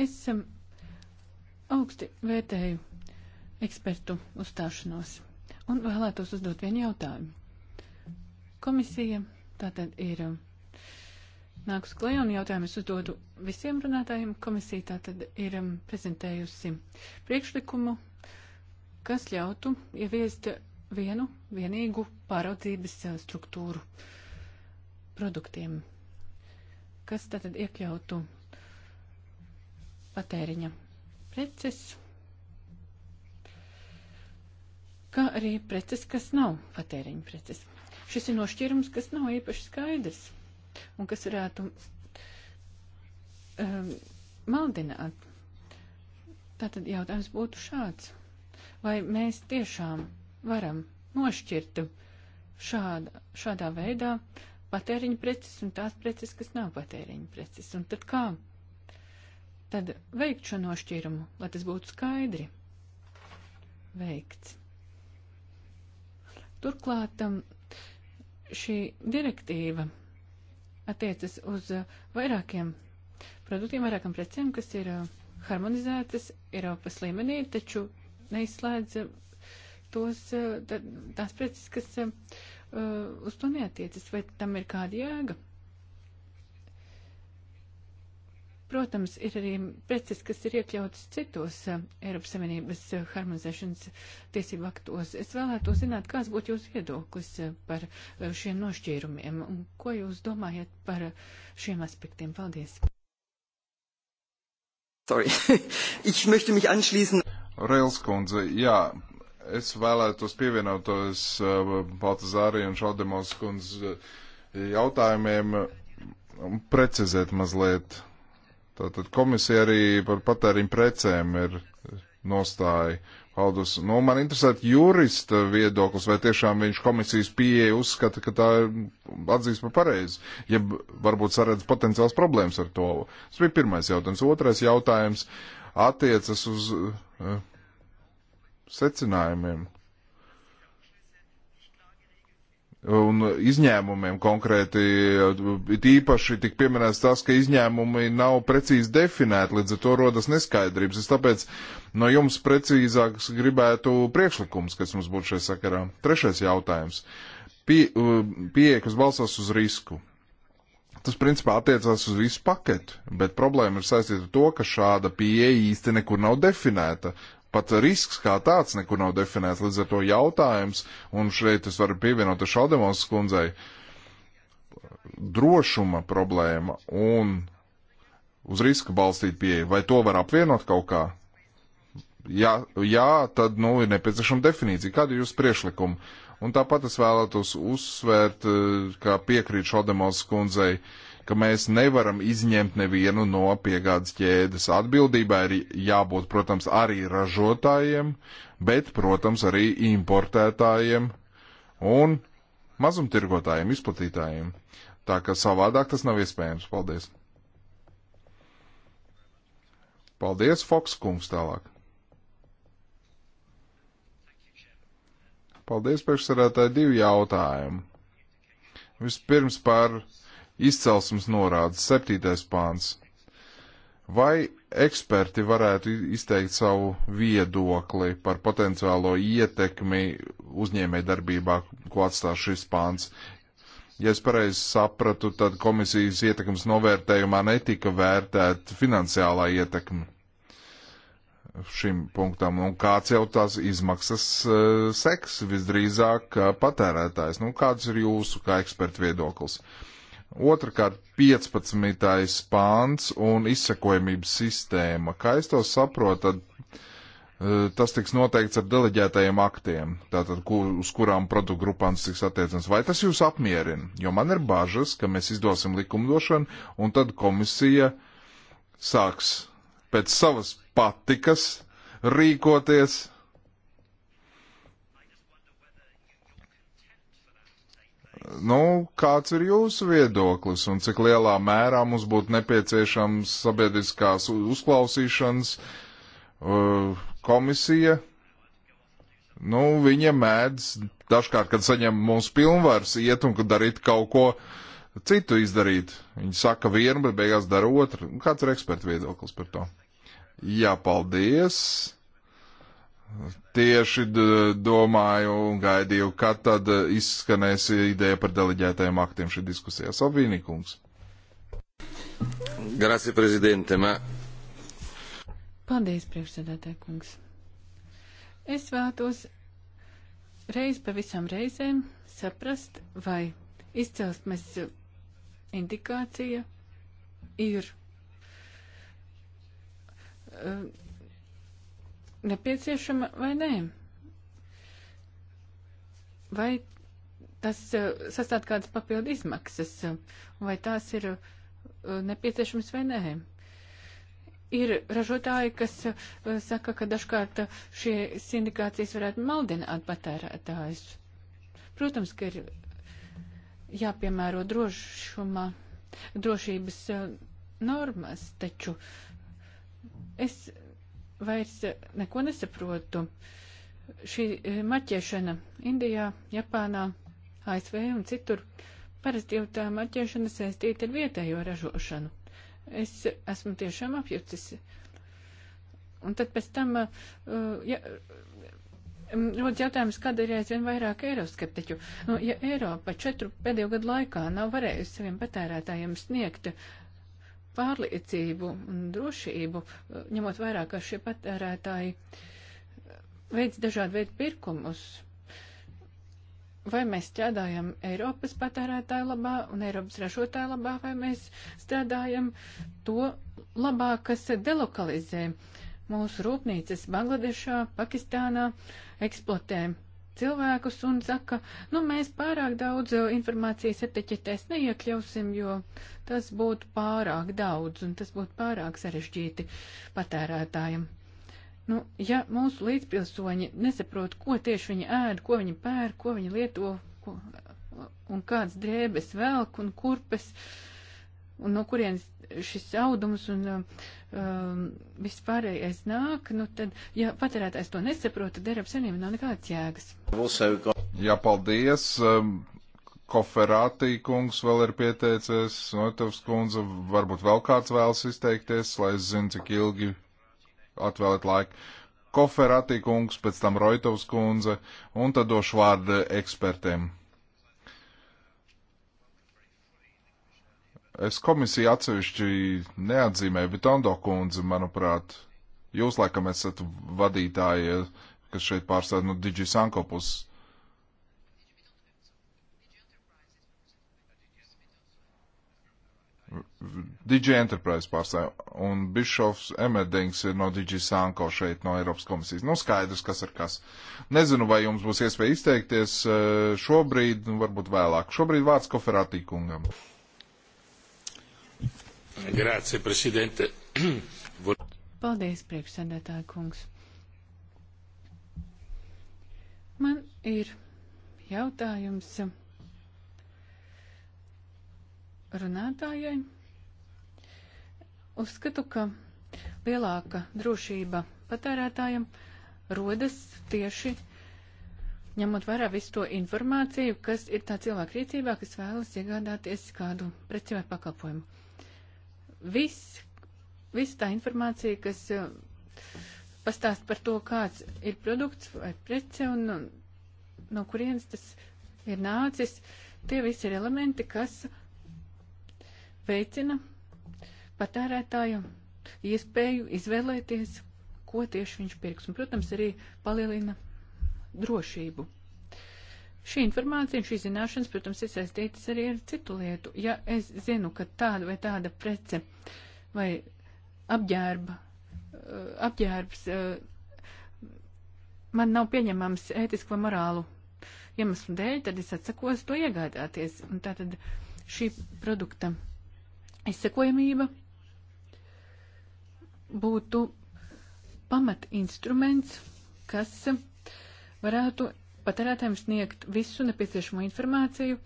Es um, augsti vērtēju ekspertu uzstāšanos un vēlētos uzdot vienu jautājumu. Komisija Tātad ir um, nākus klajā un jautājumus uzdodu visiem runātājiem. Komisija tātad ir um, prezentējusi priekšlikumu, kas ļautu ieviest vienu vienīgu pāraudzības uh, struktūru produktiem, kas tātad iekļautu patēriņa preces, kā arī preces, kas nav patēriņa preces. Šis ir nošķirums, kas nav īpaši skaidrs un kas varētu um, maldināt. Tātad jautājums būtu šāds. Vai mēs tiešām varam nošķirt šāda, šādā veidā patēriņa preces un tās preces, kas nav patēriņa preces? Un tad kā? Tad veikt šo nošķīrumu, lai tas būtu skaidri veikts. Turklāt um, šī direktīva attiecas uz uh, vairākiem produktiem, vairākam precēm, kas ir uh, harmonizētas Eiropas līmenī, taču neizslēdz uh, tos, tās preces, kas uz to neatiecas. Vai tam ir kāda jēga? Protams, ir arī preces, kas ir iekļautas citos uh, Eiropas Savienības uh, harmonizēšanas tiesību aktos. Es vēlētos zināt, kāds būtu jūsu viedoklis uh, par šiem nošķīrumiem un ko jūs domājat par šiem aspektiem. Paldies! Sorry. ich möchte mich anschließen. Rails kundze, jā, es vēlētos pievienotos Baltazārī un Šaldemos kundze jautājumiem un precizēt mazliet Tātad komisija arī par patēriņu precēm ir nostāja. Aldus, nu, man interesē jurista viedoklis, vai tiešām viņš komisijas pieeja uzskata, ka tā ir atzīst par pareizi, ja varbūt saredz potenciāls problēmas ar to. Tas bija pirmais jautājums. Otrais jautājums attiecas uz uh, secinājumiem un izņēmumiem konkrēti. Īpaši tik pieminēts tas, ka izņēmumi nav precīzi definēti, līdz ar to rodas neskaidrības. Es tāpēc no jums precīzāks gribētu priekšlikums, kas mums būtu šajā sakarā. Trešais jautājums. Pie, pieeja, kas balsās uz risku. Tas principā attiecās uz visu paketu, bet problēma ir saistīta ar to, ka šāda pieeja īsti nekur nav definēta Pat risks kā tāds nekur nav definēts, līdz ar to jautājums, un šeit es varu pievienot Šaldemos skundzei, drošuma problēma un uz riska balstīt pieeja, vai to var apvienot kaut kā? Jā, jā tad nu, ir nepieciešama definīcija. Kāda ir jūsu priekšlikuma? Un tāpat es vēlētos uzsvērt, eh, kā piekrīt Šaldemos skundzei, uh, ka mēs nevaram izņemt nevienu no piegādes ķēdes. Atbildībā ir jābūt, protams, arī ražotājiem, bet, protams, arī importētājiem un mazumtirgotājiem, izplatītājiem. Tā ka savādāk tas nav iespējams. Paldies! Paldies, Foks kungs, tālāk. Paldies, priekšsarētāji, divi jautājumi. Vispirms par Izcelsmes norādes, septītais pāns. Vai eksperti varētu izteikt savu viedokli par potenciālo ietekmi uzņēmē darbībā, ko atstās šis pāns? Ja es pareizi sapratu, tad komisijas ietekmes novērtējumā netika vērtēt finansiālā ietekme šim punktam. Un kāds jau tās izmaksas uh, seks visdrīzāk uh, patērētājs? Nu, kāds ir jūsu kā eksperta viedoklis? Uh, Otrakārt, 15. pāns un izsekojamības sistēma. Kā es to saprotu, tad eh, tas tiks noteikts ar deleģētajiem aktiem, tātad kur, uz kurām produktu grupām tiks attiecināts. Vai tas jūs apmierina? Jo man ir bažas, ka mēs izdosim likumdošanu un tad komisija sāks pēc savas patikas rīkoties Nu, kāds ir jūsu viedoklis un cik lielā mērā mums būtu nepieciešams sabiedriskās uzklausīšanas uh, komisija? Nu, viņa mēdz dažkārt, kad saņem mūsu pilnvars, iet un darīt kaut ko citu izdarīt. Viņa saka vienu, bet beigās dara otru. Kāds ir eksperta viedoklis par to? Jā, paldies! tieši domāju un gaidīju, kad tad izskanēs ideja par deleģētajiem aktiem šī diskusijā. Salvīnīkums. Grazie, prezidente. Ma... Paldies, priekšsēdētāj kungs. Es vētos reiz pavisam reizēm saprast, vai izcelsmes indikācija ir eh, nepieciešama vai nē? Vai tas eh, sastāv kādas papildu izmaksas, vai tās ir eh, nepieciešamas vai nē? Ir ražotāji, kas eh, saka, ka dažkārt šie sindikācijas varētu maldināt patērētājus. Protams, ka ir jāpiemēro drošuma, drošības normas, taču es vairs eh, neko nesaprotu. Šī eh, marķēšana Indijā, Japānā, ASV un citur parasti jau tā marķēšana saistīta ar vietējo ražošanu. Es esmu tiešām apjucis. Un tad pēc tam uh, ja, mm, rodas jautājums, kad ir aizvien vairāk eiroskeptiķu. Nu, ja Eiropa četru pēdējo gadu laikā nav varējusi saviem patērētājiem sniegt pārliecību un drošību, ņemot vairāk, ka šie patērētāji eh, veids dažādu veidu pirkumus. Vai mēs strādājam Eiropas patērētāju labā un Eiropas ražotāju labā, vai mēs strādājam to labā, kas delokalizē mūsu rūpnīcas Bangladešā, Pakistānā, eksploatē cilvēkus un saka, nu mēs pārāk daudz eh, informācijas etiķetēs neiekļausim, jo tas būtu pārāk daudz un tas būtu pārāk sarežģīti patērētājiem. Nu, ja mūsu līdzpilsoņi nesaprot, ko tieši viņi ēd, ko viņi pēr, ko viņi lieto, ko, un kādas drēbes velk un kurpes, un no kurienes šis audums un uh, um, vispārējais nāk, nu tad, ja patērētājs to nesaprot, tad Eiropas Savienība nav nekādas jēgas. Jā, paldies. Um, Koferātī kungs vēl ir pieteicies, Notovs kundze, varbūt vēl kāds vēlas izteikties, lai es zinu, cik ilgi atvēlēt laiku. Koferātī kungs, pēc tam Roitovs kundze, un tad došu vārdu ekspertiem. Es komisiju atsevišķi neatzīmēju, bet Ando kundze, manuprāt, jūs laikam esat vadītāji, kas šeit pārstāv no nu, Digi Sanko puses. Digi Enterprise pārstāv un Bischofs Emerdings ir no Digi Sanko šeit no Eiropas komisijas. Nu, skaidrs, kas ir kas. Nezinu, vai jums būs iespēja izteikties eh, šobrīd, nu, varbūt vēlāk. Šobrīd vārds Koferātī kungam. Uh, Grācija, prezidente. Paldies, priekšsēdētāja kungs. Man ir jautājums runātājai. Uzskatu, ka lielāka drošība patērētājiem rodas tieši ņemot vērā visu to informāciju, kas ir tā cilvēka rīcībā, kas vēlas iegādāties kādu preci vai pakalpojumu viss, viss tā informācija, kas uh, pastāst par to, kāds ir produkts vai prece un, un no kurienes tas ir nācis, tie visi ir elementi, kas veicina patērētāju iespēju izvēlēties, ko tieši viņš pirks. Un, protams, arī palielina drošību. Šī informācija un šī zināšanas, protams, ir saistītas arī ar citu lietu. Ja es zinu, ka tāda vai tāda prece vai apģērba, eh, apģērbs eh, man nav pieņemams ētisku vai morālu iemeslu dēļ, tad es atsakos to iegādāties. Un tātad šī produkta izsekojamība būtu pamat instruments, kas varētu patērētājiem sniegt visu nepieciešamo informāciju,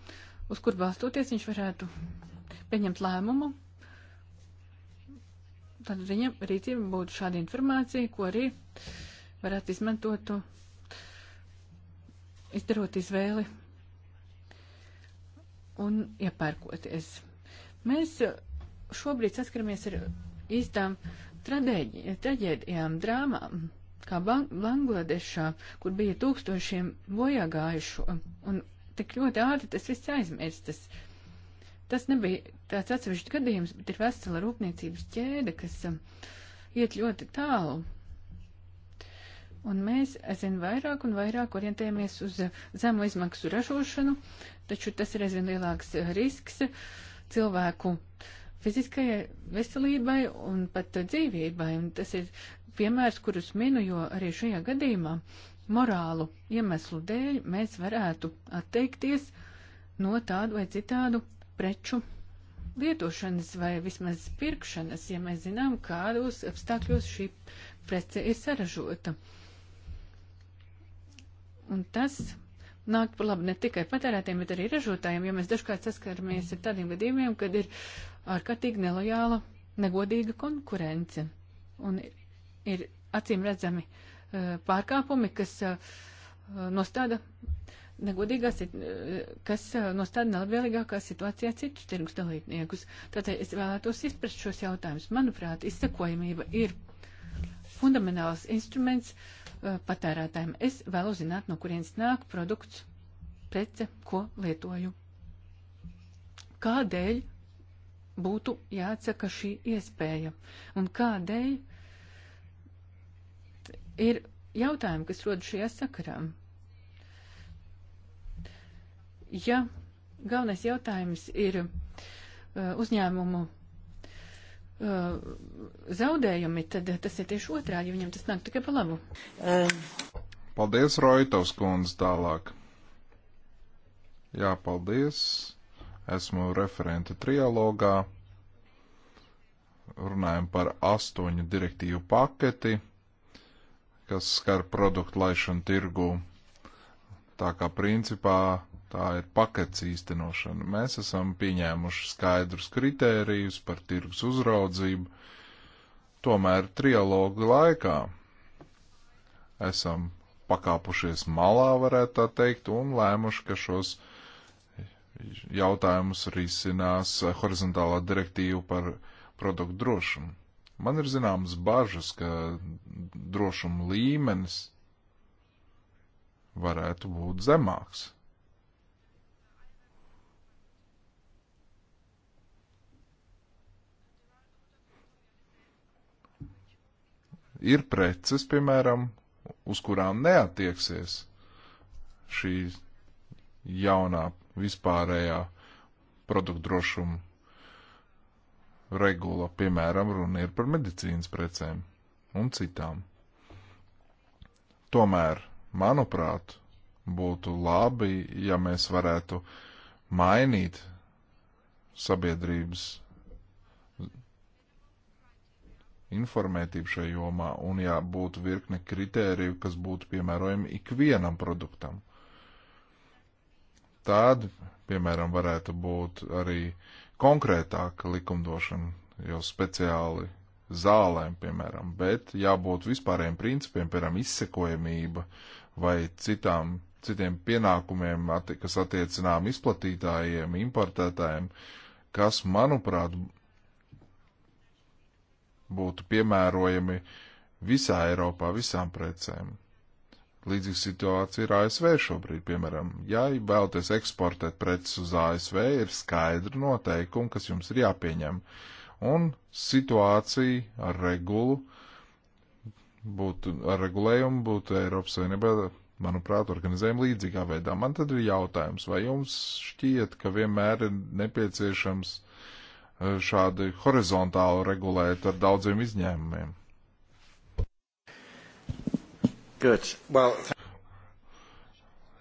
uz kur balstoties viņš varētu pieņemt lēmumu. Tad viņam rīcība būtu šāda informācija, ko arī varētu izmantot, izdarot izvēli un iepērkoties. Mēs šobrīd saskaramies ar īstām traģēdijām, drāmām kā Bangladešā, kur bija tūkstošiem bojāgājušo, un tik ļoti ātri tas viss aizmirstas. Tas nebija tāds atsevišķs gadījums, bet ir vesela rūpniecības ķēde, kas um, iet ļoti tālu. Un mēs aizvien vairāk un vairāk orientējamies uz uh, zemu izmaksu ražošanu, taču tas ir aizvien lielāks uh, risks cilvēku fiziskajai veselībai un pat uh, dzīvībai. Un tas ir piemērs, kurus minu, jo arī šajā gadījumā morālu iemeslu dēļ mēs varētu atteikties no tādu vai citādu preču lietošanas vai vismaz pirkšanas, ja mēs zinām, kādos apstākļos šī prece ir saražota. Un tas nāk par labu ne tikai patērētiem, bet arī ražotājiem, jo mēs dažkārt saskaramies ar tādiem gadījumiem, kad ir ārkārtīgi nelojāla, negodīga konkurence. Un ir acīm redzami eh, pārkāpumi, kas eh, nostāda negodīgās, eh, kas nostāda nelabvēlīgākā situācijā citus tirgus dalībniekus. Tātad es vēlētos izprast šos jautājumus. Manuprāt, izsekojamība ir fundamentāls instruments patērētājiem. Es vēlu zināt, no kurienes nāk produkts, prece, ko lietoju. Kādēļ būtu jāatsaka šī iespēja un kādēļ ir jautājumi, kas rodas šajā sakarā. Ja galvenais jautājums ir uh, uzņēmumu uh, zaudējumi, tad uh, tas ir tieši otrādi, jo viņam tas nāk tikai pa labu. Paldies, Roitovs kundze, tālāk. Jā, paldies. Esmu referente trialogā. Runājam par astoņu direktīvu paketi kas skar produktu laišanu tirgū. Tā kā principā tā ir pakets īstenošana. Mēs esam pieņēmuši skaidrus kritērijus par tirgus uzraudzību, tomēr trialogu laikā esam pakāpušies malā, varētu tā teikt, un lēmuši, ka šos jautājumus risinās horizontālā direktīva par produktu drošumu. Man ir zināmas bažas, ka drošuma līmenis varētu būt zemāks. Ir preces, piemēram, uz kurām neatieksies šī jaunā vispārējā produktu drošuma regula, piemēram, runa ir par medicīnas precēm un citām. Tomēr, manuprāt, būtu labi, ja mēs varētu mainīt sabiedrības informētību šajā jomā, un ja būtu virkne kritēriju, kas būtu piemērojami ikvienam produktam. Tādi, piemēram, varētu būt arī uh, konkrētāka likumdošana, jau speciāli zālēm, piemēram, bet jābūt vispārējiem principiem, piemēram, izsekojamība vai citām, citiem pienākumiem, kas attiecinām izplatītājiem, importētājiem, kas, manuprāt, būtu piemērojami visā Eiropā visām precēm. Līdzīga situācija ir ASV šobrīd, piemēram. Ja vēlaties eksportēt preces uz ASV, ir skaidri noteikumi, kas jums ir jāpieņem. Un situācija ar regulu būtu, ar regulējumu būtu Eiropas Savienībā, manuprāt, organizējama līdzīgā veidā. Man tad ir jautājums, vai jums šķiet, ka vienmēr ir nepieciešams eh, šādi horizontāli regulēt ar daudziem izņēmumiem? Good. Well,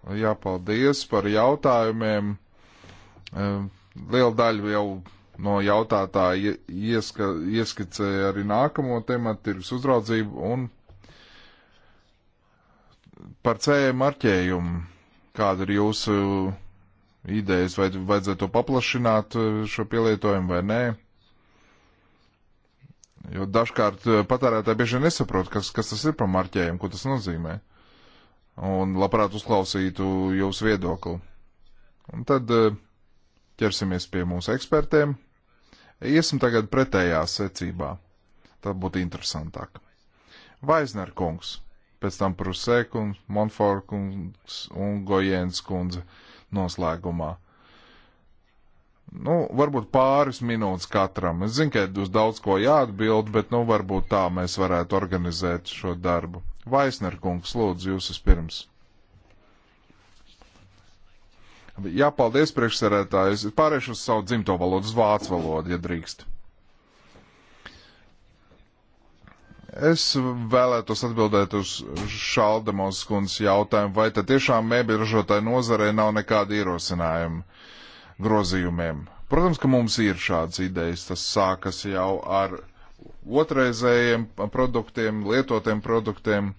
Jā, paldies par jautājumiem. Liela daļa jau no jautātāja ieska, ieskicēja arī nākamo tematu, tirgus uzraudzību un par cēju marķējumu. Kāda ir jūsu idejas, vai vajadzētu to paplašināt eh, šo pielietojumu vai nē? Jo dažkārt eh, patērētāji bieži nesaprot, kas, kas tas ir par marķējumu, ko tas nozīmē. Un labprāt uzklausītu jūsu viedokli. Un tad eh, ķersimies pie mūsu ekspertiem. Iesim tagad pretējā secībā. Tā būtu interesantāk. Vaisner kungs, pēc tam Prusē kungs, Monfor kungs un Gojens kundze noslēgumā nu, varbūt pāris minūtes katram. Es zinu, ka uz daudz ko jāatbild, bet, nu, varbūt tā mēs varētu organizēt šo darbu. Vaisner kungs, lūdzu, jūs vispirms. Jā, paldies priekšsarētājs. Pārēšu uz savu dzimto valodu, uz vācu valodu, ja drīkst. Es vēlētos atbildēt uz Šaldemos kundzes jautājumu, vai tad tiešām mēbļu ražotāju nozarei nav nekāda ierosinājuma. Uh, grozījumiem. Protams, ka mums ir šādas idejas. Tas sākas jau ar otrreizējiem produktiem, lietotiem produktiem.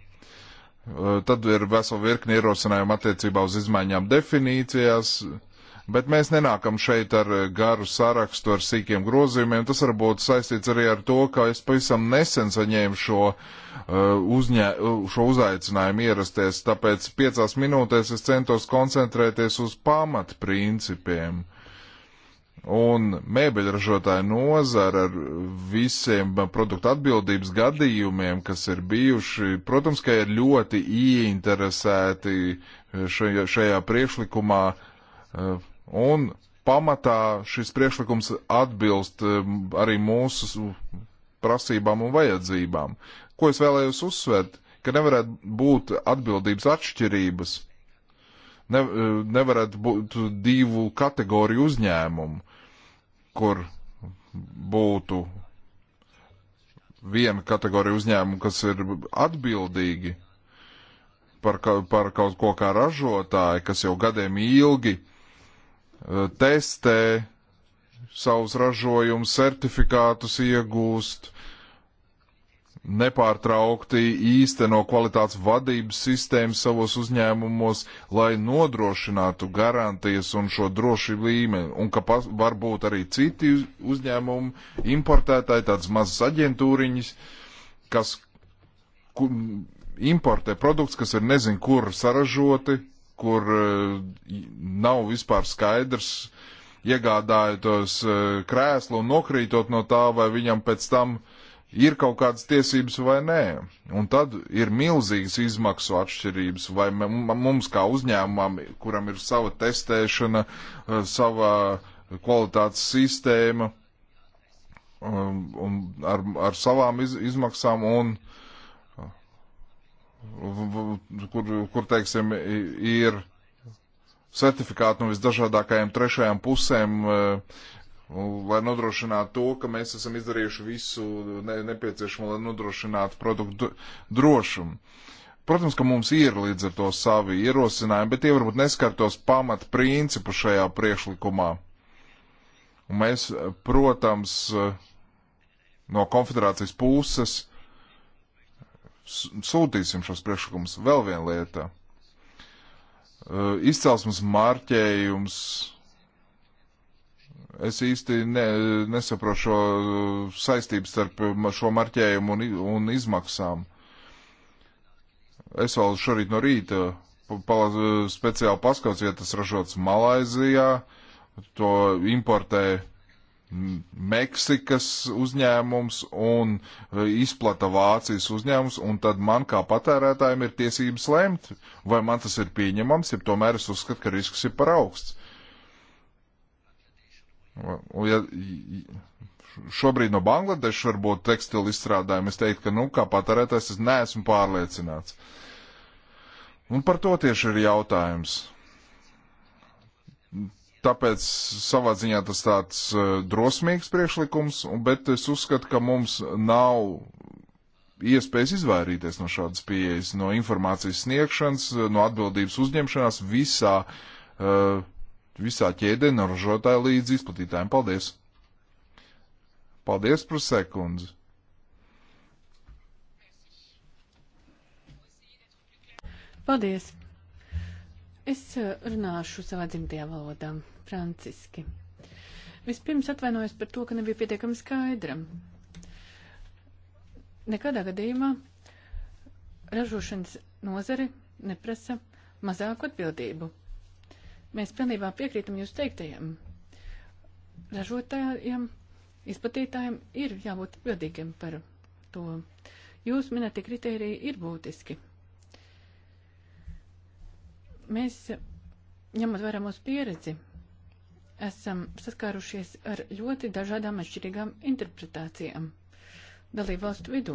Tad ir vesela virkni ierosinājumu attiecībā uz izmaiņām definīcijās, Bet mēs nenākam šeit ar eh, garu sarakstu, ar sīkiem grozījumiem. Tas varbūt saistīts arī ar to, ka es pavisam nesen saņēmu šo, uh, uzņē, šo uzaicinājumu ierasties, tāpēc piecās minūtēs es centos koncentrēties uz pamatprincipiem. Un mēbeļražotāja nozara ar visiem produktu atbildības gadījumiem, kas ir bijuši, protams, ka ir ļoti ieinteresēti šajā, šajā priekšlikumā uh, Un pamatā šis priekšlikums atbilst eh, arī mūsu prasībām un vajadzībām. Ko es vēlējos uzsvērt, ka nevarētu būt atbildības atšķirības, ne, eh, nevarētu būt divu kategoriju uzņēmumu, kur būtu viena kategorija uzņēmumu, kas ir atbildīgi par, par kaut ko kā ražotāji, kas jau gadiem ilgi Eh, testē savus ražojumus, certifikātus iegūst, nepārtraukti īsteno kvalitātes vadības sistēmu savos uzņēmumos, lai nodrošinātu garantijas un šo drošību līmeni, un ka pas, var būt arī citi uzņēmumi, importētāji, tādas mazas aģentūriņas, kas ku, importē produkts, kas ir nezin kur saražoti, kur e, nav vispār skaidrs, iegādājoties e, krēslu un nokrītot no tā, vai viņam pēc tam ir kaut kādas tiesības vai nē. Un tad ir milzīgas izmaksu atšķirības, vai mums kā uzņēmumam, kuram ir sava testēšana, e, sava kvalitātes sistēma um, un ar, ar savām iz, izmaksām un uh, kur, kur teiksim, ir certifikāti no visdažādākajām trešajām pusēm, e, lai nodrošinātu to, ka mēs esam izdarījuši visu ne, nepieciešamo, lai nodrošinātu produktu drošumu. Protams, ka mums ir līdz ar to savi ierosinājumi, bet tie varbūt neskartos pamat principu šajā priekšlikumā. Un mēs, e, protams, e, no konfederācijas puses sūtīsim šos priekšlikumus. Vēl viena lieta. E, izcelsmes mārķējums. Es īsti ne, nesaprotu šo saistību starp šo marķējumu un, un izmaksām. Es vēl šorīt no rīta pala, speciāli paskauts, ja tas ražots Malaizijā, to importē Meksikas uzņēmums un e, izplata Vācijas uzņēmums, un tad man kā patērētājiem ir tiesības lemt, vai man tas ir pieņemams, ja tomēr es uzskatu, ka risks ir par augsts. Un ja, šobrīd no Bangladešas varbūt tekstilu izstrādājumu es teiktu, ka, nu, kā patērētājs es neesmu pārliecināts. Un par to tieši ir jautājums Tāpēc savā ziņā tas tāds e, drosmīgs priekšlikums, bet es uzskatu, ka mums nav iespējas izvairīties no šādas pieejas, no informācijas sniegšanas, e, no atbildības uzņemšanās visā, e, visā ķēdē, no ražotāja līdz izplatītājiem. Paldies! Paldies par sekundzi! Paldies! Es runāšu savā dzimtajā valodā franciski. Vispirms atvainojos par to, ka nebija pietiekami skaidra. Nekādā gadījumā ražošanas nozare neprasa mazāku atbildību. Mēs pilnībā piekrītam jūs teiktajiem. Ražotājiem, izplatītājiem ir jābūt atbildīgiem par to. Jūs minētie kriteriji ir būtiski. Mēs, ņemot vērā mūsu pieredzi, esam saskārušies ar ļoti dažādām atšķirīgām interpretācijām dalību valstu vidū.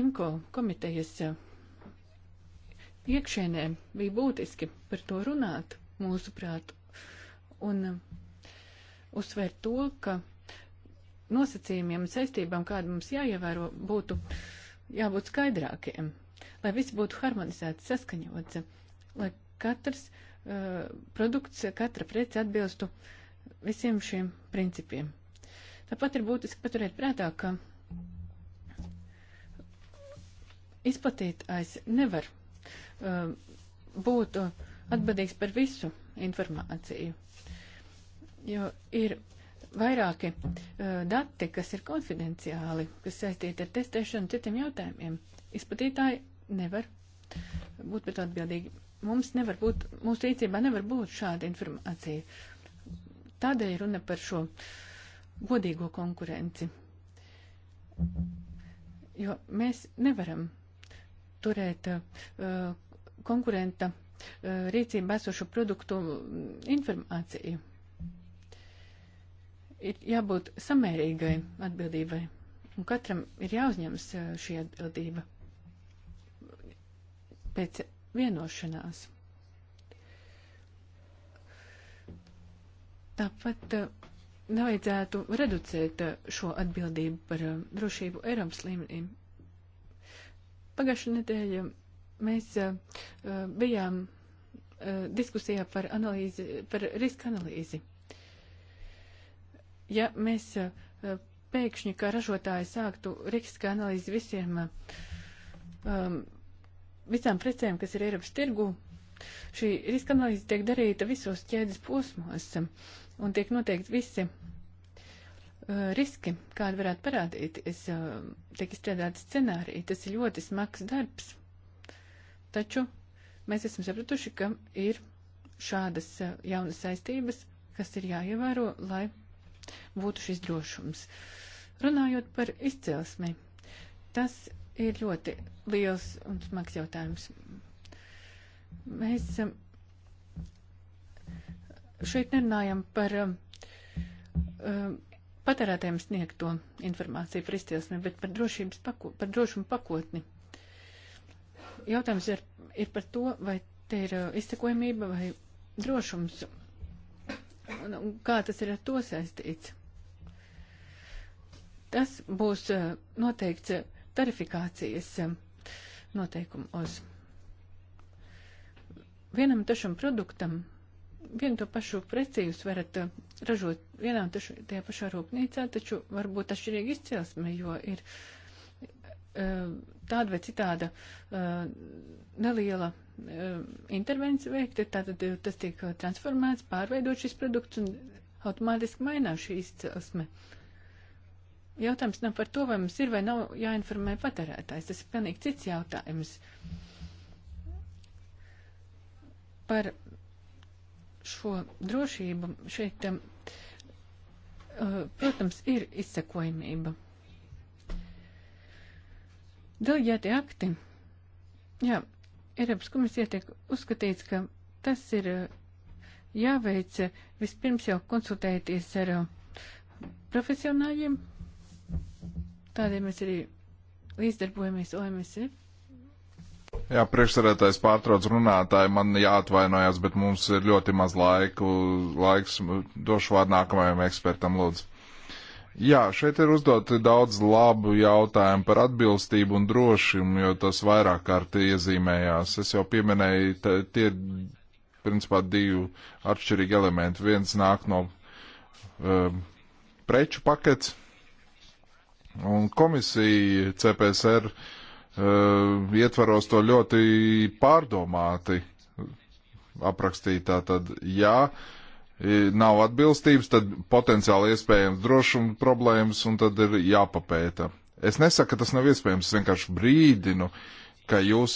IMCO komitejas eh, iekšēnē bija būtiski par to runāt, mūsuprāt, un eh, uzsvērt to, ka nosacījumiem un saistībām, kāda mums jāievēro, būtu jābūt skaidrākiem, lai viss būtu harmonizēts, saskaņots, lai katrs uh, produkts, katra prece atbilstu visiem šiem principiem. Tāpat ir būtiski paturēt prātā, ka izplatītājs nevar uh, būt atbildīgs par visu informāciju, jo ir vairāki uh, dati, kas ir konfidenciāli, kas saistīti ar testēšanu citiem jautājumiem. Izplatītāji nevar būt par to atbildīgi mums nevar būt, mūsu rīcībā nevar būt šāda informācija. Tādēļ runa par šo godīgo konkurenci. Jo mēs nevaram turēt uh, konkurenta uh, rīcība esošu produktu mm, informāciju. Ir jābūt samērīgai atbildībai, un katram ir jāuzņemas uh, šī atbildība pēc vienošanās. Tāpat eh, nevajadzētu reducēt eh, šo atbildību par eh, drošību Eiropas līmenī. Pagājušajā nedēļā mēs bijām diskusijā par, analīzi, par riska analīzi. Ja mēs pēkšņi, kā ražotāji, sāktu riska analīzi visiem um, visām precēm, kas ir Eiropas tirgu, šī riska analīze tiek darīta visos ķēdes posmos un tiek noteikti visi uh, riski, kādi varētu parādīties, uh, tiek izstrādāti scenāriji. Tas ir ļoti smags darbs. Taču mēs esam sapratuši, ka ir šādas uh, jaunas saistības, kas ir jāievēro, lai būtu šis drošums. Runājot par izcelsmi, tas ir ļoti liels un smags jautājums. Mēs um, šeit nerunājam par um, um, patērētājiem sniegto informāciju par izcelsmi, bet par, pako, par drošumu pakotni. Jautājums ir, ir par to, vai te ir uh, izsekojamība vai drošums. Un kā tas ir ar to saistīts? Tas būs uh, noteikts tarifikācijas um, noteikumos. Vienam tašam produktam vienu to pašu preci jūs varat uh, ražot vienā un tašu, tajā pašā rūpnīcā, taču varbūt atšķirīga izcelsme, jo ir uh, tāda vai citāda uh, neliela intervencija veikta, tātad tas tiek transformēts, pārveidot šis produkts un automātiski mainās šī izcelsme. Uh, jautājums nav par to, vai mums ir vai nav jāinformē patērētājs. Tas ir pilnīgi cits jautājums. Par šo drošību šeit, um, uh, protams, ir izsekojamība. Delģēti akti. Jā, Eiropas komisija tiek uzskatīts, ka tas ir uh, jāveic uh, vispirms jau konsultēties ar profesionāļiem, Tādēļ mēs arī līdzdarbojamies OMSF. Jā, priekšsarētājs pārtrauc runātāju, man jāatvainojas, bet mums ir ļoti maz laiku, laiks, došu vārdu nākamajam ekspertam, lūdzu. Jā, šeit ir uzdot daudz labu jautājumu par atbilstību un drošumu, jo tas vairāk kārtī iezīmējās. Es jau pieminēju, tie ir principā divi atšķirīgi elementi. Viens nāk no um, preču pakets, Un komisija CPSR uh, eh, ietvaros to ļoti pārdomāti aprakstīja. Tātad, ja eh, nav atbilstības, tad potenciāli iespējams drošuma problēmas un tad ir jāpapēta. Es nesaku, ka tas nav iespējams, es vienkārši brīdinu, ka jūs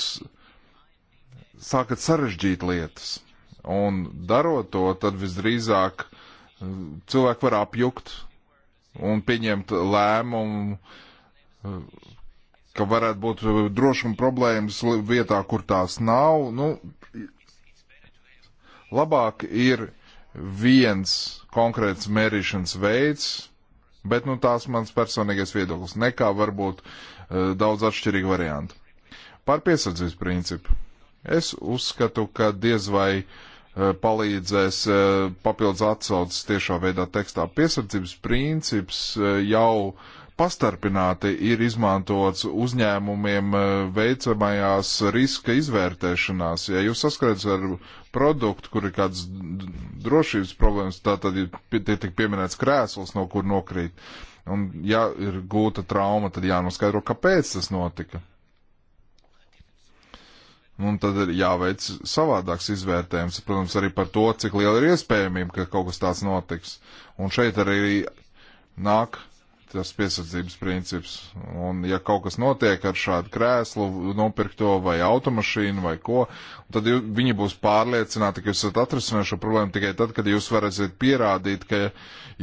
sākat sarežģīt lietas. Un darot to, tad visdrīzāk eh, cilvēki var apjukt, un pieņemt lēmumu, ka varētu būt drošuma problēmas vietā, kur tās nav. Nu, labāk ir viens konkrēts mērīšanas veids, bet nu, tās mans personīgais viedoklis, nekā varbūt eh, daudz atšķirīgi varianti. Par piesardzības principu. Es uzskatu, ka diez vai uh, Eh, palīdzēs eh, papildus atsaucas tiešā veidā tekstā. Piesardzības princips eh, jau pastarpināti ir izmantots uzņēmumiem veicamajās riska izvērtēšanās. Ja jūs saskaraties ar produktu, kur ir kāds drošības problēmas, tā tad ir tiek pieminēts krēsls, no kur nokrīt. Un ja ir gūta trauma, tad jānoskaidro, kāpēc tas notika. Un tad ir jāveic savādāks izvērtējums, protams, arī par to, cik liela ir iespējamība, ka kaut kas tāds notiks. Un šeit arī nāk tas piesardzības princips. Un ja kaut kas notiek ar šādu krēslu, nopirkto vai automašīnu vai ko, tad jū, viņi būs pārliecināti, ka jūs esat atrisinājuši šo problēmu tikai tad, kad jūs varēsiet pierādīt, ka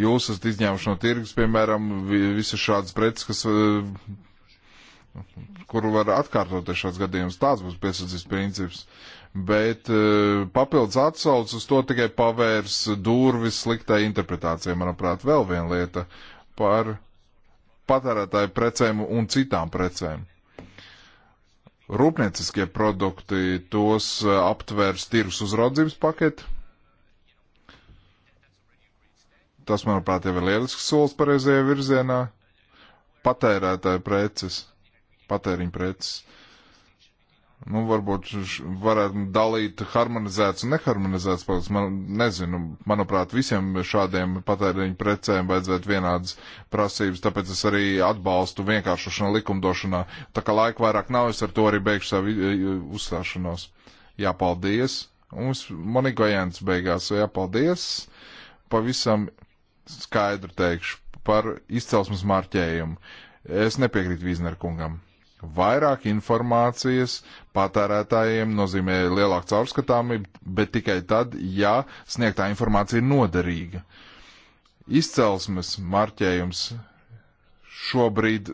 jūs esat izņēmuši no tirgus, piemēram, visas šādas preces, kas kuru var atkārtot šāds gadījums. Tāds būs piesardzības princips. Bet e, papildus atsauc uz to tikai pavērs durvis sliktai interpretācijai, manuprāt, vēl viena lieta par patērētāju precēm un citām precēm. Rūpnieciskie produkti tos e, aptvērs tirgus uzraudzības paketi. Tas, manuprāt, jau ir lielisks solis pareizajā virzienā. Patērētāju preces patēriņa preces. Nu, varbūt varētu dalīt harmonizēts un neharmonizēts produkts. Man nezinu, manuprāt, visiem šādiem patēriņu precēm vajadzētu vienādas prasības, tāpēc es arī atbalstu vienkāršošanu likumdošanā. Tā kā laika vairāk nav, es ar to arī beigšu savu uzstāšanos. Jā, paldies. Mums Monika Jēns beigās. Jā, paldies. Pavisam skaidri teikšu par izcelsmes marķējumu. Es nepiekrītu Vīzner kungam Vairāk informācijas patērētājiem nozīmē lielāku caurskatāmību, bet tikai tad, ja sniegtā informācija ir noderīga. Izcelsmes marķējums šobrīd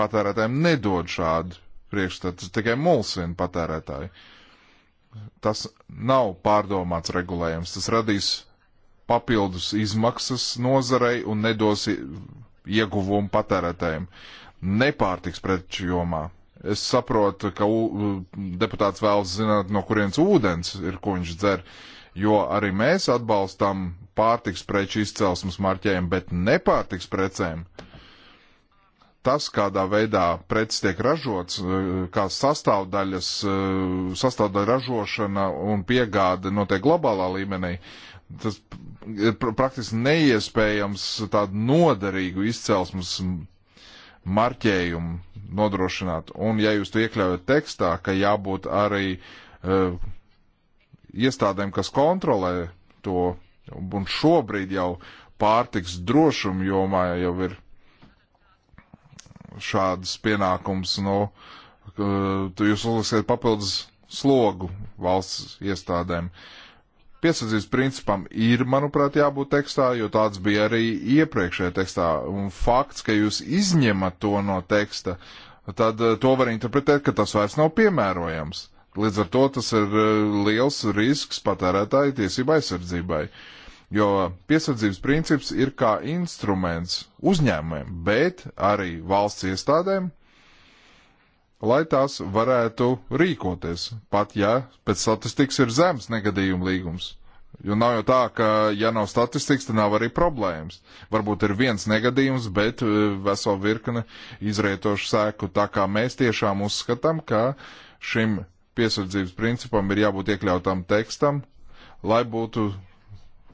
patērētājiem nedod šādu priekšstatu, tas tikai mulsina patērētāju. Tas nav pārdomāts regulējums, tas radīs papildus izmaksas nozarei un nedos ieguvumu patērētājiem. Uh, nepārtiks preču jomā. Es saprotu, ka deputāts vēlas zināt, no kurienes ūdens ir, ko viņš dzer, jo arī mēs atbalstam pārtiks preču izcelsmes marķējumu, bet nepārtiks precēm. Tas, kādā veidā preces tiek ražots, e, kā sastāvdaļas, e, sastāvdaļa ražošana un piegāde notiek globālā līmenī, tas ir praktiski neiespējams tādu noderīgu izcelsmes marķējumu nodrošināt. Un ja jūs to iekļaujat tekstā, ka jābūt arī uh, iestādēm, kas kontrolē to, un šobrīd jau pārtiks drošumu jomā jau ir šādas pienākums, nu, no, uh, eh, jūs uzliksiet papildus slogu valsts iestādēm. Uh, Piesardzības principam ir, manuprāt, jābūt tekstā, jo tāds bija arī iepriekšējā tekstā. Un fakts, ka jūs izņemat to no teksta, tad eh, to var interpretēt, ka tas vairs nav piemērojams. Līdz ar to tas ir eh, liels risks patērētāju tiesību aizsardzībai. Jo piesardzības princips ir kā instruments uzņēmumiem, bet arī valsts iestādēm, lai tās varētu rīkoties, pat ja pēc statistikas ir zems negadījuma līgums. Jo nav jau tā, ka ja nav statistikas, tad nav arī problēmas. Varbūt ir viens negadījums, bet e, vesela virkne izrietošu sēku. Tā kā mēs tiešām uzskatām, ka šim piesardzības principam ir jābūt iekļautam tekstam, lai būtu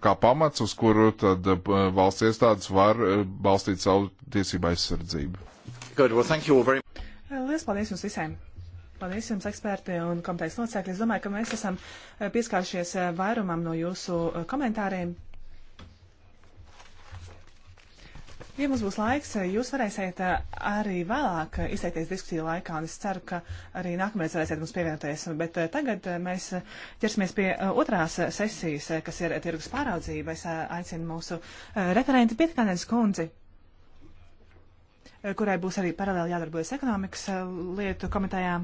kā pamats, uz kuru tad e, valsts iestādes var e, balstīt savu tiesību aizsardzību. Good, well, Lielas paldies jums visiem! Paldies jums, eksperti un komitejas locekļi. Es domāju, ka mēs esam eh, pieskāršies eh, vairumam no jūsu eh, komentāriem. Ja mums būs laiks, jūs varēsiet arī vēlāk izteikties diskusiju laikā, un es ceru, ka arī nākamreiz varēsiet mums pievienoties. Bet tagad mēs ķersimies pie otrās sesijas, kas ir tirgus pāraudzība. Es aicinu mūsu referenti Pietkānēns kundzi Eh, kurai būs arī paralēli jādarbojas ekonomikas eh, lietu komitējām.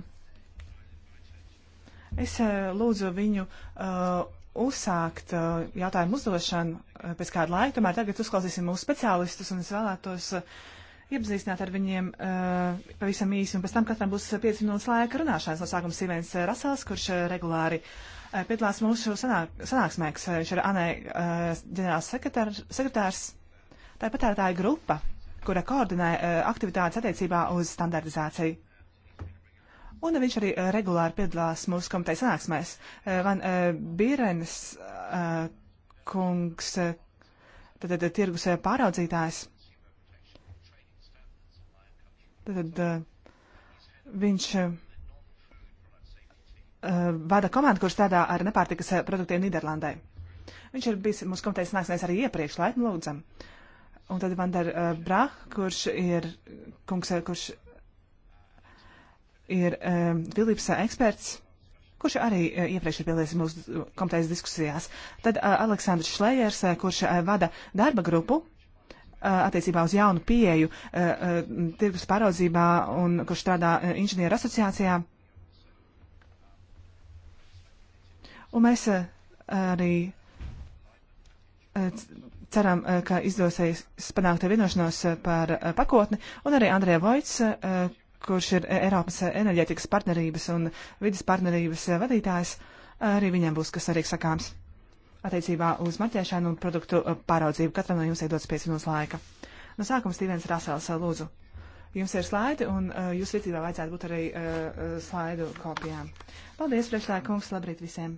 Es eh, lūdzu viņu uh, uzsākt uh, jautājumu uzdošanu pēc kāda laika. Tomēr tagad uzklausīsim mūsu speciālistus, un es vēlētos uh, iepazīstināt ar viņiem uh, pavisam īsi, un pēc tam katram būs 5 minūtes laika runāšanas. No sākuma Sīvens Rasels, kurš uh, regulāri uh, piedalās mūsu sanāk, sanāksmēks. Viņš ir ANE uh, ģenerāls sekretārs, sekretārs. tā ir patērētāja grupa kura koordinē e, aktivitātes attiecībā uz standartizāciju. Un viņš arī e, regulāri piedalās mūsu komitejas sanāksmēs. E, Van Bīrenes kungs, tad tirgus pāraudzītājs. Tad viņš vada komandu, kurš strādā ar nepārtikas produktiem Nīderlandē. Viņš ir bijis mūsu komitejas sanāksmēs arī iepriekš, laipni lūdzam. Uh, un tad Vandar uh, eh, Brah, kurš ir, kungs, eh, kurš ir um, eh, Filips eksperts, kurš arī uh, iepriekš ir piedalījies mūsu komitejas diskusijās. Tad uh, Aleksandrs Šlējers, uh, kurš uh, vada darba grupu uh, attiecībā uz jaunu pieeju uh, uh, tirgus pāraudzībā un kurš strādā uh, inženieru asociācijā. Un mēs uh, arī uh, ceram, eh, ka izdosies panākt vienošanos eh, par eh, pakotni, un arī Andrija Voits, kurš ir Eiropas enerģētikas partnerības un vidas partnerības vadītājs, arī viņam būs kas arī sakāms attiecībā uz marķēšanu un produktu pāraudzību. Katram no jums ir dots 5 minūtes laika. No sākuma Stīvens Rasels, lūdzu. Jums ir slaidi, un uh, jūsu rīcībā vajadzētu būt arī uh, slaidu kopijām. Paldies, priekšlēkums, labrīt visiem!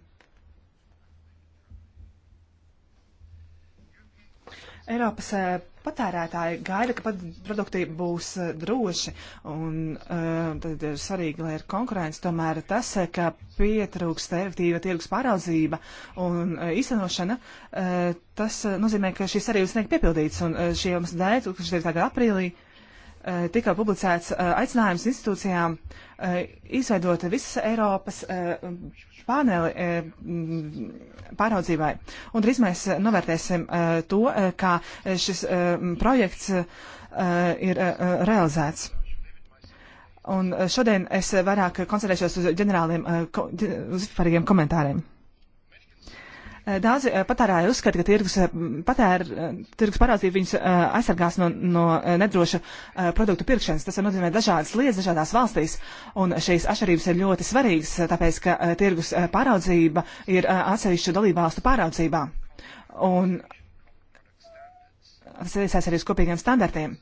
Eiropas eh, patērētāji gaida, ka produkti būs eh, droši, un uh, tad ir svarīgi, lai ir konkurence. Tomēr tas, ka pietrūkst efektīva tirgus pāraudzība un uh, īstenošana, uh, tas nozīmē, ka šīs arī tiek piepildītas, un šī iemesla dēļ 2009. gada aprīlī tika publicēts aicinājums institūcijām izveidot visas Eiropas paneli e, pāraudzībai. Un drīz mēs novērtēsim e, to, e, kā šis projekts ir realizēts. Un šodien es vairāk koncentrēšos uz ģenerāliem, uz vispārīgiem komentāriem. Daudzi eh, patērēji uzskata, ka tirgus, eh, patēr, eh, tirgus parādzība viņus aizsargās no, no nedroša produktu pirkšanas. Tas var nozīmēt dažādas lietas dažādās valstīs, un šīs atšķirības ir ļoti svarīgas, tāpēc, ka tirgus parādzība ir atsevišķu dalībvalstu pāraudzībā. Un saistās arī uz kopīgiem standartiem.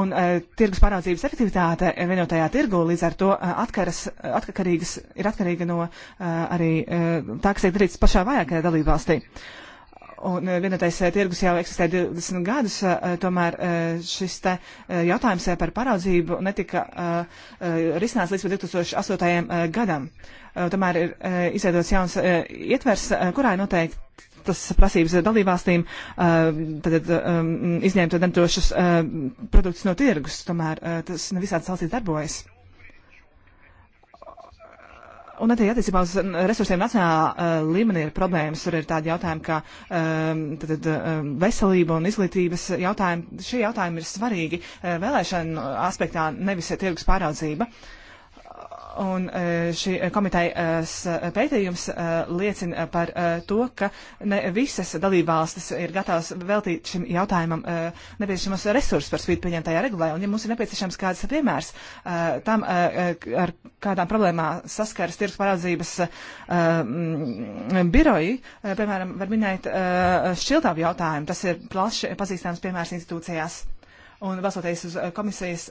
Un uh, tirgus pāraudzības efektivitāte vienotajā tirgu līdz ar to uh, atkaras, eh, atkarīgas, ir atkarīga no uh, arī uh, tā, kas tiek darīts pašā vajākajā dalībvalstī. Un uh, vienotais uh, tirgus jau eksistē 20 gadus, uh, tomēr šis te jautājums par paraudzību netika risināts līdz 2008. gadam. Tomēr ir izveidots jauns ietvers, kurā ir noteikti tas prasības dalībvalstīm eh, tad, eh, um, izņemt nedrošus eh, produktus no tirgus. Tomēr tas ne visādas valstīs darbojas. Un arī attiecībā uz resursiem nacionālā uh, līmenī ir problēmas. Tur ir tādi jautājumi kā um, tad, um, veselība un izglītības jautājumi. Šie jautājumi ir svarīgi uh, vēlēšanu aspektā, nevis tirgus pāraudzība. Uh, Un e, šī komitejas e, pētījums e, liecina par to, ka ne visas dalībvalstis ir gatavas veltīt šim jautājumam nepieciešamos resursus par spīti pieņemtajā regulē. Un ja mums ir nepieciešams kāds piemērs tam, ar kādām problēmām saskaras tirgus parādzības biroji, piemēram, var minēt šķiltāvu jautājumu. Tas ir plaši pazīstams piemērs institūcijās. Un balsoties uz komisijas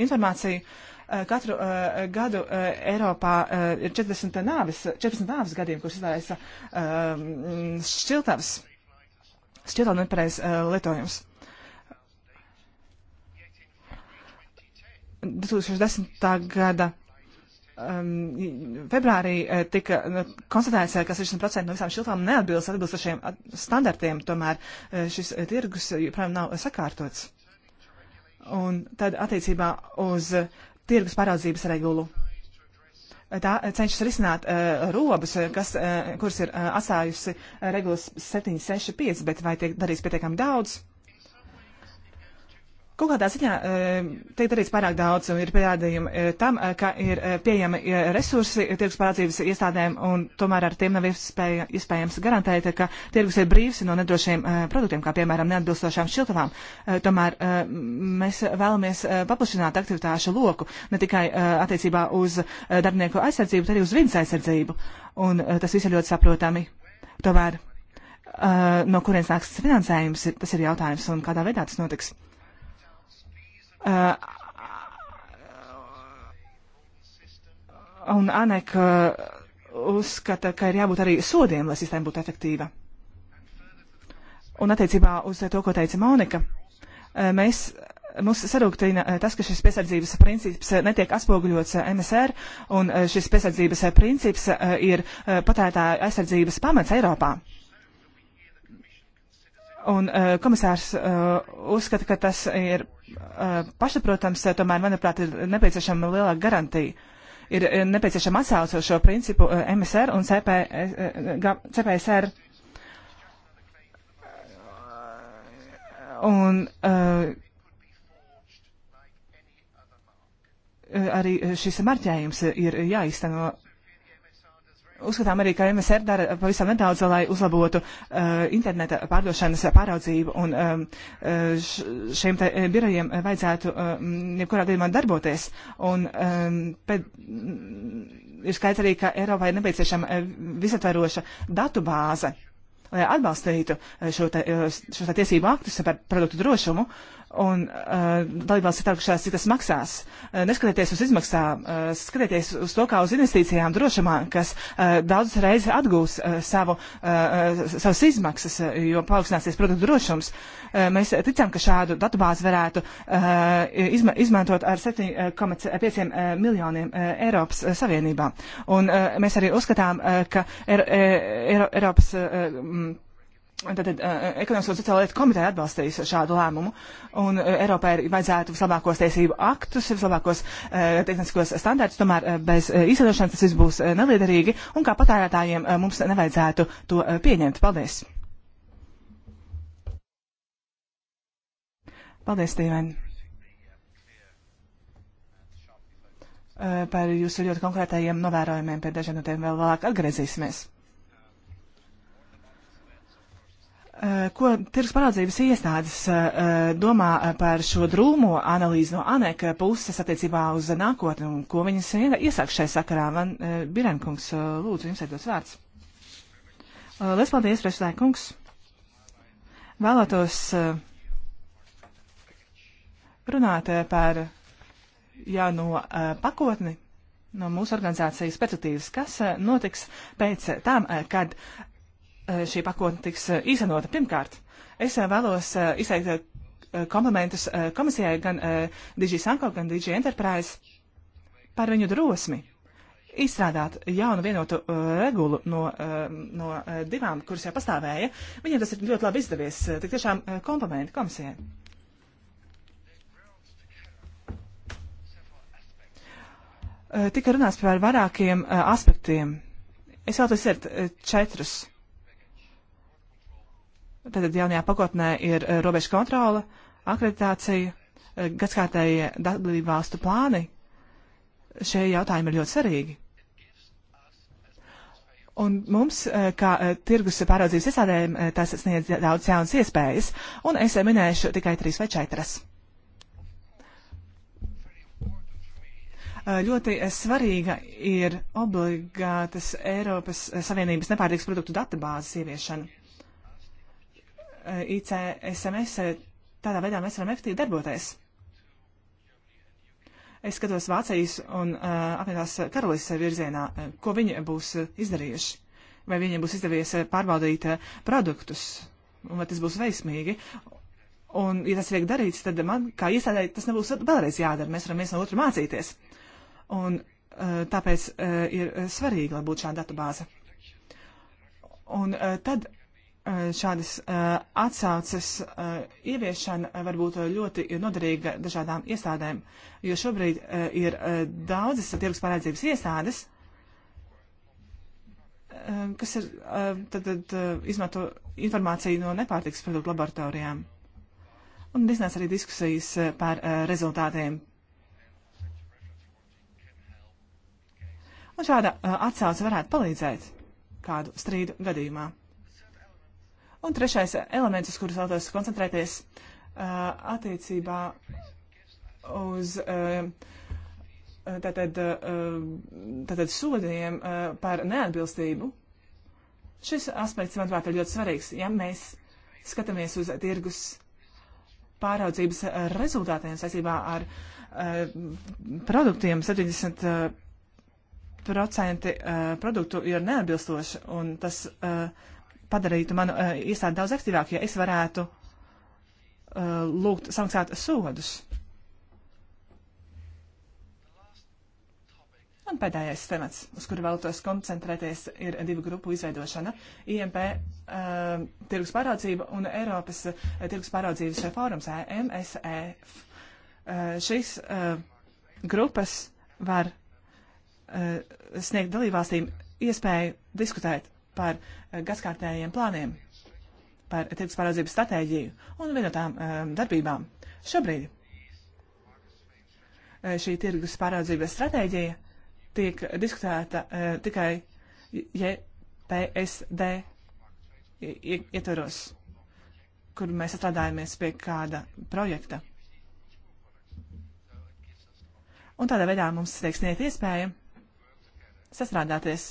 informāciju, uh, Eh, katru uh, gadu uh, Eiropā uh, ir 40 nāvis, 14 nāvis gadiem, kurus izraisa uh, šķiltavas, šķiltavu nu nepareiz uh, lietojums. 2010. gada um, februārī tika nu, konstatēts, ka 60% no visām šiltām neatbilst atbilstošiem standartiem, tomēr šis tirgus joprojām nav sakārtots. Un tad attiecībā uz tirgus pāraudzības regulu. Tā cenšas risināt uh, eh, robus, eh, kas, uh, kuras ir uh, atstājusi regulas 765, bet vai tiek darīts pietiekami daudz? Kaut kādā ziņā e, tiek darīts pārāk daudz, un ir pierādījumi e, tam, e, ka ir pieejami resursi tirgus pārādzības iestādēm, un tomēr ar tiem nav iespēja, iespējams garantēt, ka tirgus ir brīvs no nedrošiem produktiem, kā piemēram neatbilstošām šiltavām. Tomēr mēs vēlamies paplašināt aktivitāšu loku ne tikai attiecībā uz darbinieku aizsardzību, bet arī uz vidas aizsardzību. Un tas viss ir ļoti saprotami. Tomēr no kurienes nāks finansējums, tas ir jautājums, un kādā veidā tas notiks. Uh, un Aneka uh, uzskata, ka ir jābūt arī sodiem, lai sistēma būtu efektīva. Un attiecībā uz to, ko teica Monika, uh, mēs mums sarūktina tas, ka šis piesardzības princips netiek atspoguļots MSR, un šis piesardzības princips ir patērētāja aizsardzības pamats Eiropā. Un komisārs uzskata, ka tas ir Eh, pašsaprotams, eh, tomēr, manuprāt, ir nepieciešama lielāka garantija. Ir eh, nepieciešama atsauce šo principu MSR un CP, CPSR. Un uh, arī šis marķējums ir jāizteno uzskatām arī, ka MSR dara pavisam nedaudz, lai uzlabotu uh, interneta pārdošanas pāraudzību, un um, š, šiem te eh, birojiem vajadzētu um, jebkurā gadījumā darboties. Un, um, ehm, pēc, mm, ir skaidrs arī, ka Eiropai ir nepieciešama visatveroša datu bāze, lai atbalstītu šo, te, šo te tiesību aktus par produktu drošumu. Uh, un uh, dalībvalsts ir tarkušās, cik tas maksās. Uh, neskatieties uz izmaksām, uh, skatieties uz to kā uz investīcijām drošumā, kas uh, daudz reizes atgūs uh, savu, uh, uh, savas izmaksas, uh, jo paaugstināsies produktu drošums. Uh, mēs ticam, ka šādu datubāzi varētu uh, izma izmantot ar 7,5 uh, uh, uh, miljoniem uh, Eiropas uh, Savienībā. Un uh, mēs arī uzskatām, uh, ka Eiro Eiro Eiropas. Uh, Tātad ekonomisko sociālo lietu komiteja atbalstīs šādu lēmumu, un Eiropai ir vajadzētu vislabākos tiesību aktus, vislabākos eh, tehniskos standārtus, tomēr bez īstenošanas tas viss būs neliederīgi, un kā patērētājiem mums nevajadzētu to pieņemt. Paldies! Paldies, Stīven! Par jūsu ļoti konkrētajiem novērojumiem pie dažiem no tiem vēl vēlāk atgriezīsimies. Eh, ko tirgus parādzības iestādes eh, domā par šo drūmo analīzi no ANEK puses attiecībā uz nākotni un ko viņas iesāk šai sakarā? Man eh, Birenkungs, lūdzu, jums ir dots vārds. Lies paldies, prezidē kungs. Vēlētos runāt par jauno pakotni no mūsu organizācijas perspektīvas, kas notiks pēc tam, kad Eh, šī pakotne tiks eh, īstenota. Pirmkārt, es eh, vēlos izteikt komplementus komisijai gan Digi Sanko, gan Digi Enterprise par viņu drosmi izstrādāt jaunu vienotu regulu no, no divām, kuras jau pastāvēja. Viņiem tas ir ļoti labi izdevies. Tik tiešām komplementi komisijai. Tika runāts par vairākiem aspektiem. Es vēlos izsvērt četrus Tātad jaunajā pakotnē ir eh, robeža kontrole, akreditācija, eh, gadskārtējie dalību valstu plāni. Šie jautājumi ir ļoti svarīgi. Un mums, eh, kā tirgus pāraudzības iestādēm, tas sniedz daudz jaunas iespējas, un es minēšu tikai trīs vai četras. Ļoti svarīga ir obligātas Eiropas Savienības nepārtīgas produktu databāzes ieviešana. ICSMS. Tādā veidā mēs varam efektīvi darboties. Es skatos Vācijas un uh, apvienotās karalises virzienā, ko viņi būs izdarījuši. Vai viņiem būs izdevies pārbaudīt uh, produktus, un vai tas būs veiksmīgi. Un, ja tas tiek darīts, tad man kā iestādēji tas nebūs vēlreiz jādara. Mēs varam viens no otra mācīties. Un uh, tāpēc uh, ir svarīgi, lai būtu šāda datubāze. Un uh, tad Eh, šādas eh, atsauces eh, ieviešana var būt ļoti noderīga dažādām iestādēm, jo šobrīd ir daudzas tirgus pārēdzības iestādes, kas ir, tad, tad izmanto informāciju no nepārtiks produktu laboratorijām. Un iznāca arī diskusijas par rezultātiem. Un šāda atsauce varētu palīdzēt kādu strīdu gadījumā. Un trešais elements, uz kurus vēlos koncentrēties, attiecībā uz tātad, tātad sodiem par neatbilstību. Šis aspekts, manuprāt, ir ļoti svarīgs. Ja mēs skatāmies uz tirgus pāraudzības rezultātiem saistībā ar produktiem, 70% produktu ir neatbilstoši, un tas uh, padarītu manu uh, iestādi daudz aktīvāku, ja es varētu uh, lūgt samaksāt sodus. Un pēdējais temats, uz kuru vēlētos koncentrēties, ir divu grupu izveidošana - IMP uh, eh, tirgus pāraudzība un Eiropas uh, tirgus pāraudzības fórums EMSEF. Uh, šīs uh, grupas var uh, sniegt dalībvalstīm iespēju diskutēt par eh, gaskārtējiem plāniem, par tirgus pāraudzības stratēģiju un vienotām eh, darbībām. Šobrīd eh, šī tirgus pāraudzības stratēģija tiek diskutēta tikai JPSD ietvaros, kur mēs atrādājamies pie kāda projekta. Un tādā veidā mums tiek sniegt iespēja sastrādāties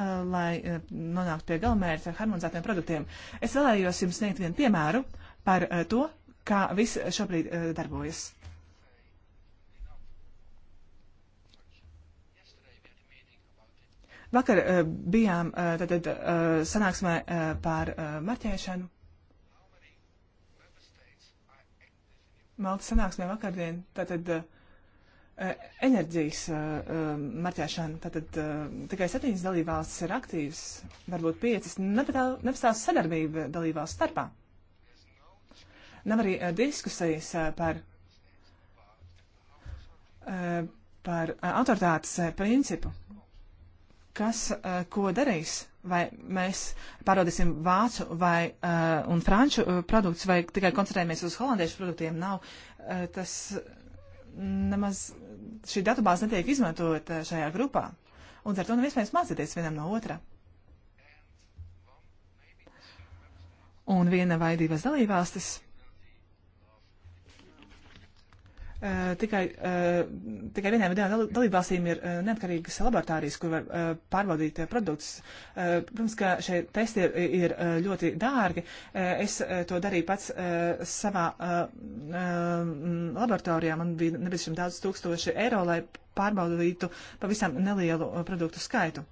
Uh, lai uh, nonāktu pie galamērķa ar harmonizētiem produktiem. Es vēlējos jums sniegt vienu piemēru par uh, to, kā viss šobrīd darbojas. Vakar uh, bijām uh, tātad, uh, sanāksmē uh, par uh, marķēšanu. Malta sanāksmē vakardien. Tātad, uh, Eh, enerģijas eh, eh, marķēšana. Tātad tikai septiņas dalībvalstis ir aktīvas, varbūt piecas. Nepastāv sadarbība dalībvalstu starpā. Nav arī diskusijas par, par autoritātes principu. Kas, ko darīs? Vai mēs pārādīsim vācu vai, un franču produktus, vai tikai koncentrējamies uz holandiešu produktiem? Nav tas nemaz šī datubāze netiek izmantota šajā grupā. Un ar to nav iespējams mācīties vienam no otra. Un viena vai divas dalībvalstis Uh, tikai, uh, tikai vienai vai divām dalībvalstīm ir uh, neatkarīgas laboratorijas, kur var uh, pārbaudīt uh, produktus. Uh, protams, ka šie testi ir, ir uh, ļoti dārgi. Uh, es uh, to darīju pats uh, savā uh, uh, laboratorijā. Man bija nebijušiem daudz tūkstoši eiro, lai pārbaudītu pavisam nelielu uh, produktu skaitu.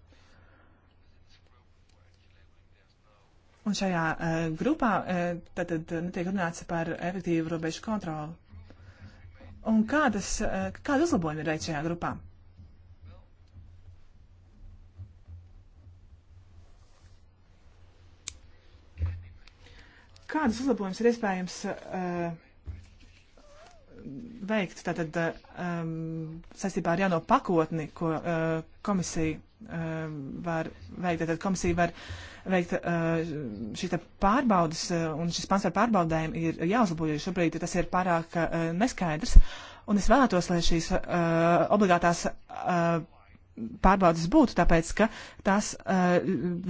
Un šajā uh, grupā uh, tad, tad netiek runāts par efektīvu robežu kontroli. Un kādas, eh, kāda uzlabojuma ir veikta šajā grupā? Kādas uzlabojumus ir iespējams uh, veikt tātad eh, um, saistībā ar jauno pakotni, ko uh, komisija Eh, var veikt, tad komisija var veikt eh, šīs pārbaudas, eh, un šis pants ar pārbaudēm ir jāuzlabo, jo šobrīd tas ir pārāk neskaidrs. Un es vēlētos, lai šīs obligātās pārbaudas būtu, tāpēc, ka tās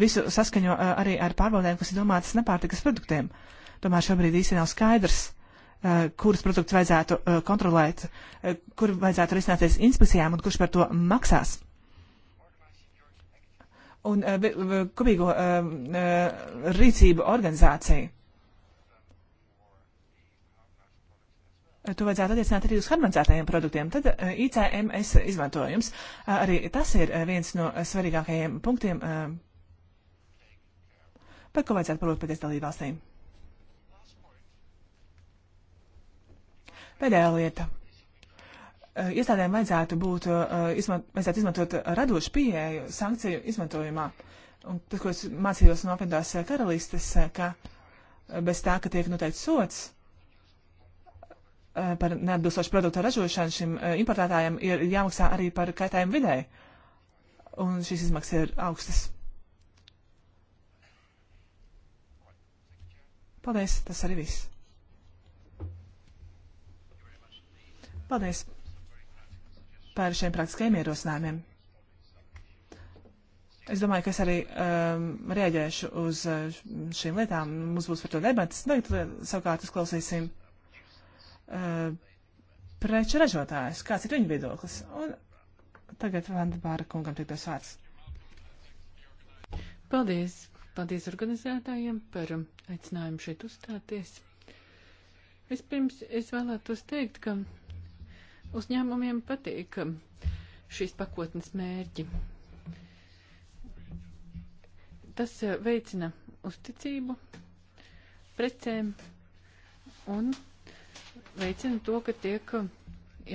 visu saskaņo arī ar pārbaudēm, kas ir domātas nepārtikas produktiem. Tomēr šobrīd īsti nav skaidrs, kurus produktus vajadzētu kontrolēt, kur vajadzētu risināties inspekcijām un kurš par to maksās un eh, kopīgo eh, eh, rīcību organizāciju. To vajadzētu attiecināt arī uz harmonizētajiem produktiem. Tad ICMS izmantojums. Arī tas ir viens no svarīgākajiem punktiem, par ko vajadzētu parūpēties dalībvalstīm. Pēdējā lieta. Eh, iestādēm vajadzētu, būt, eh, izman, vajadzētu izmantot radošu pieeju sankciju izmantojumā. Un tas, ko es mācījos no apvienotās eh, karalistes, ka bez tā, ka tiek noteikts sots par neatbilstošu produktu ražošanu, šim importētājam ir jāmaksā arī par kaitējumu vidē. Un šīs izmaksas ir augstas. Paldies, tas arī viss. Paldies! par šiem praktiskajiem ierosinājumiem. Es domāju, ka es arī um, rēģēšu uz uh, šīm lietām. Mums būs par to debatas. Tagad uh, savukārt uzklausīsim uh, preču ražotājus. Kāds ir viņu viedoklis? Un tagad Vanda Bāra kungam tiek dos vārds. Paldies. Paldies organizētājiem par um, aicinājumu šeit uzstāties. Vispirms es, es vēlētos teikt, ka Uzņēmumiem patīk um, šīs pakotnes mērķi. Tas uh, veicina uzticību precēm un veicina to, ka tiek um,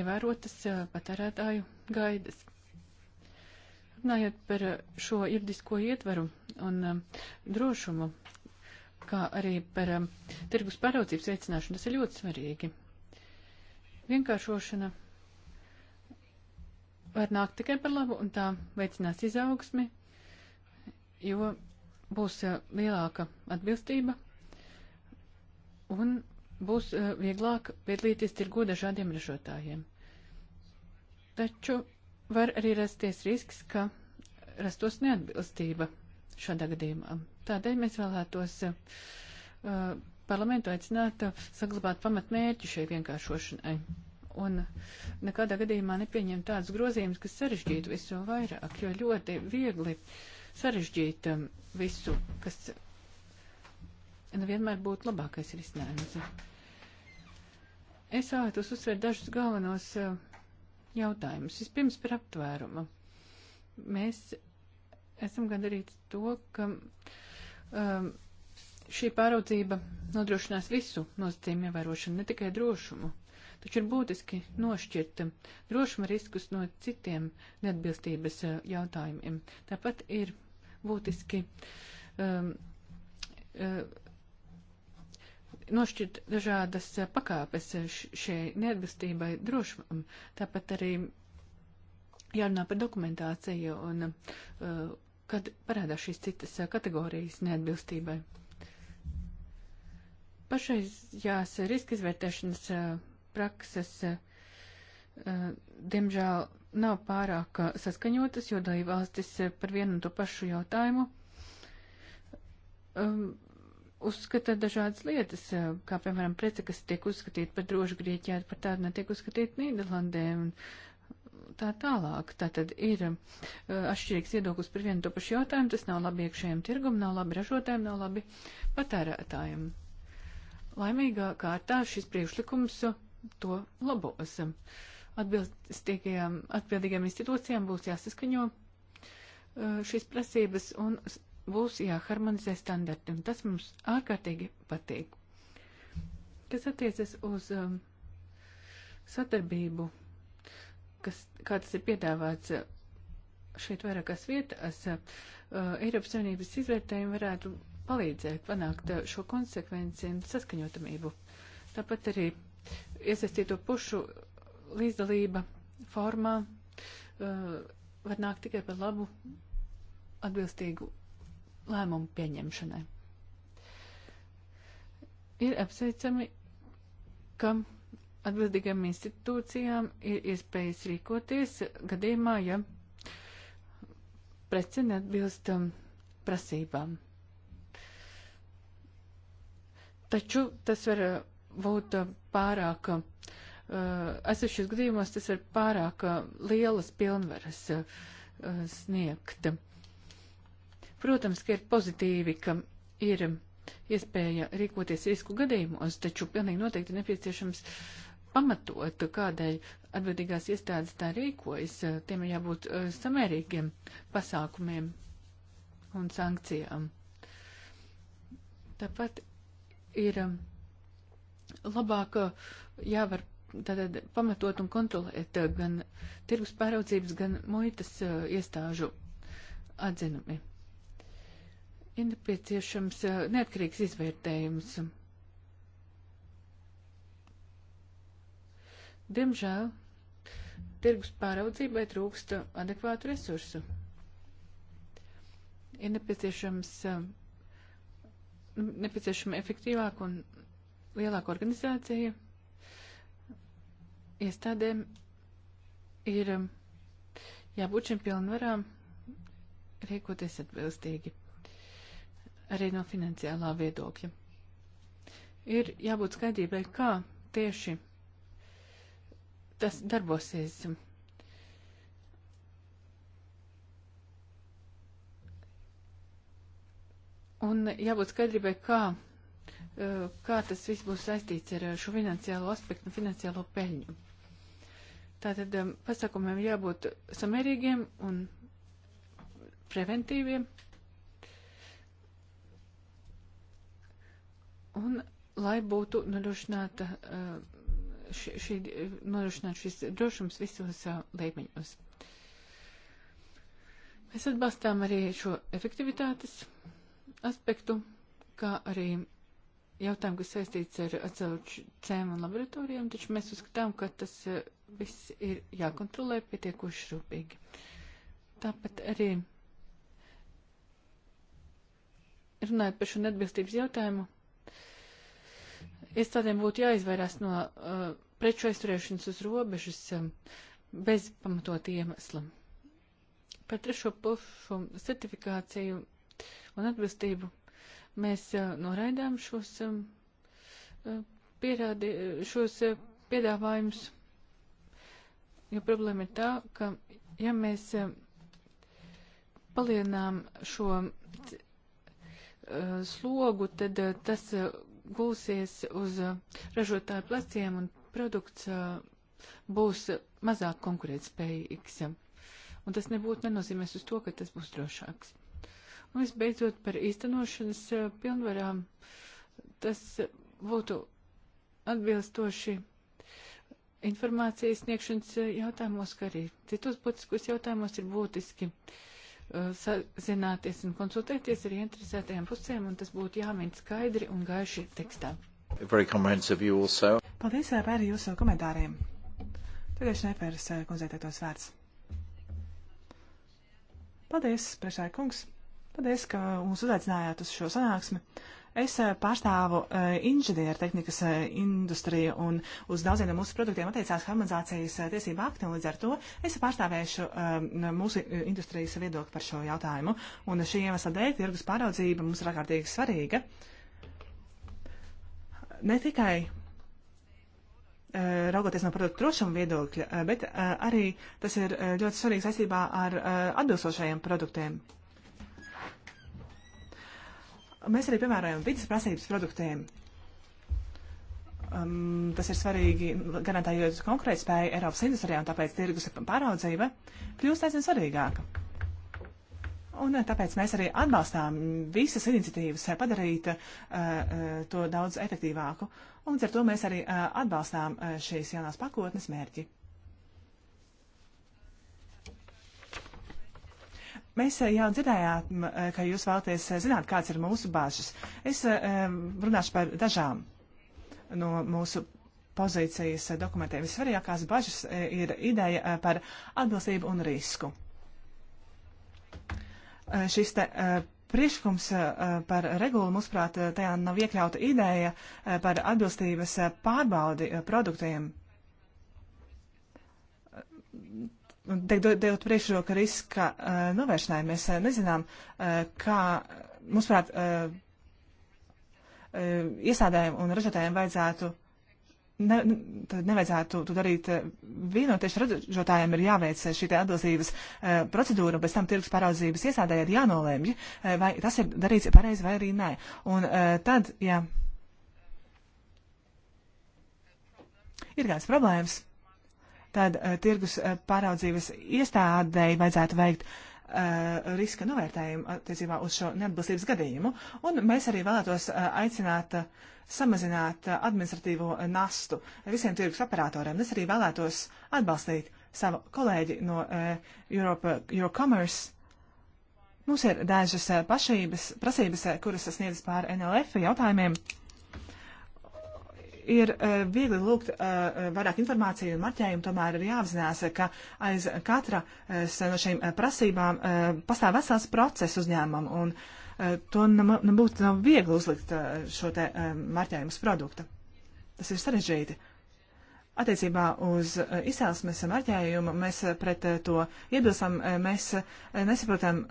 ievērotas uh, patērētāju gaidas. Runājot par uh, šo juridisko ietvaru un um, drošumu, kā arī par tirgus pāraudzības veicināšanu, tas ir ļoti svarīgi. Vienkāršošana var nākt tikai par labu un tā veicinās izaugsmi, jo būs eh, lielāka atbilstība un būs eh, vieglāk piedalīties tirgu dažādiem ražotājiem. Taču var arī rasties risks, ka rastos neatbilstība šādā gadījumā. Tādēļ mēs vēlētos uh, parlamentu aicināt uh, saglabāt pamatmērķi šai vienkāršošanai un nekādā gadījumā nepieņemt tādus grozījumus, kas sarežģītu visu vairāk, jo ļoti viegli sarežģīt um, visu, kas nevienmēr būtu labākais risinājums. Es vēlētos uzsvērt dažus galvenos uh, jautājumus. Vispirms par aptvērumu. Mēs esam gandarīti to, ka um, šī pāraudzība nodrošinās visu nosacījumu ievērošanu, ne tikai drošumu. Taču ir būtiski nošķirt drošuma riskus no citiem neatbilstības eh, jautājumiem. Tāpat ir būtiski um, um, nošķirt dažādas pakāpes šai neatbilstībai drošumam. Tāpat arī jārunā par dokumentāciju un uh, kad parādās šīs citas kategorijas neatbilstībai. Pašreizējās riska izvērtēšanas uh, prakses, eh, diemžēl, nav pārāk eh, saskaņotas, jo dalībvalstis eh, par vienu un to pašu jautājumu uzskata dažādas lietas, kā piemēram prece, kas tiek uzskatīta par drošu Grieķijā, par tādu netiek uzskatīta Nīderlandē un tā tālāk. Tā tad ir uh, atšķirīgs iedoklis par vienu to pašu jautājumu, tas nav labi iekšējiem tirgum, nav labi ražotājiem, nav labi patērētājiem. Laimīgā kārtā šis priekšlikums to labos. Atbildīgajām institūcijām būs jāsaskaņo eh, šīs prasības un būs jāharmonizē standarti, un tas mums ārkārtīgi patīk. Kas attiecas uz um, sadarbību, kas, kā tas ir piedāvāts eh, šeit vairākās vietās, uh, Eiropas Savienības izvērtējumi varētu palīdzēt panākt šo konsekvenci un saskaņotamību. Tāpat arī iesaistīto pušu līdzdalība formā uh, var nākt tikai par labu atbilstīgu lēmumu pieņemšanai. Ir apsveicami, ka atbildīgām institūcijām ir iespējas rīkoties gadījumā, ja preci neatbilst um, prasībām. Taču tas var uh, būt uh, pārāk, uh, esošos gadījumos tas var pārāk uh, lielas pilnvaras sniegt. Protams, ka ir pozitīvi, ka ir iespēja rīkoties risku gadījumos, taču pilnīgi noteikti nepieciešams pamatot, kādēļ atbildīgās iestādes tā rīkojas. Tiem ir jābūt samērīgiem pasākumiem un sankcijām. Tāpat ir um, labāk eh, jāvar tātad pamatot un kontrolēt eh, gan tirgus pāraudzības, gan muitas uh, iestāžu atzinumi. Ir nepieciešams uh, neatkarīgs izvērtējums. Diemžēl tirgus pāraudzībai trūkst adekvātu resursu. Ir nepieciešams, uh, nepieciešama efektīvāka un lielāka organizācija iestādēm ir um, jābūt šim pilnvarām rīkoties atbilstīgi arī no finansiālā viedokļa. Ir jābūt skaidrībai, kā tieši tas darbosies. Un jābūt skaidrībai, kā kā tas viss būs saistīts ar šo finansiālo aspektu un finansiālo peļņu. Tātad um, pasākumiem jābūt samērīgiem un preventīviem. Un lai būtu nodrošināta uh, šī, šī, nodrošināt šis drošums visos uh, līmeņos. Mēs atbalstām arī šo efektivitātes aspektu, kā arī jautājumu, kas saistīts ar atcelčiem un laboratorijām, taču mēs uzskatām, ka tas eh, viss ir jākontrolē pietiekoši rūpīgi. Tāpat arī runājot par šo neatbilstības jautājumu, iestādēm būtu jāizvairās no uh, preču aizturēšanas uz robežas um, bez pamatot iemesla. Par trešo pušu certifikāciju un atbilstību Mēs noraidām šos, pierādi, šos piedāvājumus, jo problēma ir tā, ka ja mēs palielinām šo slogu, tad tas gulsies uz ražotāju pleciem un produkts būs mazāk konkurētspējīgs. Un tas nebūtu nenozīmēs uz to, ka tas būs drošāks. Un visbeidzot par īstenošanas eh, pilnvarām, tas būtu atbilstoši informācijas sniegšanas eh, jautājumos, kā arī citos būtiskos jautājumos ir būtiski eh, sazināties un konsultēties ar interesētajām pusēm, un tas būtu jāmin skaidri un gaiši tekstā. Paldies par jūsu komentāriem. Tagad Šneferis kundzei teiktos vērts. Paldies, priekšsēkungs. kungs. Paldies, ka mūs uzaicinājāt uz šo sanāksmi. Es eh, pārstāvu eh, inženieru tehnikas eh, industriju un uz daudziem no mūsu produktiem attiecās harmonizācijas tiesība akti, un līdz ar to es pārstāvēšu mūsu industrijas viedokli par šo jautājumu. Un šī iemesla dēļ tirgus pāraudzība mums ir ārkārtīgi svarīga. Ne tikai raugoties no produktu drošuma viedokļa, bet arī tas ir ļoti svarīgi saistībā ar atbilstošajiem produktiem. Mēs arī piemērojam vidas prasības produktiem. Um, tas ir svarīgi, garantējot konkurētspēju Eiropas industrijā, un tāpēc tirgus pāraudzība kļūst aizvien svarīgāka. Un eh, tāpēc mēs arī atbalstām visas iniciatīvas eh, padarīt uh, to daudz efektīvāku, un līdz ar to mēs arī uh, atbalstām uh, šīs jaunās pakotnes mērķi. Mēs eh, jau dzirdējām, eh, ka jūs vēlaties eh, zināt, kāds ir mūsu bāžas. Es runāšu par dažām no mūsu pozīcijas dokumentiem. Visvarīgākās bažas ir ideja par atbilstību un risku. Šis te priekšlikums par regulu, mūsuprāt, tajā nav iekļauta ideja par atbilstības pārbaudi produktiem dot priekšroku riska uh, novēršanai, mēs uh, nezinām, uh, kā, mūsuprāt, uh, uh, iestādēm un ražotājiem vajadzētu. Ne, tad nevajadzētu to darīt vīno, tieši ražotājiem ir jāveic šī atbilstības uh, procedūra, un pēc tam tirgus pāraudzības iesādē ir jānolēmj, uh, vai tas ir darīts pareizi vai arī nē. Un uh, tad, jā, ir kāds problēmas. Uh, tad uh, tirgus uh, pāraudzības iestādēji vajadzētu veikt uh, riska novērtējumu attiecībā uz šo neatbilstības gadījumu. Un mēs arī vēlētos uh, aicināt uh, samazināt uh, administratīvo nastu visiem tirgus operatoriem. Es arī vēlētos atbalstīt savu kolēģi no uh, Europe Your Commerce. Mums ir dažas pašības, prasības, kuras sasniedzas pār NLF jautājumiem. Uh, Ir eh, viegli lūgt eh, vairāk informāciju un marķējumu, tomēr ir jāapzinās, eh, ka aiz katra no šīm prasībām pastāv vesels process uzņēmumam, un to nebūtu nav viegli uzlikt šo te marķējumu uz produkta. Tas ir sarežģīti. Attiecībā uz izcelsmes marķējumu mēs pret to iebilstam, mēs nesaprotam,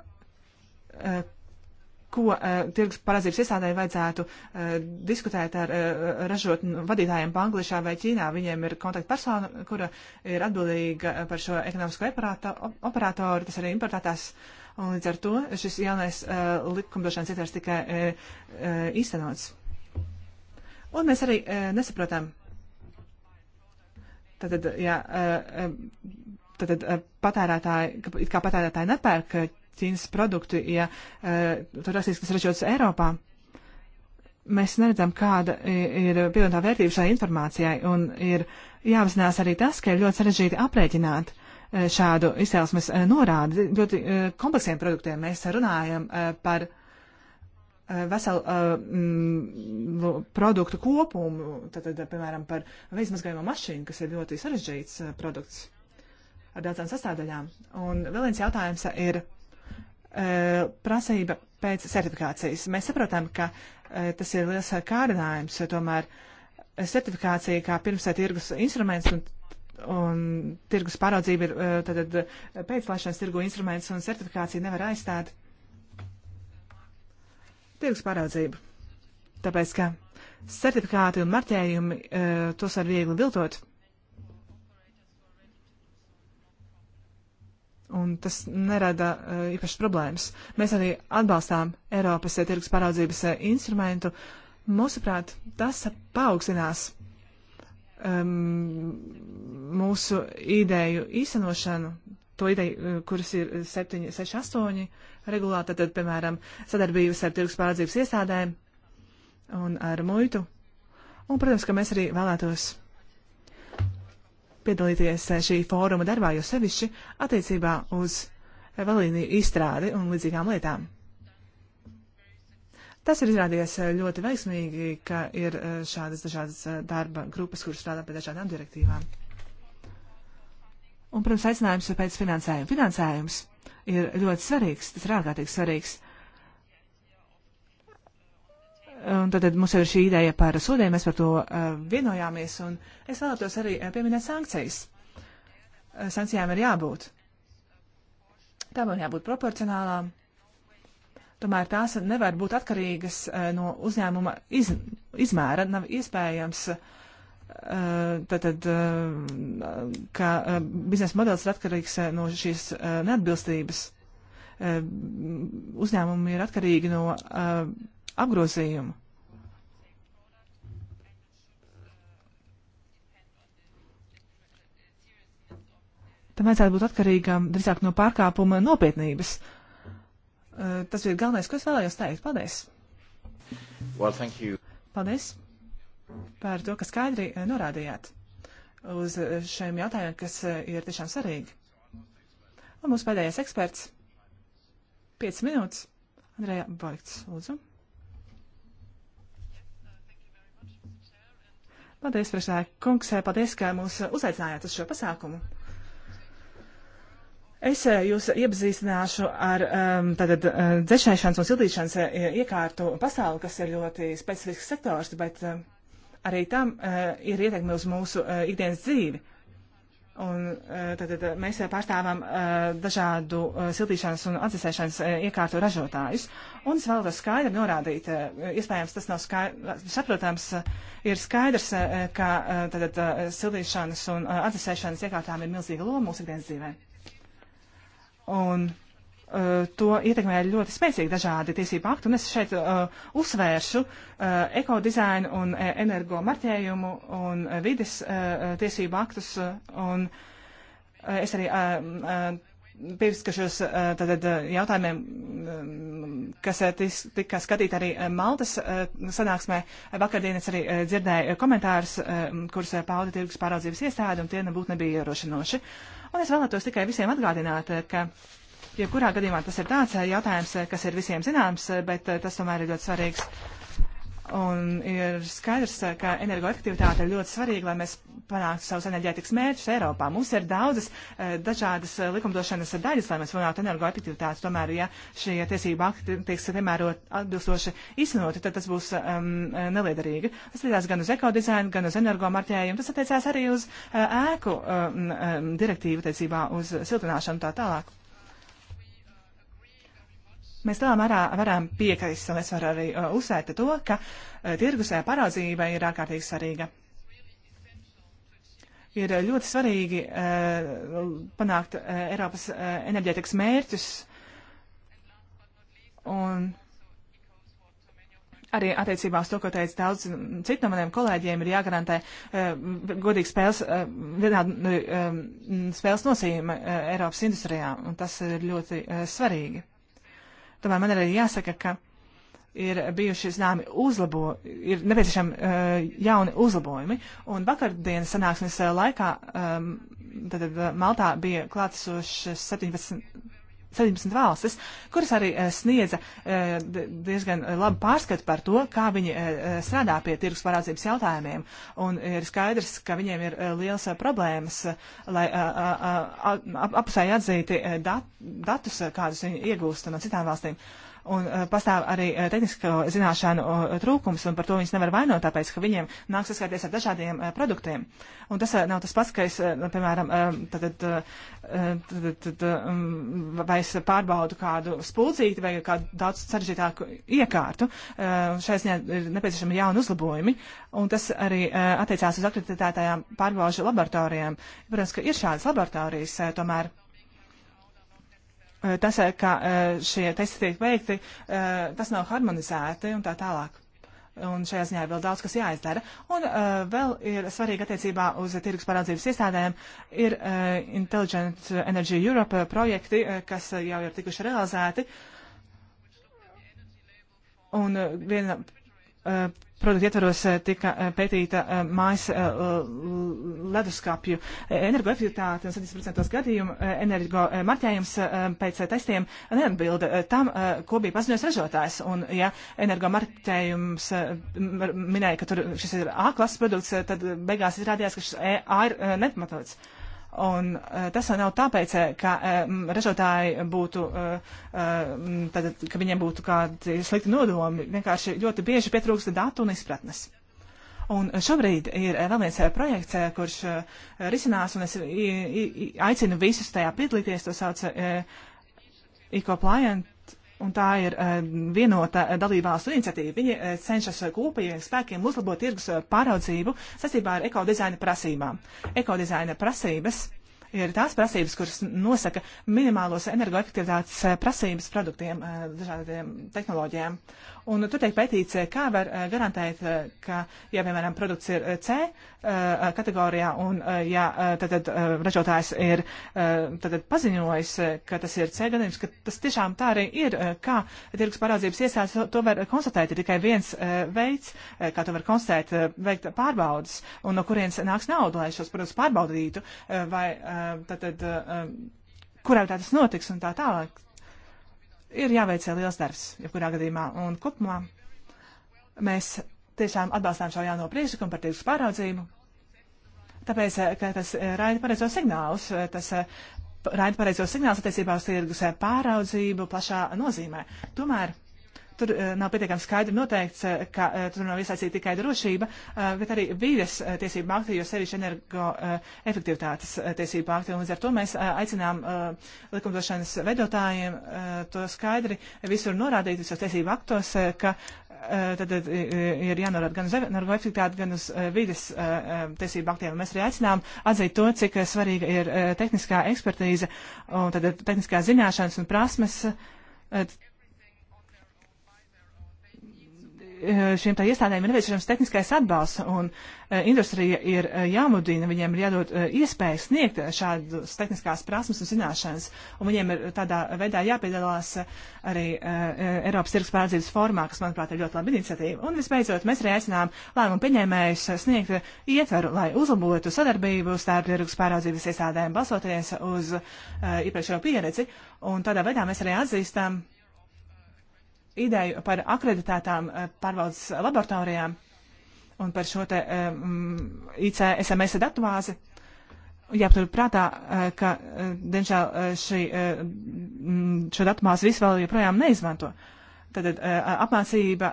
ko uh, tirgus parādzības iestādē vajadzētu uh, diskutēt ar uh, eh, ražotņu vadītājiem Bangladešā vai Ķīnā. Viņiem ir kontaktpersona, kura ir atbildīga par šo ekonomisko operāto, operatoru, tas arī importētās. Un līdz ar to šis jaunais uh, likumdošanas ietvers tikai uh, īstenots. Un mēs arī uh, nesaprotam. Tātad, jā, uh, tātad uh, patērētāji, kā patērētāji nepērk Ķīnas produktu, ja eh, tur rasīs, kas ražots Eiropā. Mēs neredzam, kāda ir pievienotā vērtība šai informācijai, un ir jāapzinās arī tas, ka ir ļoti sarežģīti aprēķināt eh, šādu izcelsmes eh, norādi. Ļoti kompleksiem produktiem mēs runājam par veselu uh, produktu kopumu, tad, tad, piemēram, par veizmazgājumu mašīnu, kas ir ļoti sarežģīts uh, produkts ar daudzām sastāvdaļām. Un vēl viens jautājums ir Eh, prasība pēc certifikācijas. Mēs saprotam, ka eh, tas ir liels kārdinājums, tomēr eh, certifikācija kā pirmsē tirgus instruments un, un tirgus pāraudzība ir tātad pēclaišanas tirgu instruments un certifikācija nevar aizstāt tirgus pāraudzību. Tāpēc, ka certifikāti un marķējumi tos var viegli viltot. un tas nerada eh, īpašas problēmas. Mēs arī atbalstām Eiropas eh, tirgus pāraudzības eh, instrumentu. Mūsuprāt, tas paaugstinās um, mūsu ideju īstenošanu, to ideju, kuras ir 7, 6, 8 regulāta, tad, piemēram, sadarbības ar tirgus pāraudzības iestādēm un ar muitu. Un, protams, ka mēs arī vēlētos piedalīties eh, šī fóruma darbā, jo sevišķi attiecībā uz eh, valīniju izstrādi un līdzīgām lietām. Tas ir izrādījies eh, ļoti veiksmīgi, ka ir šādas dažādas darba grupas, kuras strādā pie dažādām direktīvām. Un, protams, aicinājums pēc finansējuma. Finansējums ir ļoti svarīgs, tas ir ārkārtīgi svarīgs. Un tad, tad mums jau ir šī ideja par sodiem, mēs par to uh, vienojāmies, un es vēlētos arī eh, pieminēt sankcijas. Eh, sankcijām ir jābūt. Tām ir jābūt proporcionālām. Tomēr tās nevar būt atkarīgas uh, no uzņēmuma iz, izmēra. Nav iespējams, uh, tātad, uh, ka uh, biznesa modelis ir atkarīgs uh, no šīs uh, neatbilstības. Uh, uzņēmumi ir atkarīgi no. Uh, apgrozījumu. Tam vajadzētu būt atkarīgam drīzāk no pārkāpuma nopietnības. Eh, tas ir galvenais, ko es vēlējos teikt. Paldies! Well, Paldies par to, ka skaidri eh, norādījāt uz eh, šiem jautājumiem, kas ir tiešām svarīgi. Un mūsu pēdējais eksperts - 5 minūtes - Andrejā Boikts, lūdzu. Paldies, priekšsēdē, kungs, paldies, ka mūs uzaicinājāt uz šo pasākumu. Es eh, jūs iepazīstināšu ar um, tātad, eh, dzēšēšanas un sildīšanas eh, iekārtu pasauli, kas ir ļoti specifisks sektors, bet um, arī tam uh, ir ietekme uz mūsu uh, ikdienas dzīvi. Un, tātad, e, mēs pārstāvam e, dažādu e, siltīšanas un atdzesēšanas iekārtu ražotājus. Un es vēlos skaidri norādīt, iespējams, tas nav skaidrs, saprotams, ir skaidrs, ka tātad, siltīšanas un atdzesēšanas iekārtām ir milzīga loma mūsu ikdienas dzīvē. Un Eh, to ietekmē ļoti spēcīgi dažādi tiesību akti, un es šeit uh, uzsvēršu uh, ekodizainu un energo marķējumu un vides uh, tiesību aktus, un es arī pieskaršos tātad jautājumiem, kas tis, tika skatīt arī Maltas sanāksmē. Vakardien es arī dzirdēju komentārus, kurus pauda tirgus pāraudzības iestāde, un tie nebūtu nebija ierošinoši. Un es vēlētos tikai visiem atgādināt, ka uh, Jebkurā gadījumā tas ir tāds eh, jautājums, eh, kas ir visiem zināms, eh, bet tas tomēr ir ļoti svarīgs. Un ir skaidrs, ka energoefektivitāte ir ļoti svarīga, lai mēs panāktu savus enerģētikas mērķus Eiropā. Mums ir daudzas dažādas likumdošanas daļas, lai mēs panāktu energoefektivitāti. Tomēr, ja šie tiesība akti tiks piemērot atbilstoši izsanoti, tad tas būs um, neliederīgi. Tas attiecās gan uz ekodizainu, gan uz energomarķējumu. Tas attiecās arī uz uh, ēku um, direktīvu, tiesībā uz siltināšanu tā tālāk. Mēs lielā mērā varam piekrist, un es varu arī uh, uzsvērt to, ka uh, tirgusē uh, parādzība ir ārkārtīgi svarīga. Ir uh, ļoti svarīgi uh, panākt uh, Eiropas uh, enerģētikas mērķus un arī attiecībā uz to, ko teica daudz citu no maniem kolēģiem, ir jāgarantē uh, godīgi spēles, uh, vienādi uh, um, spēles nosīme uh, Eiropas industrijā, un tas ir ļoti uh, svarīgi. Tomēr man arī jāsaka, ka ir bijuši zināmi uzlabojumi, ir nepieciešami uh, jauni uzlabojumi. Un vakardienas sanāksmes eh, laikā um, tad eh, Maltā bija klātesošas 17 17 valstis, kuras arī eh, sniedza eh, diezgan eh, labu pārskatu par to, kā viņi strādā pie tirgus parādzības jautājumiem. Un ir skaidrs, ka viņiem ir liels problēmas, lai apusēji atzīti dat, datus, kādus viņi iegūst no citām valstīm. Uh, Un eh, pastāv arī eh, tehnisko zināšanu eh, trūkums, un par to viņas nevar vainot, tāpēc, ka viņiem nāk saskarties ar dažādiem produktiem. Un tas nav tas pats, ka es, nu, piemēram, tad, tad, tad, tad, mm, vai es pārbaudu kādu spulcīti vai kādu daudz sarežģītāku iekārtu. Šai ziņā ir nepieciešami jauni uzlabojumi, un tas arī attiecās uz akreditētajām pārbaužu laboratorijām. Protams, ka ir šādas laboratorijas, tomēr Eh, tas, eh, kā eh, šie testi tiek veikti, tas nav harmonizēti un tā tālāk. Un šajā ziņā ir vēl daudz, kas jāizdara. Un uh, vēl ir svarīgi attiecībā uz tirgus parādzības iestādēm ir uh, Intelligent Energy Europe projekti, kas jau ir tikuši realizēti. Un viena uh, projekta ietvaros eh, tika eh, pētīta eh, mājas leduskapju energoefektivitāte un 70% gadījumu energo marķējums pēc testiem neatbilda tam, ko bija paziņojis ražotājs. Un, ja energo marķējums minēja, ka tur šis ir A klases produkts, tad beigās izrādījās, ka šis e A ir nepamatots. Uh, Un e, tas nav tāpēc, e, ka e, ražotāji būtu, tad, ka viņiem būtu kādi slikti nodomi, vienkārši ļoti bieži pietrūkst datu un izpratnes. Un šobrīd ir vēl viens projekts, kurš risinās, un es aicinu visus tajā piedalīties, to sauc e-compliant Un tā ir eh, vienota eh, dalībvalstu iniciatīva. Viņi eh, cenšas kopējiem spēkiem uzlabot tirgus pāraudzību sasībā ar ekodizaina prasībām. Ekodizaina prasības ir tās prasības, kuras nosaka minimālos energoefektivitātes prasības produktiem, dažādiem tehnoloģijām. Un tur tiek pētīts, eh, kā var eh, garantēt, eh, ka, ja, piemēram, produkts ir C kategorijā un, ja, tad, tad ražotājs ir tad, paziņojis, ka tas ir C gadījums, ka tas tiešām tā arī ir, kā tirgus parādzības iestādes to var konstatēt. Ir tikai viens veids, kā to var konstatēt, veikt pārbaudas un no kurienes nāks nauda, lai šos produktus pārbaudītu. Vai, tad, tad, kurā tā tas notiks un tā tālāk ir jāveic liels darbs, jebkurā gadījumā. Un kopumā mēs tiešām atbalstām šo jauno priekšlikumu par tirgus pāraudzību, tāpēc, eh, ka tas eh, raida pareizo signālus, eh, tas raida pareizo signālus attiecībā uz tirgus pāraudzību plašā nozīmē. Tomēr tur eh, nav pietiekami skaidri noteikts, eh, ka eh, tur nav iesaistīta tikai drošība, bet arī vīdes tiesību akti, jo sevišķi energoefektivitātes tiesību akti. Un līdz ar to mēs aicinām likumdošanas veidotājiem to skaidri visur norādīt visos tiesību aktos, ka tad ir jānorāda gan uz energoefektivitāti, gan uz vides tiesību aktiem. Mēs arī aicinām atzīt to, cik svarīga ir tehniskā ekspertīze un tad tehniskā zināšanas un prasmes. Eh, šiem tā iestādēm ir nepieciešams tehniskais atbalsts, un eh, industrija ir eh, jāmudina, viņiem ir jādod iespēja sniegt šādas tehniskās prasmes un zināšanas, un viņiem ir tādā veidā jāpiedalās arī Eiropas tirgus pārdzības formā, kas, manuprāt, ir ļoti laba iniciatīva. Un visbeidzot, mēs arī aicinām lēmumu pieņēmējus sniegt ietveru, lai uzlabotu sadarbību starp tirgus pārdzības iestādēm, balsoties uz iepriekšējo pieredzi, un tādā veidā mēs arī atzīstam ideju par akreditētām eh, pārvaldes laboratorijām un par šo te um, eh, IC SMS datubāzi. Jāpatur prātā, eh, ka, diemžēl, šī, šo datubāzi visu vēl joprojām neizmanto. Tātad apmācība,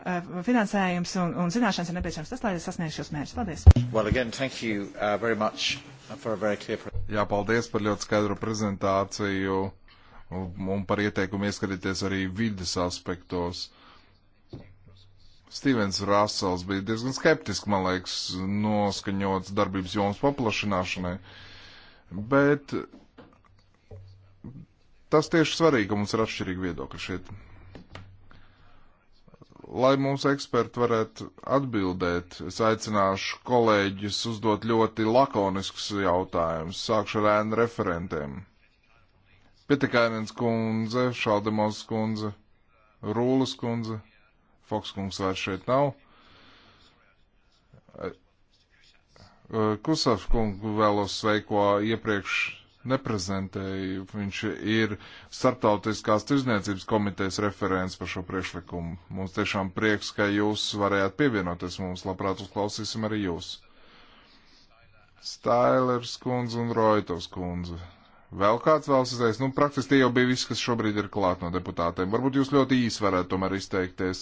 finansējums un, un zināšanas ir nepieciešams tas, lai sasniegtu šos mērķus. Paldies! Well, again, thank you uh, very much for a very clear... Jā, paldies par ļoti skaidru prezentāciju un par ieteikumu ieskatīties arī vidas aspektos. Stevens Rasels bija diezgan skeptiski, man liekas, noskaņots darbības jomas paplašināšanai, bet tas tieši svarīgi, ka mums ir atšķirīgi viedokļi šeit. Lai mūsu eksperti varētu atbildēt, es aicināšu kolēģis uzdot ļoti lakoniskus jautājumus. Sākšu ar ēnu referentiem. Pietekainens kundze, Šaldemos kundze, Rūlas kundze, Foks kungs vairs šeit nav. Kusavs kungu vēlos sveiko iepriekš neprezentēju. Viņš ir starptautiskās tirzniecības komitejas referents par šo priekšlikumu. Mums tiešām prieks, ka jūs varējāt pievienoties mums. Labprāt, uzklausīsim arī jūs. Stailers kundze un Roitovs kundze. Vēl kāds vēlas izteikt? Nu, praktiski tie jau bija viss, kas šobrīd ir klāt no deputātiem. Varbūt jūs ļoti īsi varētu tomēr izteikties.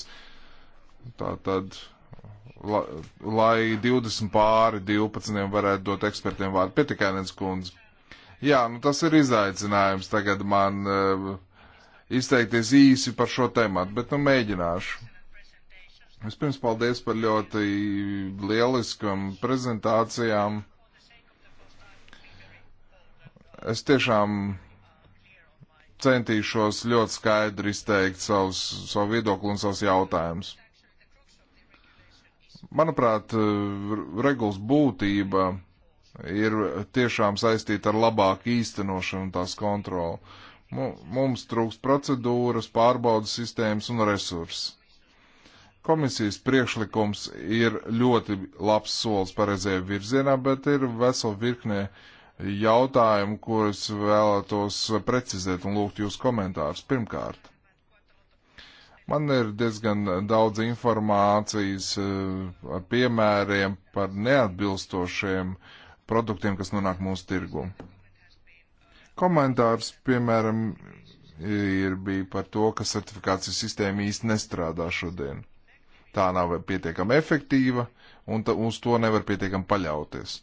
Tā tad, la, lai 20 pāri 12 varētu dot ekspertiem vārdu. Pietikainens kundze. Jā, nu tas ir izaicinājums tagad man uh, izteikties īsi par šo tematu, bet nu mēģināšu. Vispirms paldies par ļoti lieliskam prezentācijām Es tiešām centīšos ļoti skaidri izteikt savus, savu viedokli un savus jautājumus. Manuprāt, regulas būtība ir tiešām saistīta ar labāku īstenošanu un tās kontroli. Mums trūkst procedūras, pārbaudas sistēmas un resursi. Komisijas priekšlikums ir ļoti labs solis pareizajā virzienā, bet ir vesela virknē uh, jautājumu, kurus vēlētos precizēt un lūgt jūs komentārus. Pirmkārt, man ir diezgan daudz informācijas eh, ar piemēriem par neatbilstošiem produktiem, kas nonāk mūsu tirgu. Komentārs, piemēram, ir bija par to, ka certifikācijas sistēma īsti nestrādā šodien. Tā nav pietiekami efektīva, un ta, uz to nevar pietiekami paļauties.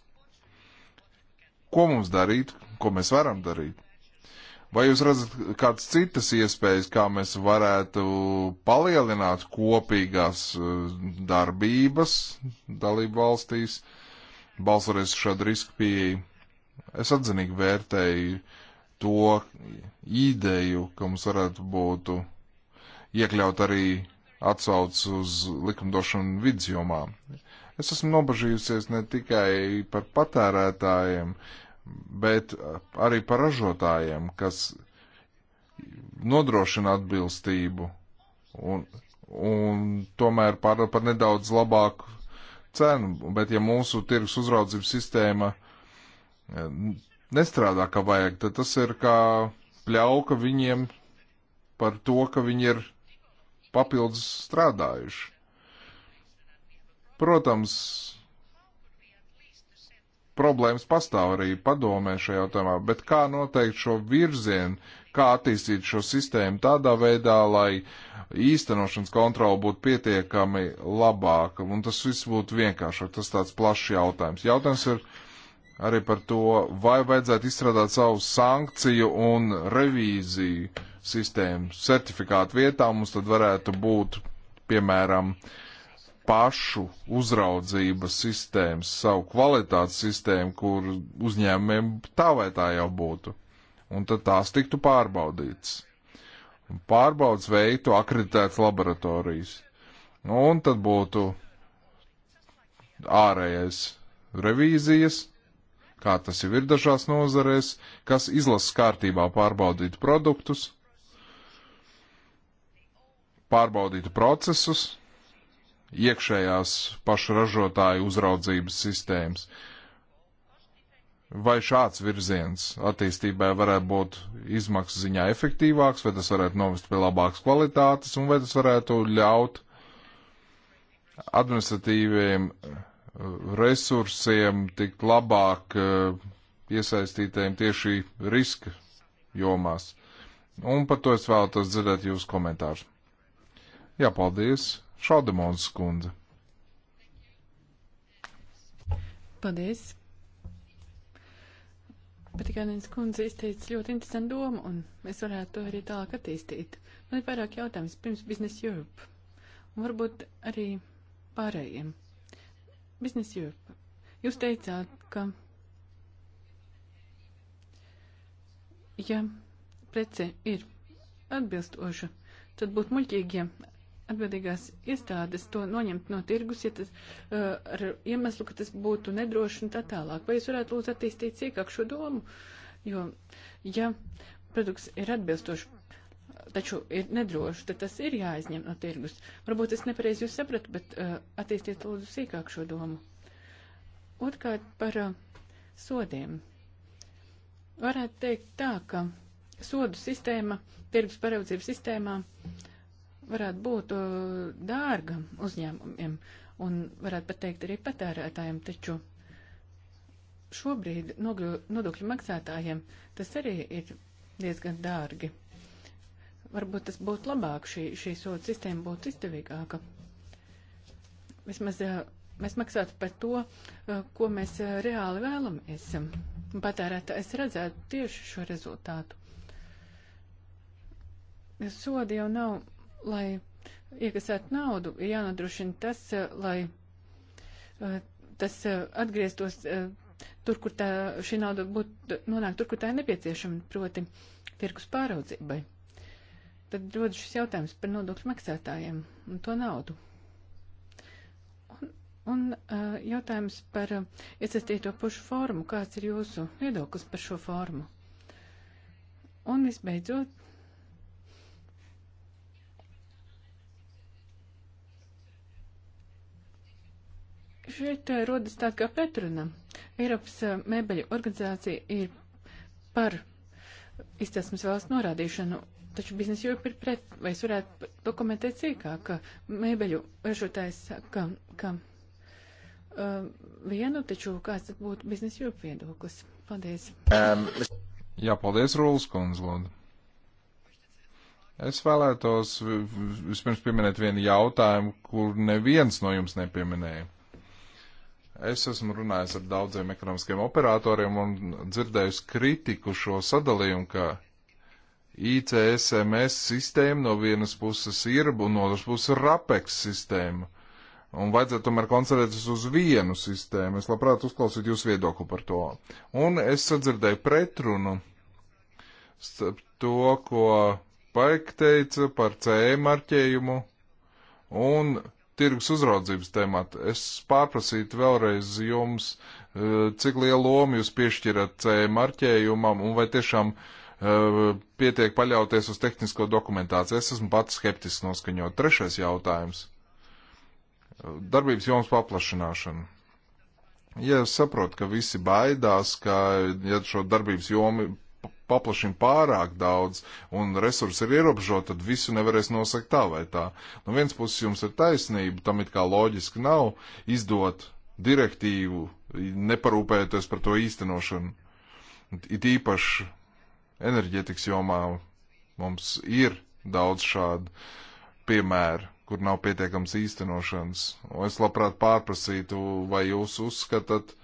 Ko mums darīt, ko mēs varam darīt? Vai jūs redzat kādas citas iespējas, kā mēs varētu palielināt kopīgās eh, darbības dalību valstīs, balsoties uz šādu risku pieeju? Es atzinīgi vērtēju to ideju, ka mums varētu būt iekļaut arī atsauc uz likumdošanu vidzjomā. Es esmu nobažījusies ne tikai par patērētājiem, uh, bet uh, arī par ražotājiem, kas nodrošina atbilstību un, un tomēr par, par nedaudz labāku cenu. Bet ja mūsu tirgus uzraudzības sistēma uh, nestrādā kā vajag, tad tas ir kā pļauka viņiem par to, ka viņi ir papildus strādājuši. Protams, problēmas pastāv arī padomē šajā jautājumā, bet kā noteikt šo virzienu, kā attīstīt šo sistēmu tādā veidā, lai īstenošanas kontrola būtu pietiekami labāka, un tas viss būtu vienkāršāk, tas tāds plašs jautājums. Jautājums ir arī par to, vai vajadzētu izstrādāt savu sankciju un revīziju sistēmu certifikātu vietā, mums tad varētu būt, piemēram, uh, pašu uzraudzības sistēmas, savu kvalitātes sistēmu, kur uzņēmumiem tā vai tā jau būtu. Un tad tās tiktu pārbaudītas. Pārbaudas veiktu akreditētas laboratorijas. Nu, un tad būtu ārējais revīzijas, kā tas jau ir dažās nozarēs, kas izlases kārtībā pārbaudītu produktus, pārbaudītu procesus iekšējās pašražotāju uzraudzības sistēmas. Vai šāds virziens attīstībai varētu būt izmaksu ziņā efektīvāks, vai tas varētu novest pie labākas kvalitātes, un vai tas varētu ļaut administratīviem uh, resursiem tikt labāk uh, iesaistītiem tieši riska jomās. Un par to es vēlētos dzirdēt jūsu komentārus. Jā, paldies! Šaldemons kundze. Paldies. Patikānijas kundze izteica ļoti interesantu domu, un mēs varētu to arī tālāk attīstīt. Man ir vairāk jautājums pirms Business Europe, un varbūt arī pārējiem. Business Europe. Jūs teicāt, ka ja prece ir atbilstoša, tad būtu muļķīgi, ja atbildīgās iestādes to noņemt no tirgus, ja tas uh, ar iemeslu, ka tas būtu nedroši un tā tālāk. Vai jūs varētu lūdzu attīstīt cīkāk šo domu? Jo, ja produkts ir atbilstoši, taču ir nedroši, tad tas ir jāizņem no tirgus. Varbūt es nepareizi jūs sapratu, bet uh, attīstiet lūdzu sīkāk šo domu. Otkārt par uh, sodiem. Varētu teikt tā, ka sodu sistēma, tirgus paraudzības sistēmā varētu būt uh, dārga uzņēmumiem un varētu pat teikt arī patērētājiem, taču šobrīd nodokļu maksātājiem tas arī ir diezgan dārgi. Varbūt tas būtu labāk, šī, šī soda sistēma būtu izdevīgāka. Vismaz uh, mēs maksātu par to, uh, ko mēs reāli vēlamies. Patērētājs redzētu tieši šo rezultātu. Sodi jau nav lai iekasētu naudu, ir jānodrošina tas, eh, lai eh, tas eh, atgrieztos tur, kur tā, šī nauda būtu nonāk tur, kur tā ir nepieciešama, proti tirkus pāraudzībai. Tad rodas šis jautājums par nodokļu maksātājiem un to naudu. Un, un jautājums par iesaistīto pušu formu. Kāds ir jūsu viedoklis par šo formu? Un visbeidzot, Šeit eh, rodas tā kā pretruna. Eiropas eh, mēbeļu organizācija ir par izcelsmes valsts norādīšanu, taču biznesa jūra ir pret. Vai es varētu dokumentēt sīkāk, ka mēbeļu ražotājs saka, ka uh, vienu, taču kāds tad būtu biznesa jūra viedoklis? Paldies. Um, Jā, paldies, Rūlis Konzlod. Es vēlētos vispirms pieminēt vienu jautājumu, kur neviens no jums nepieminēja. Es esmu runājis ar daudziem ekonomiskiem operatoriem un dzirdējusi kritiku šo sadalījumu, ka ICSMS sistēma no vienas puses ir un no otras puses ir RAPEX sistēma. Un vajadzētu tomēr koncentrēties uz vienu sistēmu. Es labprāt uzklausītu jūsu viedokli par to. Un es sadzirdēju pretrunu starp to, ko Paik teica par C marķējumu un tirgus uzraudzības tematu. Es pārprasītu vēlreiz jums, eh, cik lielu lomu jūs piešķirat C marķējumam un vai tiešām eh, pietiek paļauties uz tehnisko dokumentāciju. Es esmu pats skeptisks noskaņot. Trešais jautājums. Darbības jomas paplašināšana. Ja es saprotu, ka visi baidās, ka ja šo darbības jomu paplašina pārāk daudz un resursi ir ierobežoti, tad visu nevarēs nosakt tā vai tā. No nu, vienas puses jums ir taisnība, tam it kā loģiski nav izdot direktīvu, neparūpējoties par to īstenošanu. It īpaši enerģetikas jomā mums ir daudz šādu piemēru kur nav pietiekams īstenošanas. Es labprāt pārprasītu, vai jūs uzskatāt,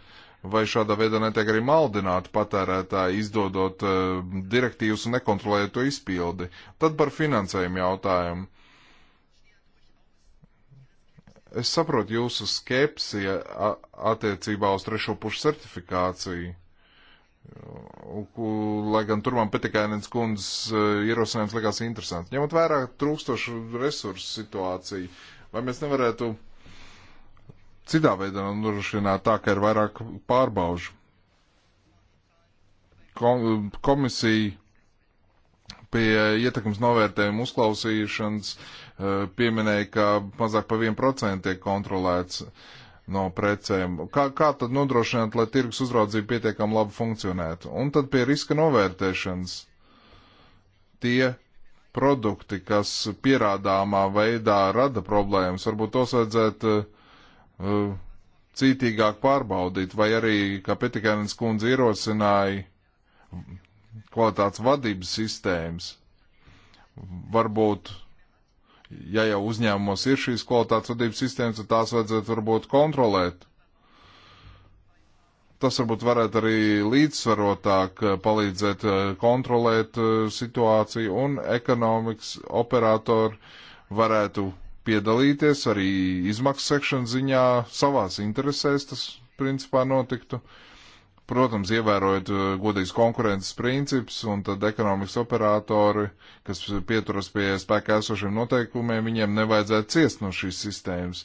vai šādā veidā netiek arī maldināti patērētāji, izdodot uh, direktīvas un nekontrolējot to izpildi. Tad par finansējumu jautājumu. Es saprotu jūsu skepsi attiecībā uz trešo pušu certifikāciju. Lai gan tur man Petikainens kundzes eh, ierosinājums likās interesants. Ņemot vērā trūkstošu resursu situāciju, vai mēs nevarētu uh, citā veidā nodrošināt tā, ka ir vairāk pārbaužu. Komisija pie ietekmes novērtējuma uzklausīšanas eh, pieminēja, ka mazāk pa 1% tiek kontrolēts eh, no precēm. Kā, kā tad nodrošināt, lai tirgus uzraudzība pietiekam labi funkcionētu? Un tad pie riska novērtēšanas tie produkti, kas pierādāmā veidā rada problēmas, varbūt tos vajadzētu uh, uh, cītīgāk pārbaudīt, vai arī, kā Petikēnas kundze ierosināja, kvalitātes vadības sistēmas. Varbūt, ja jau uzņēmumos ir šīs kvalitātes vadības sistēmas, tad tās vajadzētu varbūt kontrolēt. Tas varbūt varētu arī līdzsvarotāk uh, palīdzēt uh, kontrolēt uh, situāciju un ekonomikas operatori varētu piedalīties arī izmaksu sekšanas ziņā savās interesēs, tas principā notiktu. Protams, ievērojot eh, godīgas konkurences principus un tad ekonomikas operatori, kas pieturas pie spēkā esošiem noteikumiem, viņiem nevajadzētu ciest no šīs sistēmas.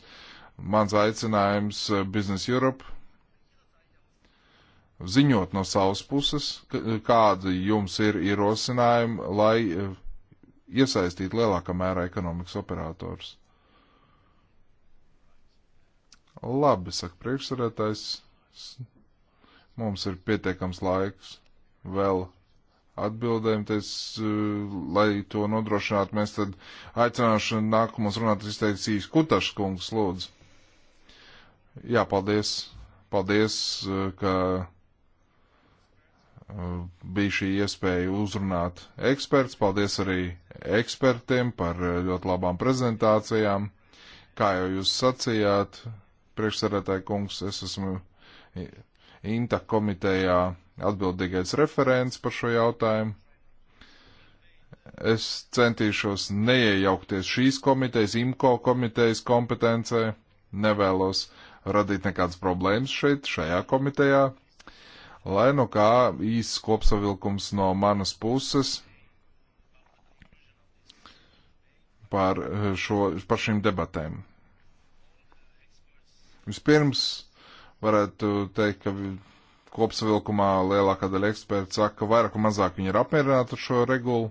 Mans aicinājums eh, Business Europe ziņot no savas puses, kādi jums ir ierosinājumi, lai eh, iesaistītu lielākā mērā ekonomikas operators. Labi, saka priekšsarētājs, mums ir pietiekams laiks vēl atbildēm, tais, eh, lai to nodrošinātu, mēs tad aicināšu nākamos runāt izteicis Kutašs kungs, lūdzu. Jā, paldies, paldies, eh, ka eh, bija šī iespēja uzrunāt eksperts. Paldies arī ekspertiem par ļoti labām prezentācijām. Kā jau jūs sacījāt, priekšsarētāja kungs, es esmu INTA komitejā atbildīgais referents par šo jautājumu. Es centīšos neiejaukties šīs komitejas, IMCO komitejas kompetencē, nevēlos radīt nekādas problēmas šeit, šajā komitejā. Lai nu kā īsts kopsavilkums no manas puses par, eh, šo, par šīm debatēm. Vispirms varētu teikt, ka kopsavilkumā lielākā daļa eksperta saka, ka vairāk un mazāk viņi ir apmierināti ar šo regulu.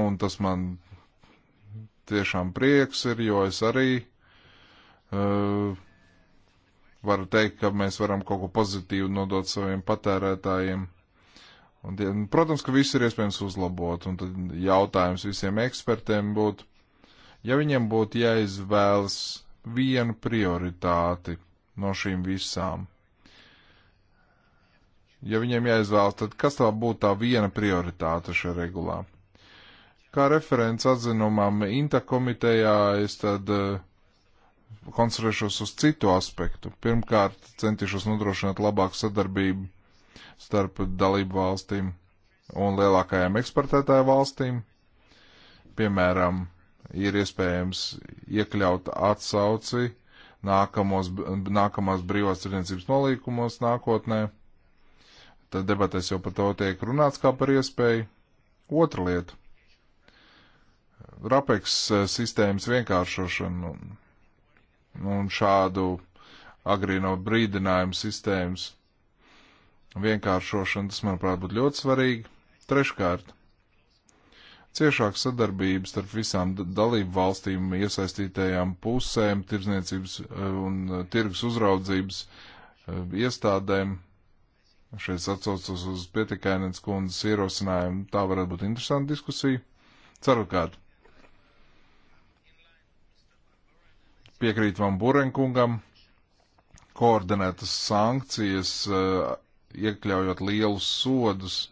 Un tas man tiešām prieks ir, jo es arī uh, varu teikt, ka mēs varam kaut ko pozitīvu nodot saviem patērētājiem. Un, ja, protams, ka viss ir iespējams uzlabot, un tad jautājums visiem ekspertiem būtu, ja viņiem būtu jāizvēlas vienu prioritāti no šīm visām. Ja viņiem jāizvēlas, tad kas tā būtu tā viena prioritāte šajā regulā? Kā referents atzinumam Inta komitejā, es tad uh, koncentrēšos uz citu aspektu. Pirmkārt, centīšos nodrošināt labāku sadarbību starp dalību valstīm un lielākajām eksportētāju valstīm. Piemēram, ir iespējams iekļaut atsauci nākamos, nākamās brīvās tirdzniecības nolīkumos nākotnē. Tad debatēs jau par to tiek runāts kā par iespēju. Otra lieta - rapeks eh, sistēmas vienkāršošana un, un šādu agrīno brīdinājumu sistēmas vienkāršošana. Tas, manuprāt, būtu ļoti svarīgi. Treškārt, Ciešāk sadarbības starp visām dalību valstīm, iesaistītajām pusēm, tirzniecības eh, un eh, tirgus uzraudzības eh, iestādēm. Šeit atsaucos uz pietikainens kundzes ierosinājumu. Tā varētu būt interesanta diskusija. Cerukārt. Piekrīt vam Burenkungam koordinētas sankcijas, iekļaujot lielus sodus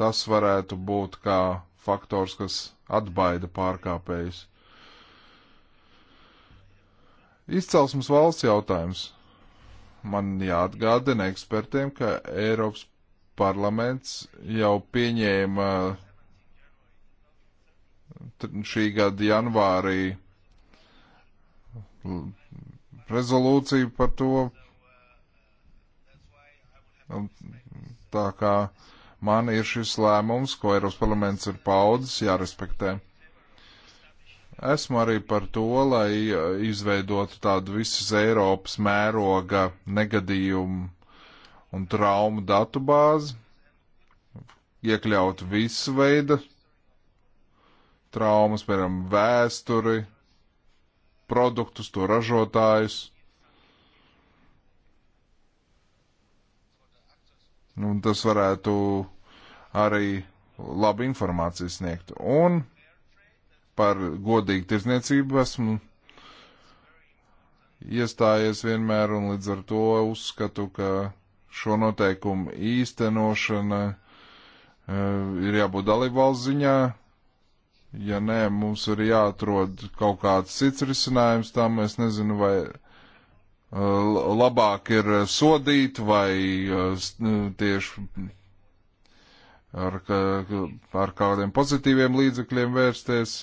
tas varētu būt kā faktors, kas atbaida pārkāpējus. Izcelsmes valsts jautājums. Man jāatgādina ekspertiem, ka Eiropas parlaments jau pieņēma šī gada janvārī rezolūciju par to. Tā kā uh, man ir šis lēmums, ko Eiropas parlaments ir paudzis, jārespektē. Esmu arī par to, lai eh, izveidotu tādu visas Eiropas mēroga negadījumu un traumu datu bāzi, iekļaut visu veidu traumas, piemēram, vēsturi, produktus, to ražotājus. Nu, tas varētu arī labu informāciju sniegt. Un par godīgu tirzniecību esmu iestājies vienmēr un līdz ar to uzskatu, ka šo noteikumu īstenošana e, ir jābūt dalībvalsts ziņā. Ja nē, mums ir jāatrod kaut kāds cits risinājums, tam es nezinu, vai labāk ir sodīt vai uh, tieši ar, ar kādiem pozitīviem līdzekļiem vērsties,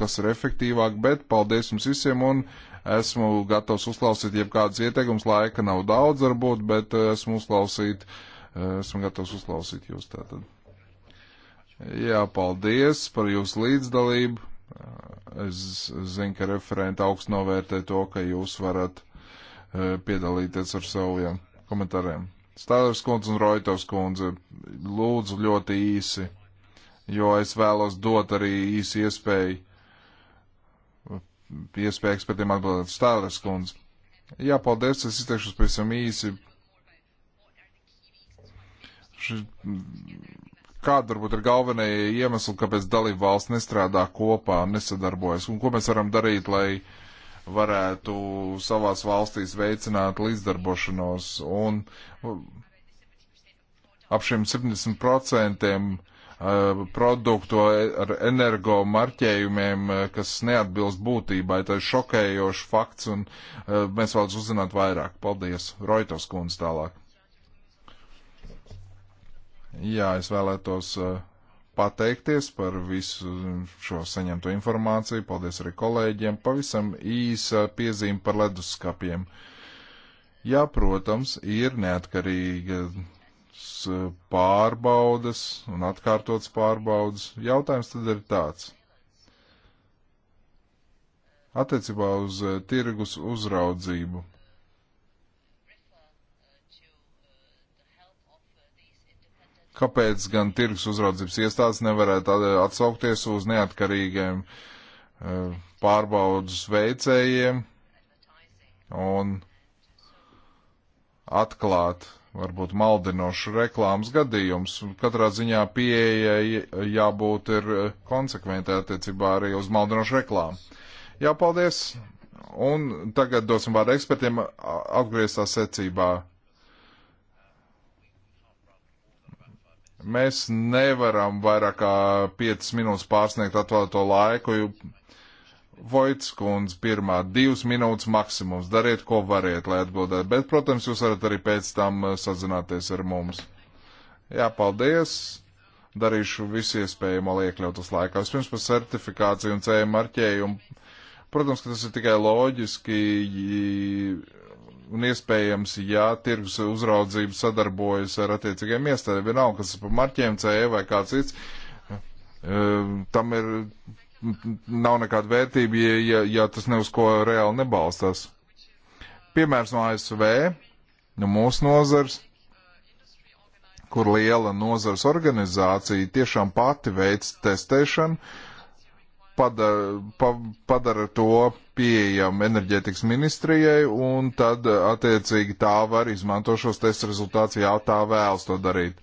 kas ir efektīvāk, bet paldies jums visiem un esmu gatavs uzklausīt jebkādas ieteikums, laika nav daudz varbūt, bet uh, esmu uzklausīt, uh, esmu gatavs uzklausīt jūs tātad. Jā, paldies par jūsu līdzdalību. Es zinu, ka referenta augstu novērtē to, ka jūs varat uh, E, piedalīties ar saviem komentāriem. Stāvers kundze un Roitovs kundze, lūdzu ļoti īsi, jo es vēlos dot arī īsi iespēju, iespēju ekspertiem atbildēt. Stāvers kundze. Jā, paldies, es izteikšos pavisam īsi. Ši, kāda varbūt ir galvenie iemesli, kāpēc dalība valsts nestrādā kopā, nesadarbojas, un ko mēs varam darīt, lai uh, varētu savās valstīs veicināt līdzdarbošanos. Un uh, ap šiem 70% uh, produktu ar energo marķējumiem, uh, kas neatbilst būtībai, tas ir šokējošs fakts, un mēs vēlamies uzzināt vairāk. Paldies, Roitos kundze tālāk. Jā, es vēlētos uh, pateikties par visu šo saņemto informāciju. Paldies arī kolēģiem. Pavisam īsa piezīme par leduskapiem. Jā, protams, ir neatkarīgas pārbaudas un atkārtotas pārbaudas. Jautājums tad ir tāds. Attiecībā uz tirgus uzraudzību Kāpēc gan tirgus uzraudzības iestādes nevarētu atsaukties uz neatkarīgiem e, pārbaudas veicējiem un atklāt varbūt maldinošu reklāmas gadījums. Katrā ziņā pieejai jābūt ir konsekventai attiecībā arī uz maldinošu reklāmu. Jā, paldies! Un tagad dosim vārdu ekspertiem atgrieztā secībā. Mēs nevaram vairāk kā 5 minūtes pārsniegt atvēlēto laiku. Voits kundze pirmā, divas minūtes maksimums. Dariet, ko variet, lai atbildētu. Bet, protams, jūs varat arī pēc tam eh, sazināties ar mums. Jā, paldies! Darīšu visu iespējamo, lai iekļautos laikā. Vispirms par certifikāciju un C marķējumu. Protams, ka tas ir tikai loģiski un iespējams, ja tirgus uzraudzība sadarbojas ar attiecīgiem iestādēm, vienalga, kas ir par marķiem, CE vai kāds cits, eh, tam ir, nav nekāda vērtība, ja, ja, ja tas ne uz ko reāli nebalstās. Piemērs no ASV, no mūsu nozars, kur liela nozars organizācija tiešām pati veic testēšanu, padara, pa, padara to pieejamu enerģētikas ministrijai, un tad eh, attiecīgi tā var izmanto šos testu rezultātus, ja tā vēlas to darīt.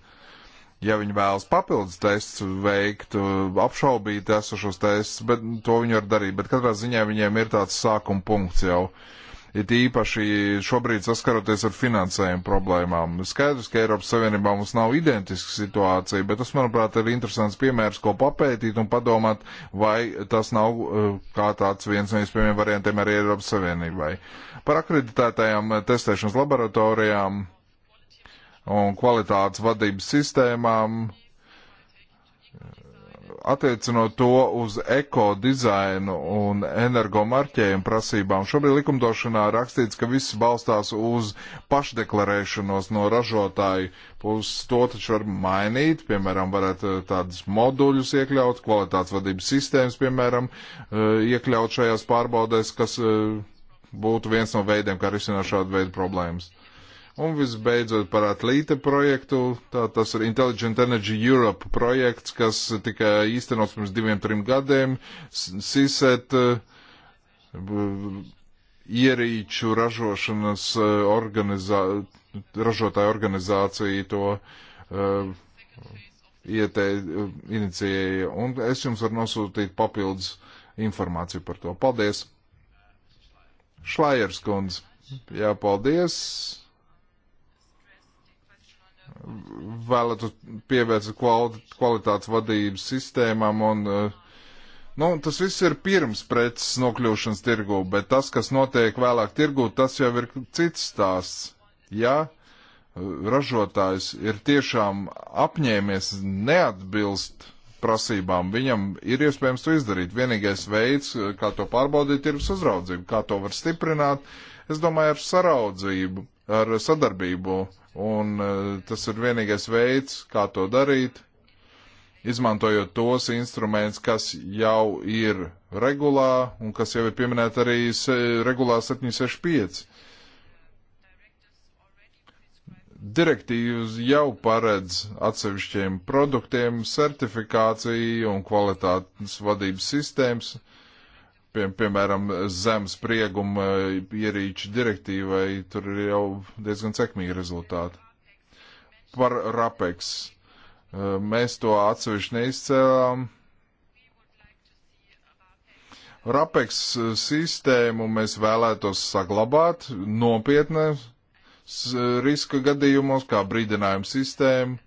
Ja viņi vēlas papildus tests veikt, eh, apšaubīt esošos tests, bet to viņi var darīt. Bet katrā ziņā viņiem ir tāds sākuma punkts jau. Uh, it īpaši šobrīd saskaroties ar finansējumu problēmām. Skaidrs, ka Eiropas Savienībā mums nav identiska situācija, bet tas, manuprāt, ir interesants piemērs, ko papētīt un padomāt, vai tas nav eh, kā tāds viens no iespējamiem variantiem arī Eiropas Savienībai. Par akreditētajām eh, testēšanas laboratorijām un kvalitātes vadības sistēmām attiecinot to uz ekodizainu un energomarķējumu prasībām, šobrīd likumdošanā rakstīts, ka viss balstās uz pašdeklarēšanos no ražotāju puses. To taču var mainīt, piemēram, varētu eh, tādus moduļus iekļaut, kvalitātes vadības sistēmas, piemēram, eh, iekļaut šajās pārbaudēs, kas eh, būtu viens no veidiem, kā risināt šādu veidu problēmas. Un visbeidzot par atlīta projektu, tā tas ir Intelligent Energy Europe projekts, kas tika īstenots pirms diviem, trim gadiem, SISET eh, ierīču ražošanas eh, organizā, ražotāja organizācija to uh, eh, iete, inicijēja. Un es jums varu nosūtīt papildus informāciju par to. Paldies! Šlajers kundze. Jā, paldies! vēlētos pievērst kvalitātes vadības sistēmām un eh, Nu, tas viss ir pirms preces nokļūšanas tirgū, bet tas, kas notiek vēlāk tirgū, tas jau ir cits stāsts. Ja eh, ražotājs ir tiešām apņēmies neatbilst prasībām, viņam ir iespējams to izdarīt. Vienīgais veids, eh, kā to pārbaudīt, ir uzraudzība, kā to var stiprināt, es domāju, ar saraudzību ar sadarbību, un e, tas ir vienīgais veids, kā to darīt, izmantojot tos instrumentus, kas jau ir regulā un kas jau ir pieminēti arī regulā 765. Direktīvas jau paredz atsevišķiem produktiem certifikāciju un kvalitātes vadības sistēmas, pie, piemēram, zemes prieguma ierīču direktīvai, tur ir jau diezgan sekmīgi rezultāti. Par RAPEX. Eh, mēs to atsevišķi neizcēlām. RAPEX eh, sistēmu mēs vēlētos saglabāt nopietnas eh, riska gadījumos, kā brīdinājumu sistēmu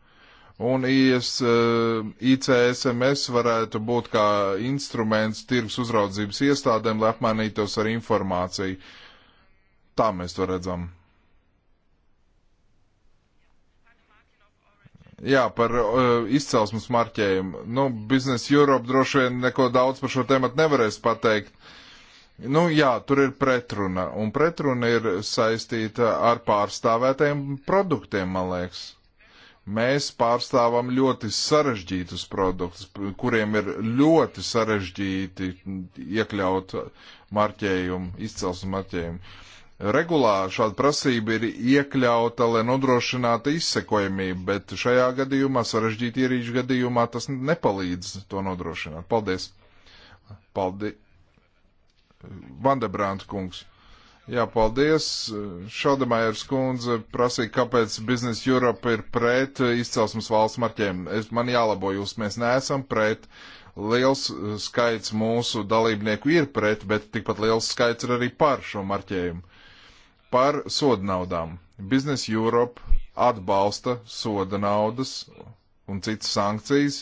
un IS, eh, ICSMS varētu būt kā instruments tirgus uzraudzības iestādēm, lai apmainītos ar informāciju. Tā mēs to redzam. Jā, par uh, izcelsmes marķējumu. Nu, Business Europe droši vien neko daudz par šo tēmu nevarēs pateikt. Nu, jā, tur ir pretruna, un pretruna ir saistīta ar pārstāvētajiem produktiem, man liekas. Mēs pārstāvam ļoti sarežģītus produktus, kuriem ir ļoti sarežģīti iekļaut marķējumu, izcelsmes marķējumu. Regulā šāda prasība ir iekļauta, lai nodrošinātu izsekojamību, bet šajā gadījumā, sarežģīta ierīču gadījumā, tas nepalīdz to nodrošināt. Paldies! Paldies! Vandebrānta kungs! Jā, paldies. Šaldemājers kundze prasīja, kāpēc Business Europe ir pret izcelsmes valsts marķiem. Es, man jālabo jūs, mēs neesam pret. Liels uh, skaits mūsu dalībnieku ir pret, bet tikpat liels skaits ir arī par šo marķējumu. Par soda naudām. Business Europe atbalsta soda naudas un citas sankcijas,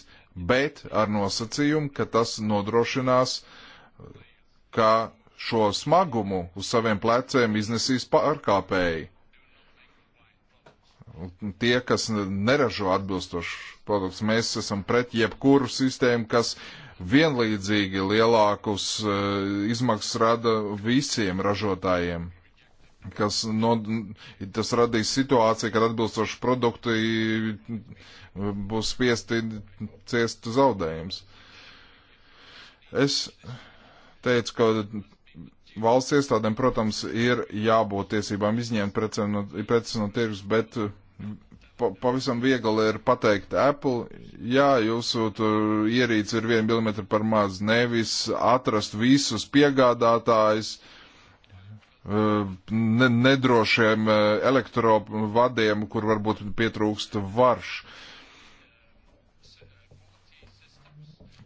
bet ar nosacījumu, ka tas nodrošinās, uh, ka šo smagumu uz saviem pleciem iznesīs pārkāpēji. Un tie, kas neražo atbilstošu produktu, mēs esam pret jebkuru sistēmu, kas vienlīdzīgi lielākus eh, izmaksas rada visiem ražotājiem. Kas no, tas radīs situāciju, kad atbilstoši produkti eh, būs spiesti ciest zaudējums. Es teicu, ka valsts iestādēm, protams, ir jābūt tiesībām izņemt preces no, preces no tirgus, bet eh, pa, pavisam viegli ir pateikt Apple, jā, jūsu eh, ierīce ir 1 mm par maz, nevis atrast visus piegādātājus eh, ne, nedrošiem elektrovadiem, kur varbūt pietrūkst varš. Uh,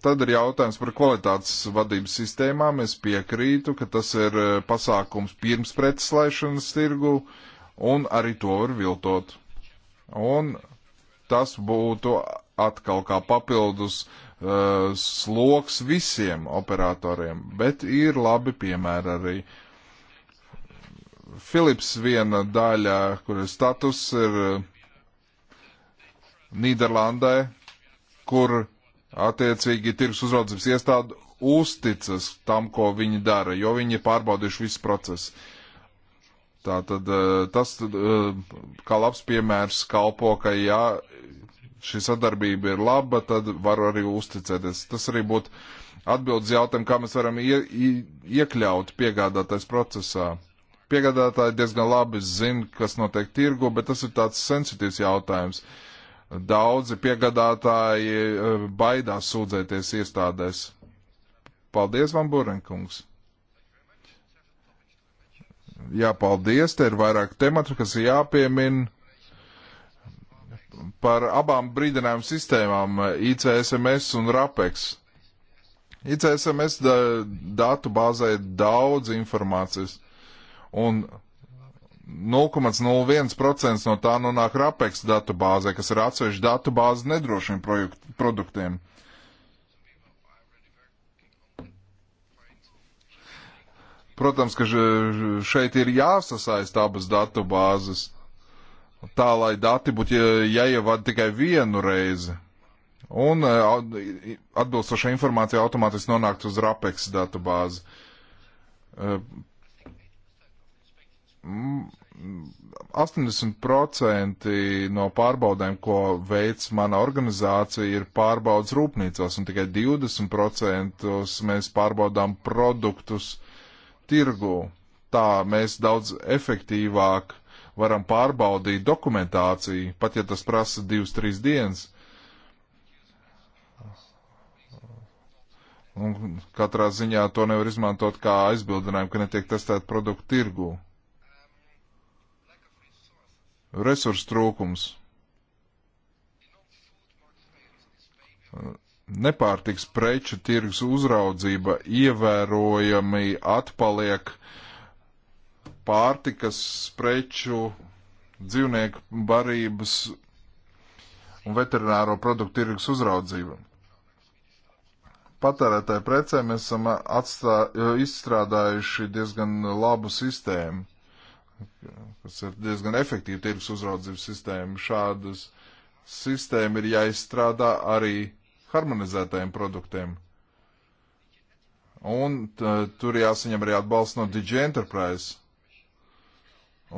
Tad ir jautājums par kvalitātes vadības sistēmām. Es piekrītu, ka tas ir eh, pasākums pirms pretslēšanas tirgu, un arī to var viltot. Un tas būtu atkal kā papildus uh, sloks visiem operatoriem, bet ir labi piemēri arī. Philips viena daļa, kur ir status, ir eh, Nīderlandē, kur Attiecīgi tirgus uzraudzības iestāde uzticas tam, ko viņi dara, jo viņi ir pārbaudījuši visu procesu. Tā tad eh, tas, eh, kā labs piemērs, kalpo, ka ja šī sadarbība ir laba, tad var arī uzticēties. Tas arī būtu atbildes jautājumu, kā mēs varam ie, ie, iekļaut piegādātais procesā. Piegādātāji diezgan labi zina, kas notiek tirgu, bet tas ir tāds sensitīvs jautājums. Uh, Daudzi piegādātāji eh, baidās sūdzēties iestādēs. Paldies, Van Burenkungs! Jā, paldies, te ir vairāk tematu, kas jāpiemin par abām brīdinājumu sistēmām - ICSMS un RAPEX. ICSMS da datu bāzē ir daudz informācijas, un 0,01% no tā nonāk RAPEX datubāzē, kas ir atsevišķa datubāze nedrošiem produktiem. Protams, ka šeit ir jāsasaist abas datubāzes, tā lai dati būtu jāievada tikai vienu reizi. Un e, atbilstoša informācija automātiski nonāktu uz RAPEX datubāzi. E, 80% no pārbaudēm, ko veic mana organizācija, ir pārbaudas rūpnīcās, un tikai 20% mēs pārbaudām produktus tirgu. Tā mēs daudz efektīvāk varam pārbaudīt dokumentāciju, pat ja tas prasa 2-3 dienas. Un katrā ziņā to nevar izmantot kā aizbildinājumu, ka netiek testēt produktu tirgu. Resursu trūkums. Nepārtiks preču tirgus uzraudzība ievērojami atpaliek pārtikas preču dzīvnieku barības un veterināro produktu tirgus uzraudzība. Patērētāju precēm mēs esam atstā, izstrādājuši diezgan labu sistēmu kas ir diezgan efektīva tirgus uzraudzības sistēma. Šādas sistēma ir jāizstrādā arī harmonizētajiem produktiem. Un tur jāsaņem arī atbalsts no Digi Enterprise.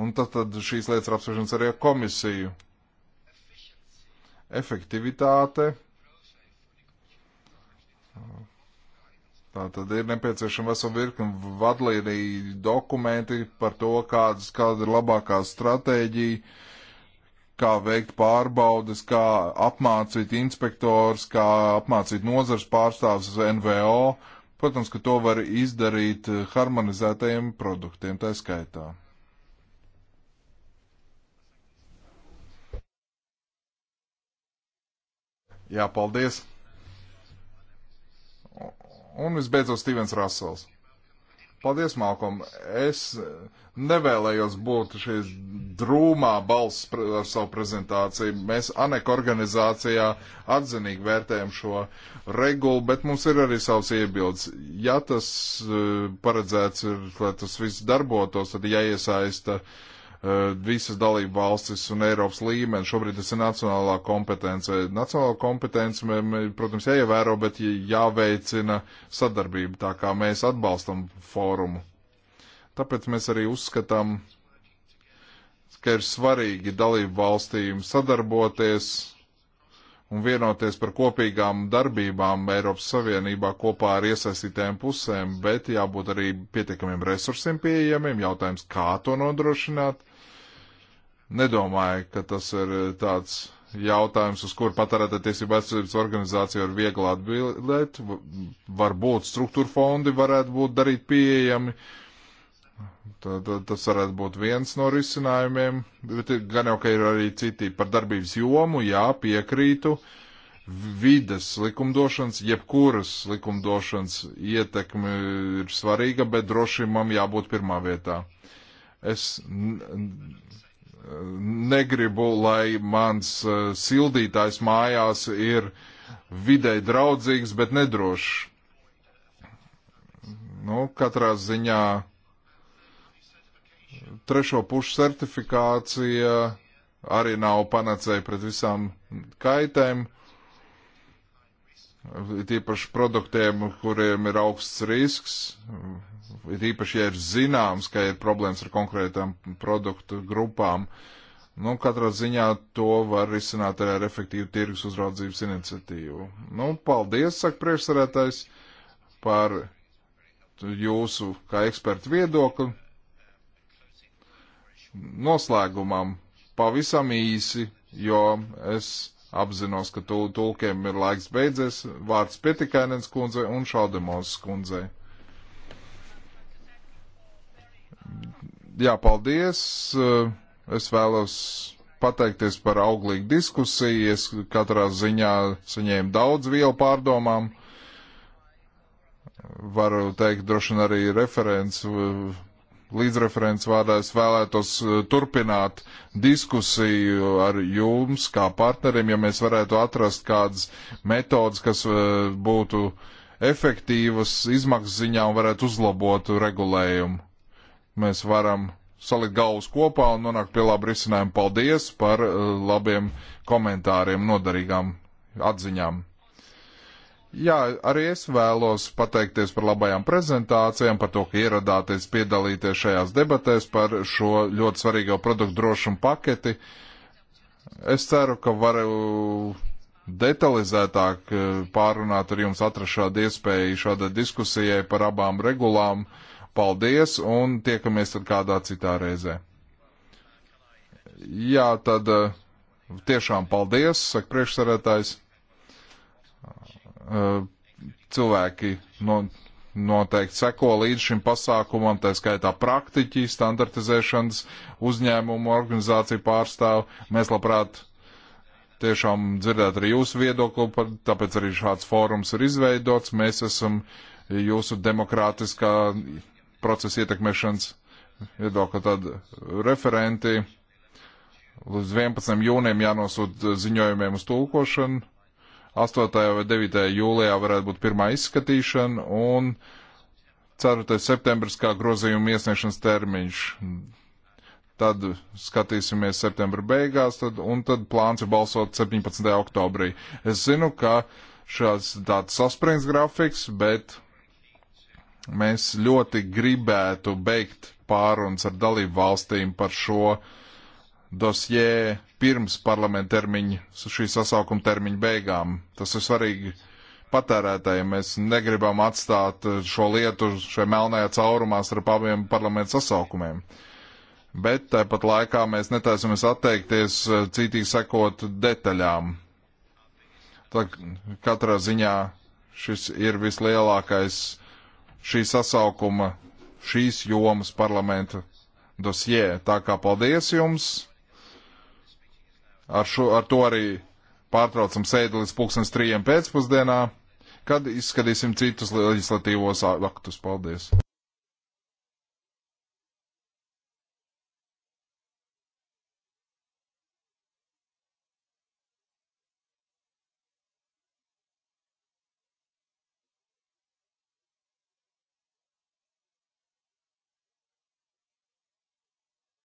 Un tad, tad šīs lietas ir apspriešanas arī ar komisiju. Efektivitāte Tā tad ir nepieciešama vesela virkni vadlīniju dokumenti par to, kādas, kāda ir labākā stratēģija, kā veikt pārbaudes, kā apmācīt inspektors, kā apmācīt nozars pārstāvs NVO. Protams, ka to var izdarīt harmonizētajiem produktiem, tā skaitā. Jā, paldies! Un visbeidzot, Stevens Rasels. Paldies, Malkom. Es eh, nevēlējos būt šīs drūmā balss ar savu prezentāciju. Mēs ANEK organizācijā atzinīgi vērtējam šo regulu, bet mums ir arī savs iebildes. Ja tas eh, paredzēts ir, lai tas viss darbotos, tad jāiesaista. Ja Eh, visas dalību valstis un Eiropas līmeni. Šobrīd tas ir nacionālā kompetence. Nacionālā kompetence, protams, jāievēro, bet jāveicina sadarbība, tā kā mēs atbalstam fórumu. Tāpēc mēs arī uzskatām, ka ir svarīgi dalību valstīm sadarboties un vienoties par kopīgām darbībām Eiropas Savienībā kopā ar iesaistītēm pusēm, bet jābūt arī pietiekamiem resursiem pieejamiem, jautājums, kā to nodrošināt. Nedomāju, ka tas ir eh, tāds jautājums, uz kur patērētā tiesība aizsardzības organizācija var viegli atbildēt. Varbūt struktūra fondi varētu būt darīt pieejami. Tā, tā, tas varētu būt viens no risinājumiem, bet gan jau, ka ir arī citi par darbības jomu, jā, piekrītu. Vides likumdošanas, jebkuras likumdošanas ietekme ir svarīga, bet drošībam jābūt pirmā vietā. Es negribu, lai mans uh, sildītājs mājās ir videi draudzīgs, bet nedrošs. Nu, katrā ziņā trešo pušu certifikācija arī nav panacēja pret visām kaitēm tīpaši produktiem, kuriem ir augsts risks, it īpaši, ja ir zināms, ka ir problēmas ar konkrētām produktu grupām. Nu, katrā ziņā to var risināt arī ar efektīvu tirgus uzraudzības iniciatīvu. Nu, paldies, saka priekšsarētājs, par jūsu kā ekspertu viedokli. Noslēgumam pavisam īsi, jo es apzinos, ka tulkiem ir laiks beidzies, vārds pietikainens kundze un šaldemos kundzei. Jā, paldies. Eh, es vēlos pateikties par auglīgu diskusiju. Es katrā ziņā saņēmu daudz vielu pārdomām. Varu teikt, droši vien arī referents, eh, līdzreferents vārdā es vēlētos eh, turpināt diskusiju ar jums kā partneriem, ja mēs varētu atrast kādas metodas, kas būtu efektīvas izmaksas ziņā un varētu uzlabot regulējumu mēs varam salikt galvas kopā un nonākt pie laba risinājuma. Paldies par uh, labiem komentāriem, noderīgām atziņām. Jā, arī es vēlos pateikties par labajām prezentācijām, par to, ka ieradāties piedalīties šajās debatēs par šo ļoti svarīgo produktu drošumu paketi. Es ceru, ka varu detalizētāk uh, pārunāt ar jums atrašādi iespēju šādai diskusijai par abām regulām. Uh, Paldies un tiekamies tad kādā citā reizē. Jā, tad eh, tiešām paldies, saka priekšsarētājs. Eh, cilvēki no, noteikti seko līdz šim pasākumam, tā skaitā praktiķi, standartizēšanas uzņēmumu organizāciju pārstāv. Mēs labprāt tiešām dzirdētu arī jūsu viedokli, tāpēc arī šāds fórums ir izveidots. Mēs esam jūsu demokrātiskā procesa ietekmēšanas viedokļa tad referenti. Līdz 11. jūnijam jānosūta ziņojumiem uz tulkošanu. 8. vai 9. jūlijā varētu būt pirmā izskatīšana un 4. septembris kā grozījuma iesniegšanas termiņš. Tad skatīsimies septembra beigās, tad, un tad plāns ir balsot 17. oktobrī. Es zinu, ka šāds tāds saspringts grafiks, bet Mēs ļoti gribētu beigt pārunas ar dalību valstīm par šo dosjē pirms parlamenta termiņa, šī sasaukuma termiņa beigām. Tas ir svarīgi patērētājiem. Mēs negribam atstāt šo lietu šajā melnajā caurumā starp abiem parlamenta sasaukumiem. Bet tāpat laikā mēs netaisamies atteikties cītīgi sekot detaļām. Tā katrā ziņā šis ir vislielākais šī sasaukuma, šīs jomas parlamenta dosjē. Tā kā paldies jums! Ar, šo, ar to arī pārtraucam sēdi līdz pulkstens trījiem pēcpusdienā, kad izskatīsim citus leģislatīvos aktus. Paldies!